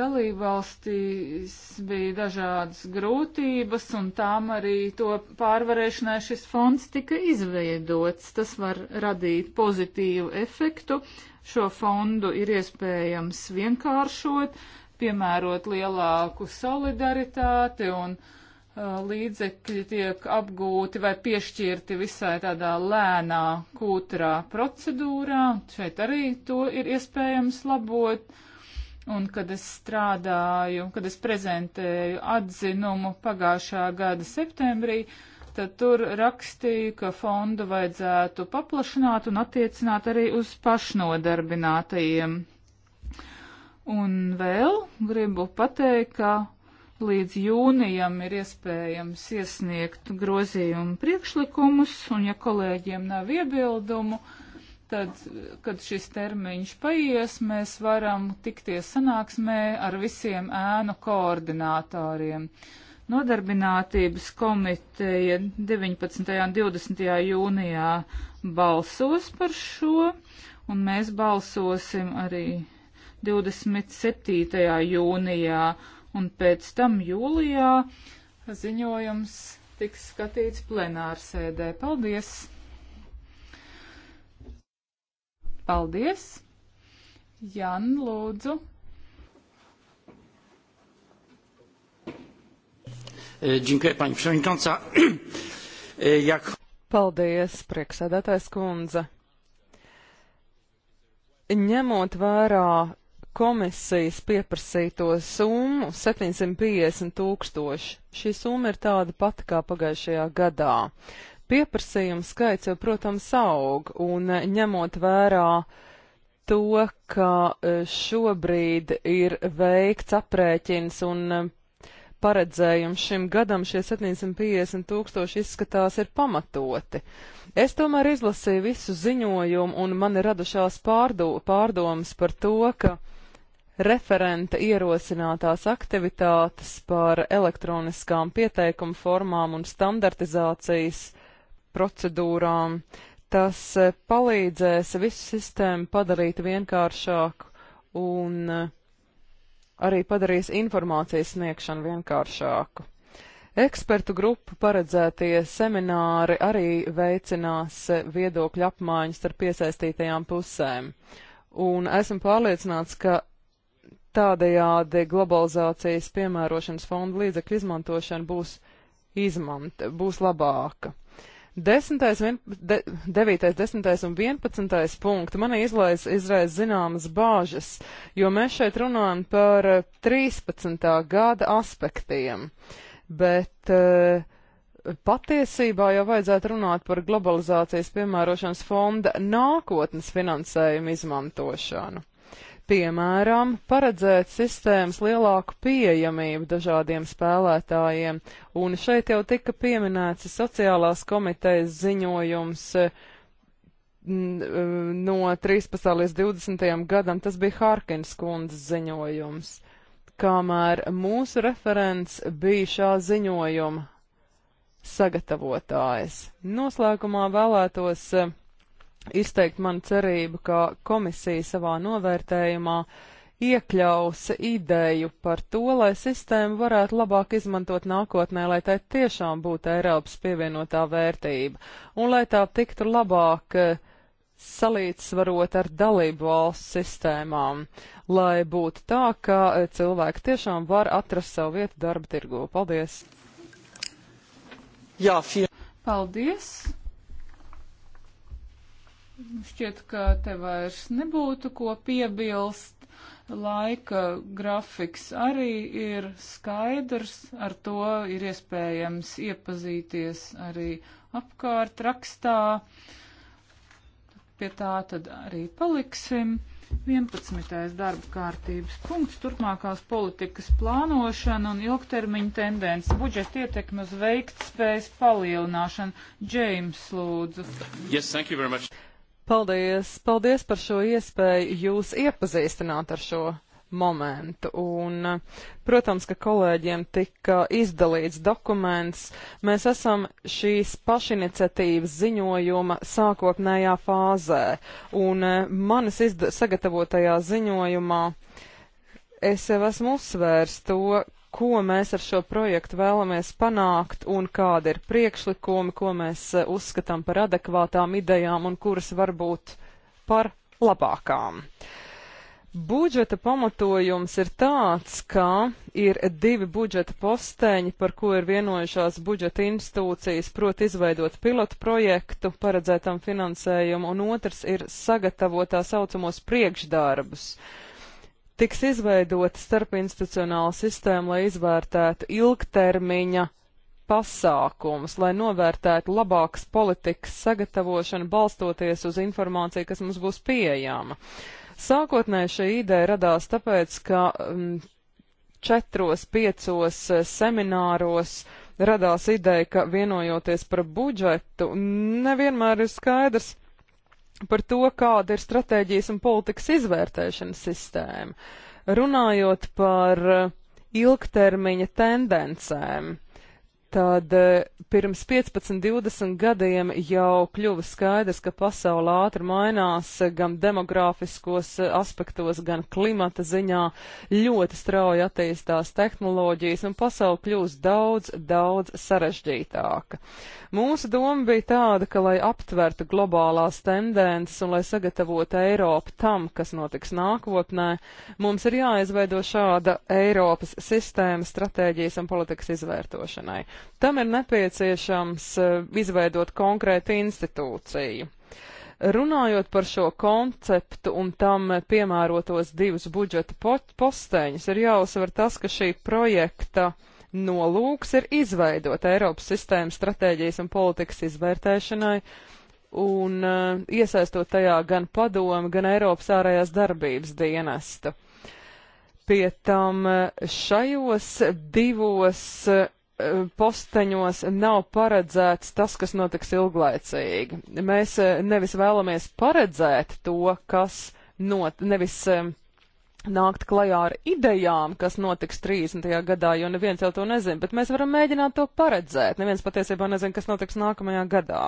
Dalībvalstīs bija dažādas grūtības, un tām arī to pārvarēšanai šis fonds tika izveidots. Tas var radīt pozitīvu efektu. Šo fondu ir iespējams vienkāršot, piemērot lielāku solidaritāti un uh, līdzekļi tiek apgūti vai piešķirti visai tādā lēnā, kūtrā procedūrā. Šeit arī to ir iespējams labot. Un kad es strādāju, kad es prezentēju atzinumu pagājušā gada septembrī, tad tur rakstīju, ka fondu vajadzētu paplašināt un attiecināt arī uz pašnodarbinātajiem. Un vēl gribu pateikt, ka līdz jūnijam ir iespējams iesniegt grozījumu priekšlikumus, un ja kolēģiem nav iebildumu, tad, kad šis termiņš paies, mēs varam tikties sanāksmē ar visiem ēnu koordinātāriem. Nodarbinātības komiteja 19. un 20. jūnijā balsos par šo, un mēs balsosim arī 27. jūnijā un pēc tam jūlijā ziņojums tiks skatīts plenārsēdē. Paldies! Paldies! Jan, lūdzu! E, dziękuję Pani Przewodnicząca. E, jak... Paldies, prieksēdētājs kundze. Ņemot vērā komisijas pieprasīto summu 750 tūkstoši. Šī summa ir tāda pati kā pagājušajā gadā. Pieprasījums skaits jau, protams, aug, un eh, ņemot vērā to, ka eh, šobrīd ir veikts aprēķins un eh, paredzējums šim gadam šie 750 tūkstoši izskatās ir pamatoti. Es tomēr izlasīju visu ziņojumu un man ir radušās pārdo pārdomas par to, ka referenta ierosinātās aktivitātes par elektroniskām pieteikumu formām un standartizācijas procedūrām. Tas eh, palīdzēs visu sistēmu padarīt vienkāršāku un eh, arī padarīs informācijas sniegšanu vienkāršāku. Ekspertu grupu paredzētie semināri arī veicinās eh, viedokļu apmaiņas ar piesaistītajām pusēm. Un esmu pārliecināts, ka Tādējādi globalizācijas piemērošanas fonda līdzekļu izmantošana būs, izmant, būs labāka. 10, 9, 10 un 11 punkti man izlaiz, izraisa zināmas bāžas, jo mēs šeit runājam par 13. gada aspektiem, bet uh, patiesībā jau vajadzētu runāt par globalizācijas piemērošanas fonda nākotnes finansējumu izmantošanu. Piemēram, paredzēt sistēmas lielāku pieejamību dažādiem spēlētājiem, un šeit jau tika pieminēts sociālās komitejas ziņojums eh, eh, no 13. līdz 20. gadam, tas bija Harkins kundzes ziņojums, kamēr mūsu referents bija šā ziņojuma sagatavotājs. Noslēgumā vēlētos uh, izteikt man cerību, ka komisija savā novērtējumā iekļaus ideju par to, lai sistēmu varētu labāk izmantot nākotnē, lai tai tiešām būtu Eiropas pievienotā vērtība un lai tā tiktu labāk eh, salīdzvarot ar dalību valsts sistēmām, lai būtu tā, ka eh, cilvēki tiešām var atrast savu vietu darba tirgu. Paldies! Jā, fie... Paldies! Šķiet, ka te vairs nebūtu ko piebilst. Laika grafiks arī ir skaidrs, ar to ir iespējams iepazīties arī apkārt rakstā. Pie tā tad arī paliksim. 11. darba kārtības punkts - turpmākās politikas plānošana un ilgtermiņa tendence. Budžeta ietekme uz veiktspējas palielināšanu. Džeims, lūdzu. Yes, thank you very much. Paldies! Paldies par šo iespēju jūs iepazīstināt ar šo momentu. Un, protams, ka kolēģiem tika izdalīts dokuments. Mēs esam šīs pašiniciatīvas ziņojuma sākotnējā fāzē. Un manis sagatavotajā ziņojumā es jau esmu uzsvērs to, ko mēs ar šo projektu vēlamies panākt un kādi ir priekšlikumi, ko mēs eh, uzskatām par adekvātām idejām un kuras varbūt par labākām. Budžeta pamatojums ir tāds, ka ir divi budžeta posteņi, par ko ir vienojušās budžeta institūcijas, proti izveidot pilotu projektu paredzētam finansējumu, un otrs ir sagatavot tā saucamos priekšdarbus. Uh, tiks izveidota starpinstitucionāla sistēma, lai izvērtētu ilgtermiņa pasākumus, lai novērtētu labākas politikas sagatavošanu, balstoties uz informāciju, kas mums būs pieejama. Sākotnēji šī ideja radās tāpēc, ka mm, četros, piecos eh, semināros radās ideja, ka vienojoties par budžetu, nevienmēr ir skaidrs, par to, kāda ir stratēģijas un politikas izvērtēšanas sistēma. Runājot par eh, ilgtermiņa tendencēm, tad e, pirms 15-20 gadiem jau kļuva skaidrs, ka pasaule ātri mainās e, gan demografiskos e, aspektos, gan klimata ziņā. Ļoti strauji attīstās tehnoloģijas un pasaule kļūst daudz, daudz sarežģītāka. Mūsu doma bija tāda, ka lai aptvertu globālās tendences un lai sagatavotu Eiropu tam, kas notiks nākotnē, mums ir jāizveido šāda Eiropas sistēma stratēģijas un politikas izvērtošanai. Tam ir nepieciešams eh, izveidot konkrētu institūciju. Runājot par šo konceptu un tam piemērotos divus budžeta posteņus, ir jāuzsver tas, ka šī projekta nolūks ir izveidot Eiropas sistēmas stratēģijas un politikas izvērtēšanai un uh, iesaistot tajā gan padomu, gan Eiropas ārējās darbības dienestu. Pie tam eh, šajos divos E, posteņos nav paredzēts tas, kas notiks ilglaicīgi. Mēs e, nevis vēlamies paredzēt to, kas not, nevis e, nākt klajā ar idejām, kas notiks 30. gadā, jo neviens jau to nezina, bet mēs varam mēģināt to paredzēt. Neviens patiesībā nezina, kas notiks nākamajā gadā.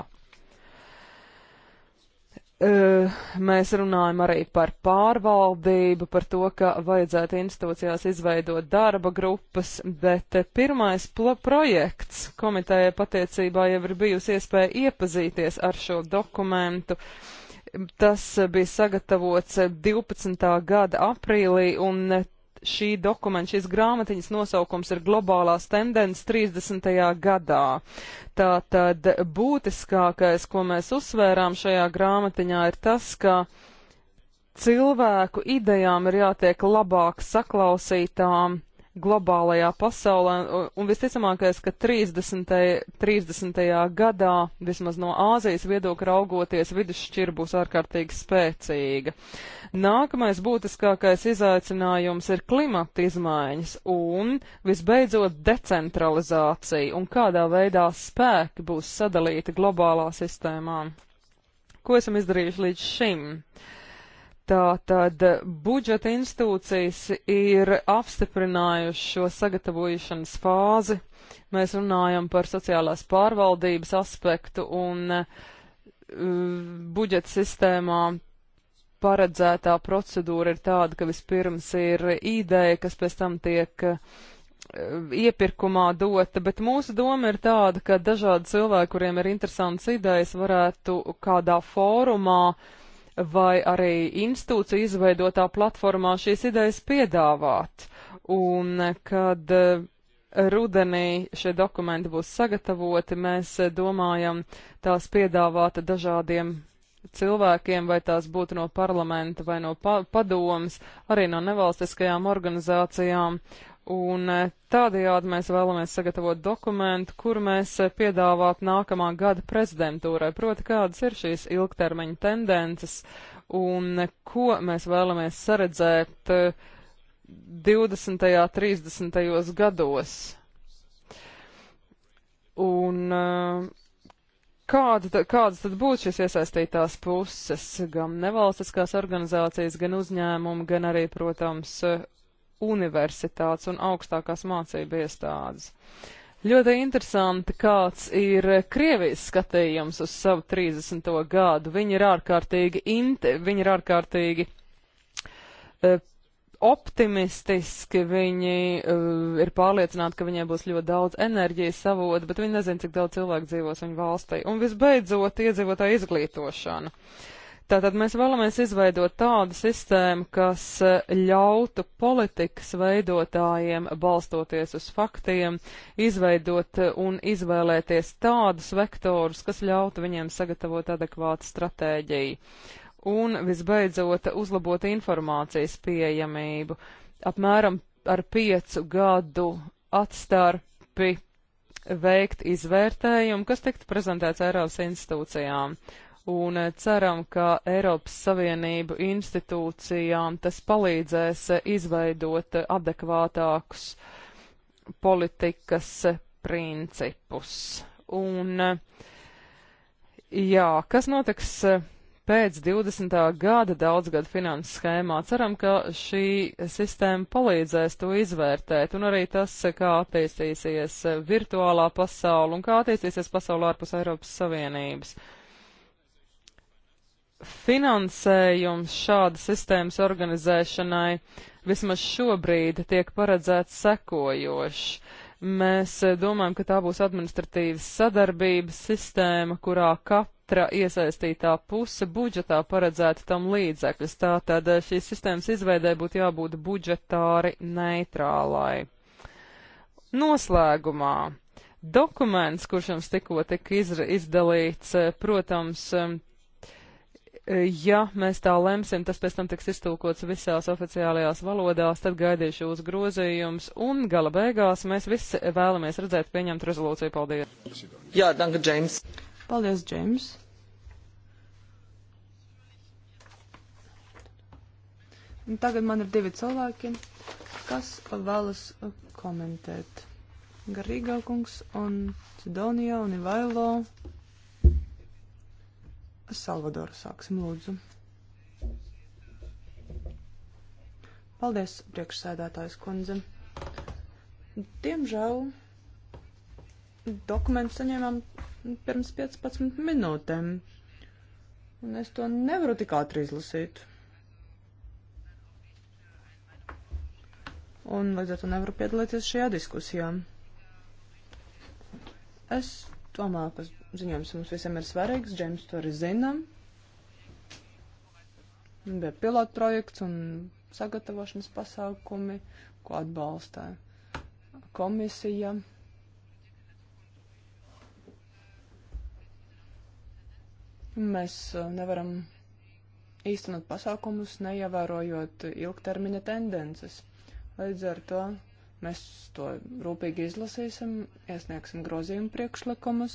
Eh, mēs runājam arī par pārvaldību, par to, ka vajadzētu institūcijās izveidot darba grupas, bet eh, pirmais projekts komitējai patiecībā jau ir bijusi iespēja iepazīties ar šo dokumentu. Tas eh, bija sagatavots 12. gada aprīlī, un šī dokumenta, šīs grāmatiņas nosaukums ir globālās tendences 30. gadā. Tātad būtiskākais, ko mēs uzsvērām šajā grāmatiņā, ir tas, ka cilvēku idejām ir jātiek labāk saklausītām globālajā pasaulē, un, un visticamākais, ka 30. 30. gadā, vismaz no Āzijas viedokļa raugoties, vidusšķir būs ārkārtīgi spēcīga. Nākamais būtiskākais izaicinājums ir klimata izmaiņas un, visbeidzot, decentralizācija un kādā veidā spēki būs sadalīti globālā sistēmā. Ko esam izdarījuši līdz šim? Uh, Tātad budžeta institūcijas ir apstiprinājuši šo sagatavošanas fāzi. Mēs runājam par sociālās pārvaldības aspektu un uh, budžeta sistēmā paredzētā procedūra ir tāda, ka vispirms ir ideja, kas pēc tam tiek uh, iepirkumā dota, bet mūsu doma ir tāda, ka dažādi cilvēki, kuriem ir interesants idejas, varētu kādā fórumā uh, vai arī institūcija izveidotā platformā šīs idejas piedāvāt. Un kad eh, rudenī šie dokumenti būs sagatavoti, mēs eh, domājam tās piedāvāt dažādiem cilvēkiem, vai tās būtu no parlamenta vai no pa padomas, arī no nevalstiskajām organizācijām. Un e, tādējādi mēs vēlamies sagatavot dokumentu, kur mēs e, piedāvāt nākamā gada prezidentūrai, proti kādas ir šīs ilgtermiņa tendences un e, ko mēs vēlamies saredzēt 20. 30. gados. Un kāda, kādas tad būtu šīs iesaistītās puses, gan nevalstiskās organizācijas, gan uzņēmumi, gan arī, protams, universitātes un augstākās mācība iestādes. Ļoti interesanti, kāds ir Krievijas skatījums uz savu 30. gadu. Viņi ir ārkārtīgi, inti, viņi ir ārkārtīgi uh, optimistiski, viņi uh, ir pārliecināti, ka viņai būs ļoti daudz enerģijas savoda, bet viņi nezina, cik daudz cilvēku dzīvos viņu valstī. Un visbeidzot, iedzīvotāju izglītošana. Uh, Tātad mēs vēlamies izveidot tādu sistēmu, kas e, ļautu politikas veidotājiem, balstoties uz faktiem, izveidot e, un izvēlēties tādus vektorus, kas ļautu viņiem sagatavot adekvātu stratēģiju. Un, visbeidzot, uzlabot informācijas pieejamību. Apmēram ar piecu gadu atstarpi veikt izvērtējumu, kas tiktu prezentēts Eiropas institūcijām un ceram, ka Eiropas Savienību institūcijām tas palīdzēs izveidot adekvātākus politikas principus. Un, jā, kas notiks pēc 20. gada daudzgada finanses schēmā. Ceram, ka šī sistēma palīdzēs to izvērtēt, un arī tas, kā attīstīsies virtuālā pasaule un kā attīstīsies pasaule ārpus Eiropas Savienības finansējums šādas sistēmas organizēšanai vismaz šobrīd tiek paredzēts sekojošs. Mēs eh, domājam, ka tā būs administratīvas sadarbības sistēma, kurā katra iesaistītā puse budžetā paredzētu tam līdzekļus. Tātad eh, šīs sistēmas izveidē būtu jābūt budžetāri neitrālai. Noslēgumā. Dokuments, kurš jums tikko tika izdalīts, eh, protams, Ja mēs tā lemsim, tas pēc tam tiks iztulkots visās oficiālajās valodās, tad gaidīšu jūs grozījums un gala beigās mēs visi vēlamies redzēt pieņemt rezolūciju. Paldies! Jā, danka, Džeims! Paldies, Džeims! Tagad man ir divi cilvēki, kas vēlas komentēt. Garīgā kungs un Sidonija un Ivailo. Salvadoru sāksim lūdzu. Paldies, priekšsēdētājs kundze. Diemžēl dokumentu saņēmām pirms 15 minūtēm, un es to nevaru tik ātri izlasīt. Un līdz ar to nevaru piedalīties šajā diskusijā. Es Tomēr, kas ziņojums mums visiem ir svarīgs, Džeims to arī zinām. Bija pilota projekts un sagatavošanas pasākumi, ko atbalsta komisija. Mēs uh, nevaram īstenot pasākumus, neievērojot ilgtermiņa tendences. Līdz ar to Mēs to rūpīgi izlasīsim, iesniegsim grozījumu priekšlikumus.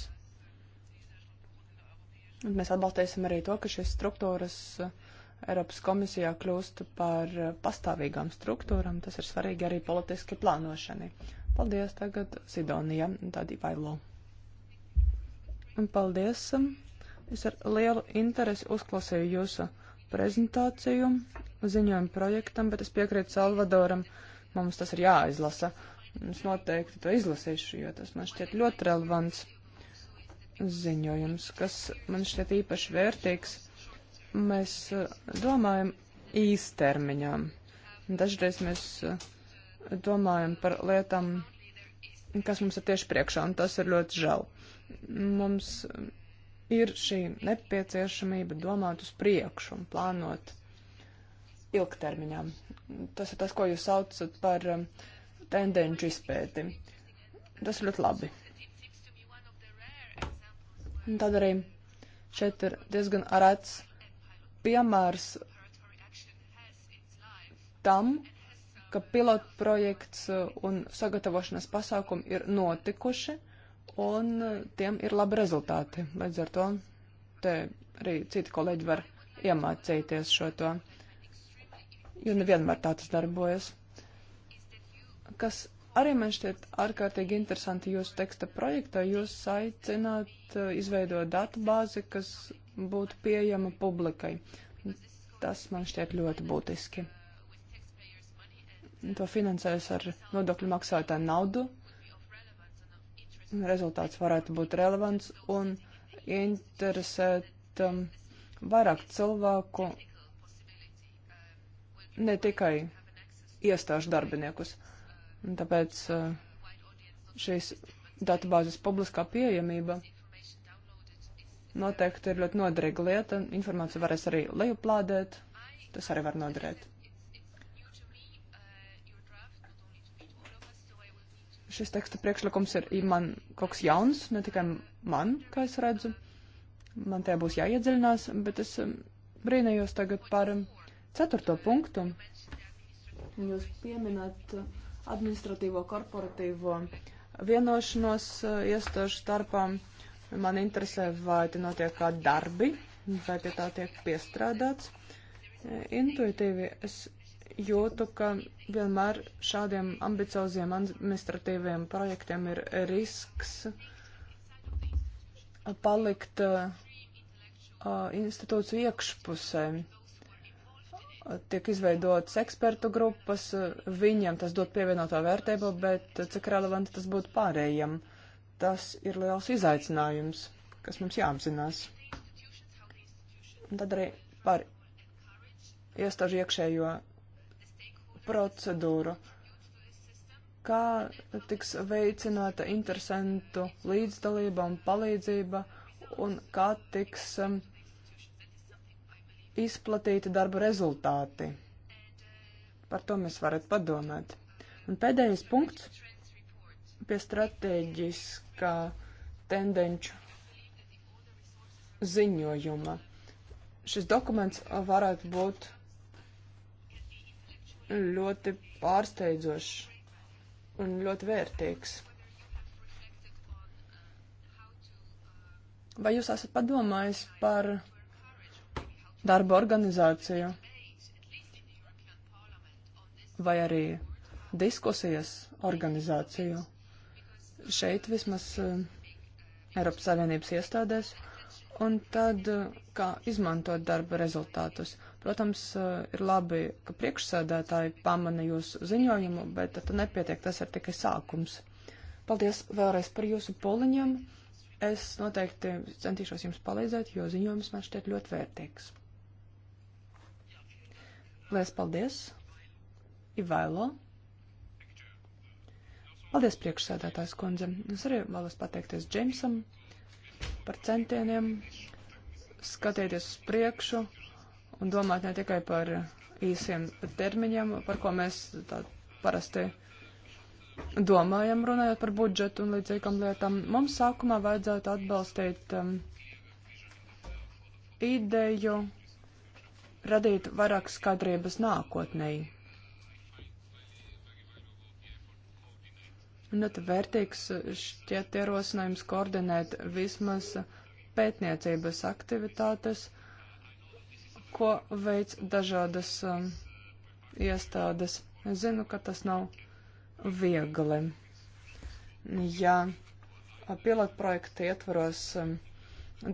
Un mēs atbalstīsim arī to, ka šīs struktūras uh, Eiropas komisijā kļūst par uh, pastāvīgām struktūram. Tas ir svarīgi arī politiski plānošanai. Paldies tagad Sidonija Dadīvailo. Paldies. Es ar lielu interesi uzklausīju jūsu prezentāciju ziņojumu projektam, bet es piekrītu Salvadoram. Uh, Mums tas ir jāizlasa. Es noteikti to izlasīšu, jo tas man šķiet ļoti relevants ziņojums, kas man šķiet īpaši vērtīgs. Mēs eh, domājam īstermiņām. Dažreiz mēs eh, domājam par lietām, kas mums ir tieši priekšā, un tas ir ļoti žēl. Mums ir šī nepieciešamība domāt uz priekšu un plānot ilgtermiņā. Tas ir tas, ko jūs saucat par um, tendenci izpēti. Tas ir ļoti labi. Un tad arī šeit ir diezgan arēts piemērs tam, ka pilotprojekts uh, un sagatavošanās pasākumi ir notikuši un uh, tiem ir labi rezultāti. Līdz ar to te arī citi kolēģi var iemācīties šo to. Uh, jo nevienmēr tā tas darbojas. Kas arī man šķiet ārkārtīgi interesanti jūsu teksta projektā, jūs aicināt uh, izveidot datubāzi, kas būtu pieejama publikai. Tas man šķiet ļoti būtiski. To finansēs ar nodokļu maksātāju naudu. Rezultāts varētu būt relevants un interesēt um, vairāk cilvēku ne tikai iestāžu darbiniekus. Un tāpēc eh, šīs datubāzes publiskā pieejamība noteikti ir ļoti noderīga lieta. Informāciju varēs arī lejuplādēt, tas arī var noderēt. Šis teksta priekšlikums ir man kaut kas jauns, ne tikai man, kā es redzu. Man tajā būs jāiedziļinās, bet es eh, brīnējos tagad par. Um, ceturto punktu. Jūs pieminat administratīvo korporatīvo vienošanos eh, iestāžu starpā. Man interesē, vai te notiek kādi darbi, vai pie tā tiek piestrādāts. Eh, intuitīvi es jūtu, ka vienmēr šādiem ambicioziem administratīviem projektiem ir risks eh, palikt uh, institūciju iekšpusē. Uh, tiek izveidotas ekspertu grupas, viņiem tas dod pievienoto vērtību, bet cik relevanti tas būtu pārējiem, tas ir liels izaicinājums, kas mums jāapzinās. Un tad arī par iestāžu iekšējo procedūru, kā tiks veicināta interesantu līdzdalība un palīdzība, un kā tiks um, izplatīti darba rezultāti. Par to mēs varat padomāt. Un pēdējais punkts pie strateģiskā tendenču ziņojuma. Šis dokuments varētu būt ļoti pārsteidzošs un ļoti vērtīgs. Vai jūs esat padomājis par darba organizāciju vai arī diskusijas organizāciju. Šeit vismaz uh, Eiropas Savienības iestādēs. Un tad, eh, kā izmantot darba rezultātus. Protams, eh, ir labi, ka priekšsēdētāji pamana jūsu ziņojumu, bet tad nepietiek, tas ir tikai sākums. Paldies vēlreiz par jūsu poliņiem. Es noteikti centīšos jums palīdzēt, jo ziņojums man šķiet ļoti vērtīgs. Lielas paldies, Ivailo. Paldies, priekšsēdētājs kundze. Es arī vēlos pateikties Džeimsam par centieniem skatīties uz priekšu un domāt ne tikai par īsiem termiņiem, par ko mēs tā parasti domājam, runājot par budžetu un līdzīgām lietām. Mums sākumā vajadzētu atbalstīt um, ideju radīt vairāk skaidrības nākotnēji. Ļoti vērtīgs šķiet ierosinājums koordinēt vismaz pētniecības aktivitātes, ko veids dažādas um, iestādes. Es zinu, ka tas nav viegli. Ja pilotprojekta ietvaros um,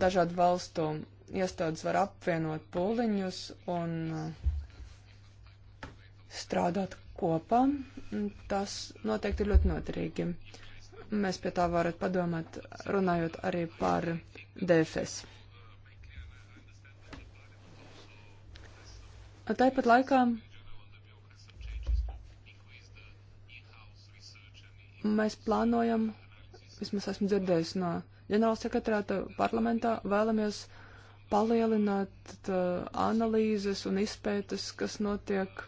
dažādu valstu iestādes var apvienot pūliņus un uh, strādāt kopā, tas noteikti ir ļoti noderīgi. Mēs pie tā varat padomāt, runājot arī par DFS. Tāpat laikā mēs plānojam, vismaz esmu dzirdējis no ģenerālsekretārāta parlamentā, vēlamies uh, palielināt tā, analīzes un izpētes, kas notiek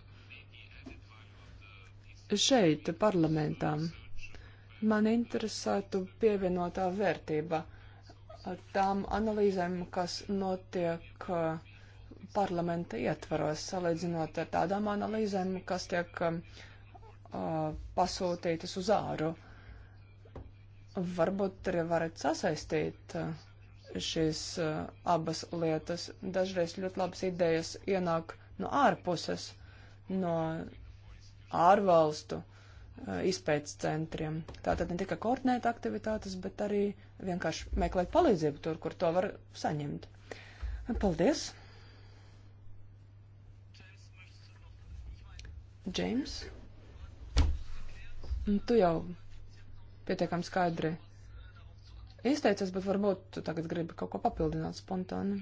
šeit, parlamentā. Man interesētu pievienotā vērtība tām analīzēm, kas notiek uh, parlamenta ietvaros, salīdzinot ar tādām analīzēm, kas tiek um, uh, pasūtītas uz āru. Varbūt arī varat sasaistīt uh, šīs uh, abas lietas. Dažreiz ļoti labas idejas ienāk no ārpuses, no ārvalstu uh, izpētes centriem. Tātad ne tikai koordinēt aktivitātes, bet arī vienkārši meklēt palīdzību tur, kur to var saņemt. Paldies! Džeims, nu, tu jau pietiekami skaidri izteicies, bet varbūt tagad gribi kaut ko papildināt spontāni.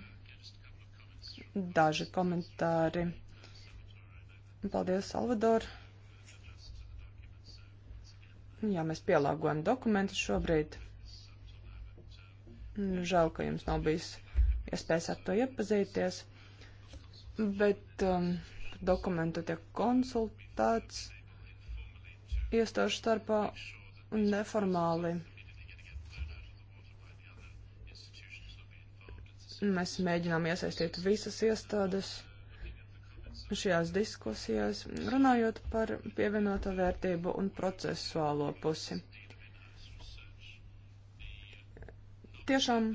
Daži komentāri. Paldies, Salvador. Jā, mēs pielāgojam dokumentus šobrīd. Žēl, ka jums nav bijis iespējas ar to iepazīties, bet um, dokumentu tiek konsultēts iestāžu starpā neformāli Mēs mēģinām iesaistīt visas iestādes šajās diskusijās, runājot par pievienoto vērtību un procesuālo pusi. Tiešām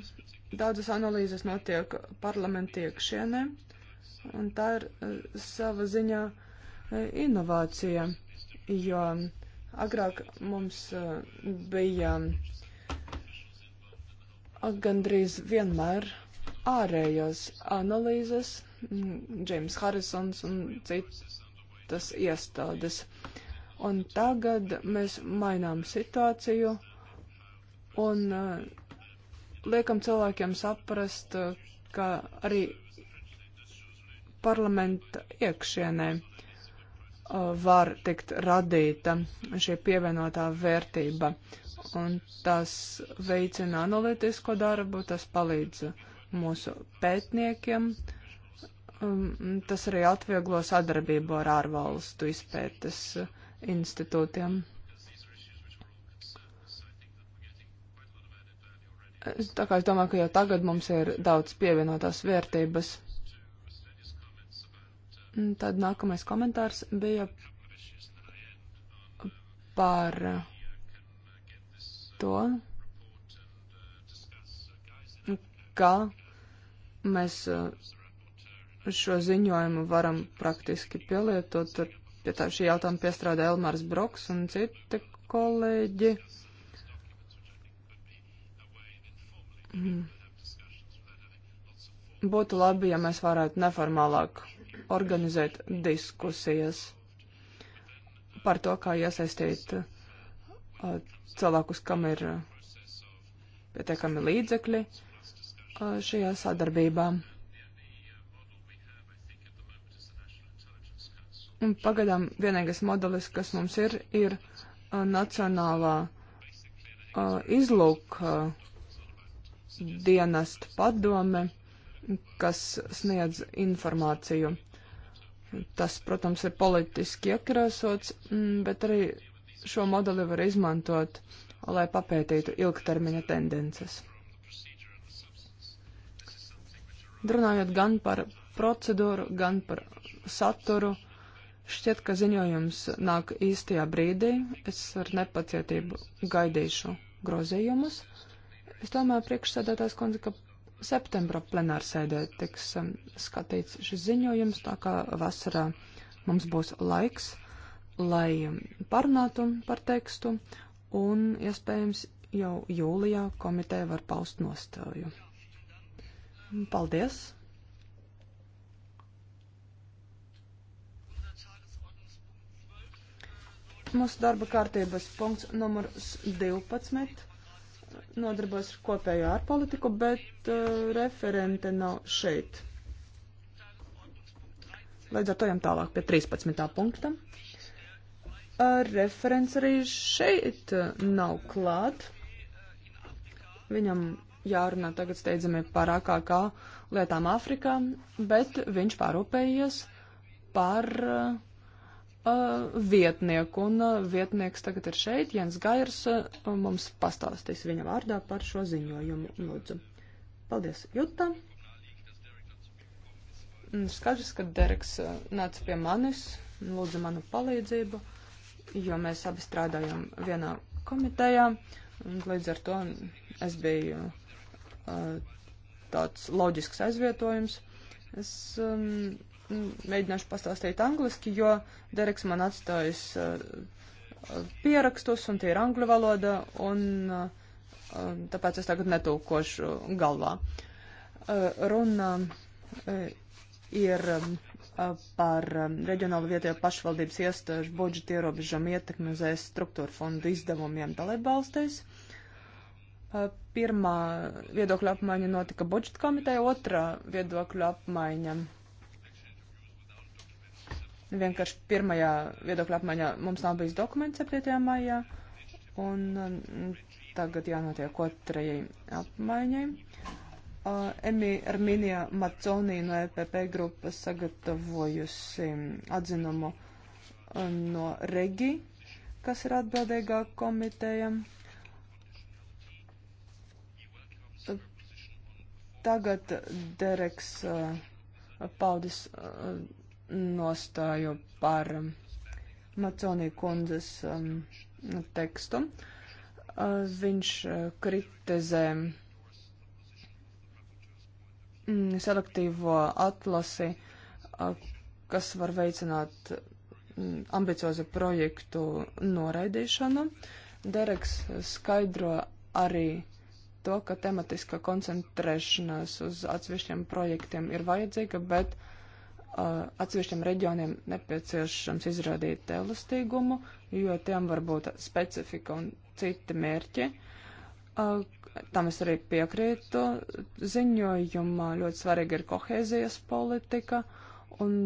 daudzas analīzes notiek parlamentu iekšienē, un tā ir e, sava ziņā e, inovācija, jo agrāk mums e, bija gandrīz vienmēr ārējās analīzes, Džeims mm, Harisons un citas iestādes. Un tagad mēs mainām situāciju un eh, liekam cilvēkiem saprast, eh, ka arī parlamenta iekšienē eh, var tikt radīta šī pievienotā vērtība. Un tas veicina analītisko darbu, tas palīdz uh, mūsu pētniekiem. Um, tas arī atvieglo sadarbību ar ārvalstu izpētes institūtiem. Tā kā es domāju, ka jau tagad mums ir daudz pievienotās vērtības. Tad nākamais komentārs bija par to, kā Mēs uh, šo ziņojumu varam praktiski pielietot. Tur pie tā šī jautājuma piestrādā Elmars Broks un citi kolēģi. Mm. Būtu labi, ja mēs varētu neformālāk organizēt diskusijas par to, kā iesaistīt uh, cilvēkus, kam ir uh, pietiekami līdzekļi. Uh, šajā sadarbībā. Un pagaidām vienīgais modelis, kas mums ir, ir uh, nacionālā uh, izlūka uh, dienesta padome, kas sniedz informāciju. Tas, protams, ir politiski iekrāsots, mm, bet arī šo modeli var izmantot, lai papētītu ilgtermiņa tendences. Runājot gan par procedūru, gan par saturu, šķiet, ka ziņojums nāk īstajā brīdī. Es ar nepacietību gaidīšu grozījumus. Es domāju, priekšsēdētājs kundze, ka septembra plenārsēdē tiks um, skatīts šis ziņojums, tā kā vasarā mums būs laiks, lai um, parunātu par tekstu, un iespējams jau jūlijā komiteja var paust nostāju. Paldies! Mūsu darba kārtības punkts numurs 12 nodarbojas ar kopējo ārpolitiku, bet uh, referente nav šeit. Līdz ar to jām tālāk pie 13. punkta. Uh, referents arī šeit uh, nav klāt. Viņam jārunā tagad steidzami par AKK lietām Āfrikā, bet viņš parūpējies par uh, vietnieku, un uh, vietnieks tagad ir šeit, Jens Gairs, uh, mums pastāstīs viņa vārdā par šo ziņojumu, lūdzu. Paldies, Juta. Skaidrs, ka Dereks uh, nāca pie manis, lūdza manu palīdzību, jo mēs abi strādājam vienā komitejā, un līdz ar to es biju Eh, tāds loģisks aizvietojums. Es um, mēģināšu pastāstīt angliski, jo Dereks man atstājis uh, pierakstus, un tie ir angļu valoda, un uh, tāpēc es tagad netūkošu galvā. Uh, runa uh, ir uh, par um, reģionālu vietējo pašvaldības iestāžu budžeta ierobežam ietekmi uz ES struktūra fondu izdevumiem dalībvalstīs. Uh, Uh, pirmā viedokļa apmaiņa notika budžeta komiteja, otrā viedokļa apmaiņa. Vienkārši pirmajā viedokļa apmaiņā mums nav bijis dokuments 7. maijā, un mm, tagad jānotiek otrajai apmaiņai. Uh, Emī Armīnija Maconī no EPP grupas sagatavojusi atzinumu uh, no Regi, kas ir atbildīgā komitejam. Tagad Dereks uh, paudis uh, nostāju par Maconī kundzes um, tekstu. Uh, viņš kritizē mm, selektīvo atlasi, kas var veicināt mm, ambiciozu projektu noraidīšanu. Dereks skaidro arī to, ka tematiska koncentrēšanās uz atsevišķiem projektiem ir vajadzīga, bet uh, atsevišķiem reģioniem nepieciešams izrādīt elastīgumu, jo tiem var būt specifika un citi mērķi. Uh, tam es arī piekrītu ziņojumā. Ļoti svarīga ir kohēzijas politika un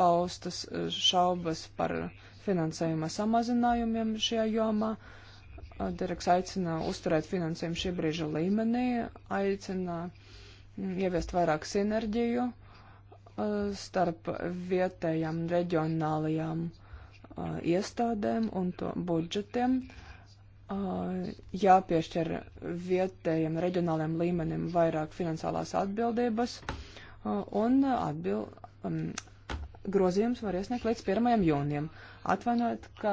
paustas šaubas par finansējuma samazinājumiem šajā jomā. Uh, Dereks aicina uzturēt finansējumu šī brīža līmenī, aicina mm, ieviest vairāk sinerģiju starp vietējām reģionālajām iestādēm un to budžetiem. Jāpiešķir vietējiem reģionāliem līmenim vairāk finansiālās atbildības un atbil, mm, grozījums var iesniegt līdz 1. jūnijam. Atvainojiet, ka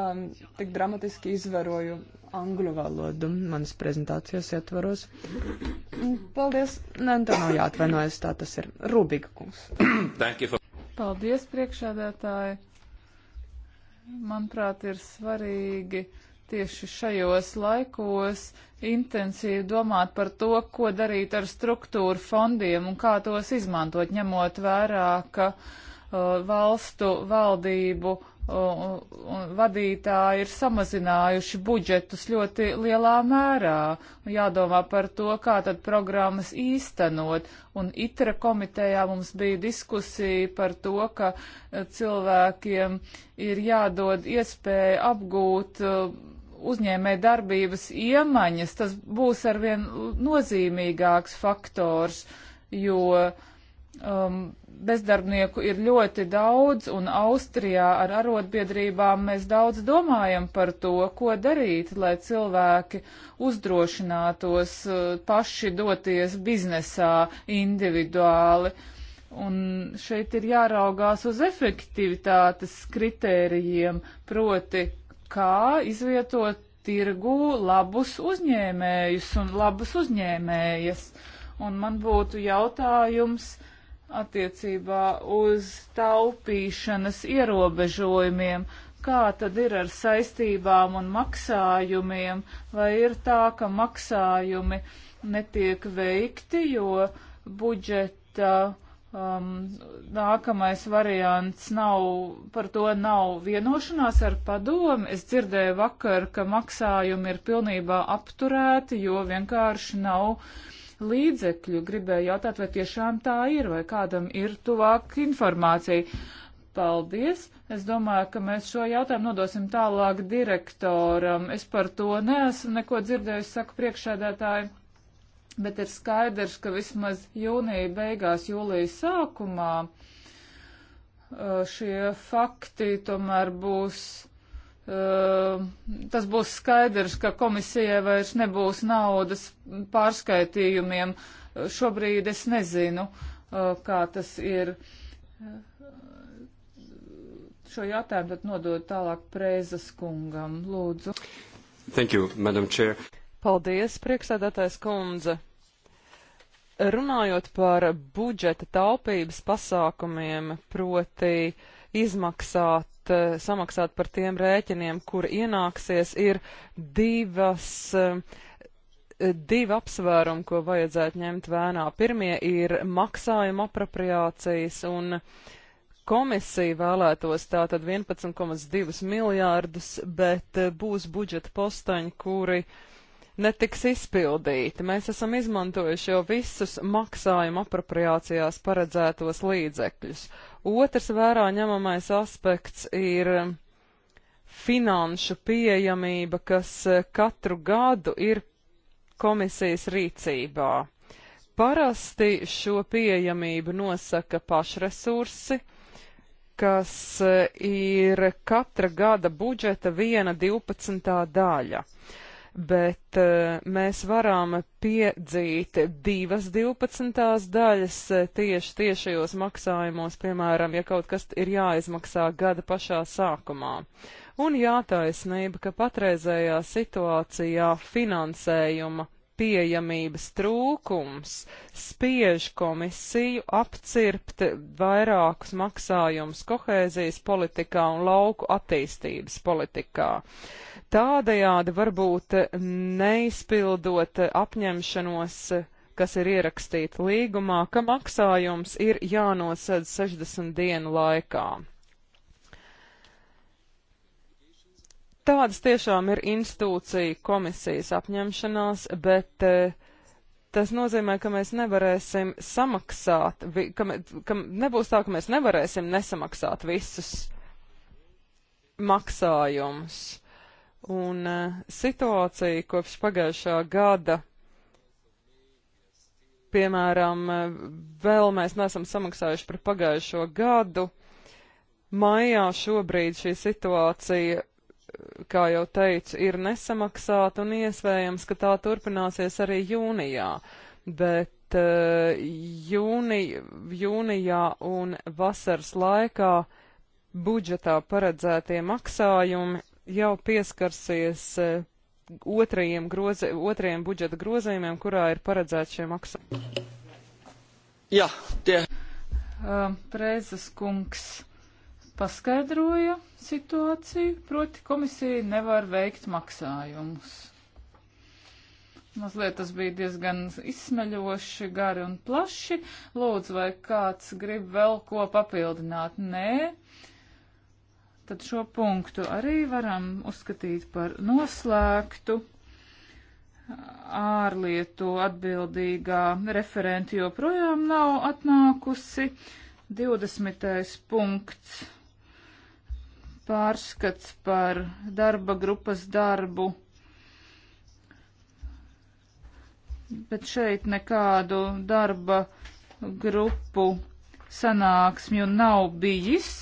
tik dramatiski izvaroju angļu valodu manas prezentācijas ietvaros. Paldies. Nē, nu tā nav jāatvainojas, tā tas ir. Rūbīga kungs. Paldies, priekšādētāji. Manuprāt, ir svarīgi tieši šajos laikos intensīvi domāt par to, ko darīt ar struktūru fondiem un kā tos izmantot, ņemot vērā, ka uh, valstu valdību uh, un vadītāji ir samazinājuši budžetus ļoti lielā mērā. Jādomā par to, kā tad programmas īstenot. Un ITRA komitejā mums bija diskusija par to, ka eh, cilvēkiem ir jādod iespēja apgūt eh, uzņēmē darbības iemaņas. Tas būs arvien nozīmīgāks faktors, jo uh, um, bezdarbnieku ir ļoti daudz, un Austrijā ar arotbiedrībām mēs daudz domājam par to, ko darīt, lai cilvēki uzdrošinātos uh, paši doties biznesā individuāli. Un šeit ir jāraugās uz efektivitātes kritērijiem, proti, kā izvietot tirgu labus uzņēmējus un labus uzņēmējas. Un man būtu jautājums, attiecībā uz taupīšanas ierobežojumiem, kā tad ir ar saistībām un maksājumiem, vai ir tā, ka maksājumi netiek veikti, jo budžeta um, nākamais variants nav, par to nav vienošanās ar padomu. Es dzirdēju vakar, ka maksājumi ir pilnībā apturēti, jo vienkārši nav līdzekļu. Gribēju jautāt, vai tiešām tā ir, vai kādam ir tuvāk informācija. Paldies! Es domāju, ka mēs šo jautājumu nodosim tālāk direktoram. Es par to neesmu neko dzirdējusi, saku priekšēdētāji, bet ir skaidrs, ka vismaz jūnija beigās, jūlijas sākumā uh, šie fakti tomēr būs Uh, tas būs skaidrs, ka komisijai vairs nebūs naudas pārskaitījumiem. Šobrīd es nezinu, uh, kā tas ir. Šo jautājumu tad nodod tālāk Prēzas kungam. Lūdzu. Thank you, Madam Chair. Paldies, priekšsēdētājs kundze. Runājot par budžeta taupības pasākumiem, proti izmaksāt pat uh, eh, samaksāt par tiem rēķiniem, kur ienāksies, ir divas. Uh, divi apsvērumi, ko vajadzētu ņemt vērā. Pirmie ir maksājuma apropriācijas, un komisija vēlētos tātad 11,2 miljārdus, bet eh, būs budžeta postaņi, kuri netiks izpildīti. Mēs esam izmantojuši jau visus maksājuma apropriācijās paredzētos līdzekļus. Otrs vērā ņemamais aspekts ir um, finanšu pieejamība, kas uh, katru gadu ir komisijas rīcībā. Parasti šo pieejamību nosaka pašresursi, kas uh, ir katra gada budžeta viena 12. daļa bet eh, mēs varam piedzīt divas 12. daļas eh, tieši tiešajos maksājumos, piemēram, ja kaut kas ir jāizmaksā gada pašā sākumā. Un jātaisnība, ka patreizējā situācijā finansējuma pieejamības trūkums spiež komisiju apcirpt vairākus maksājumus kohēzijas politikā un lauku attīstības politikā. Uh, tādajādi varbūt neizpildot apņemšanos, kas ir ierakstīta līgumā, ka maksājums ir jānosedz 60 dienu laikā. Tādas tiešām ir institūcija komisijas apņemšanās, bet eh, tas nozīmē, ka mēs nevarēsim samaksāt, ka, ka nebūs tā, ka mēs nevarēsim nesamaksāt visus maksājumus. Un e, situācija kopš pagājušā gada, piemēram, e, vēl mēs nesam samaksājuši par pagājušo gadu. Maijā šobrīd šī situācija, e, kā jau teicu, ir nesamaksāta un iespējams, ka tā turpināsies arī jūnijā. Bet jūni, jūnijā un vasaras laikā budžetā paredzētie maksājumi jau pieskarsies eh, otrajiem, groze, otrajiem budžeta grozījumiem, kurā ir paredzēts šie maksājumi. Jā, tie. Uh, Prezes kungs paskaidroja situāciju, proti komisija nevar veikt maksājumus. Mazliet tas bija diezgan izsmeļoši, gari un plaši. Lūdzu, vai kāds grib vēl ko papildināt? Nē, tad šo punktu arī varam uzskatīt par noslēgtu. Ārlietu atbildīgā referenti joprojām nav atnākusi. 20. punkts pārskats par darba grupas darbu. Bet šeit nekādu darba grupu sanāksmju nav bijis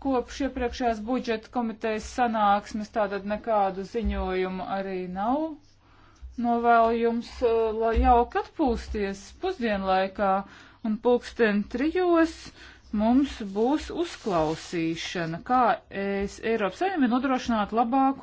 kopš iepriekšējās budžeta komitejas sanāksmes, tātad nekādu ziņojumu arī nav. Novēlu jums uh, lai jauki atpūsties pusdienlaikā un pulksten trijos mums būs uzklausīšana, kā es Eiropas saimnieki nodrošināt labāku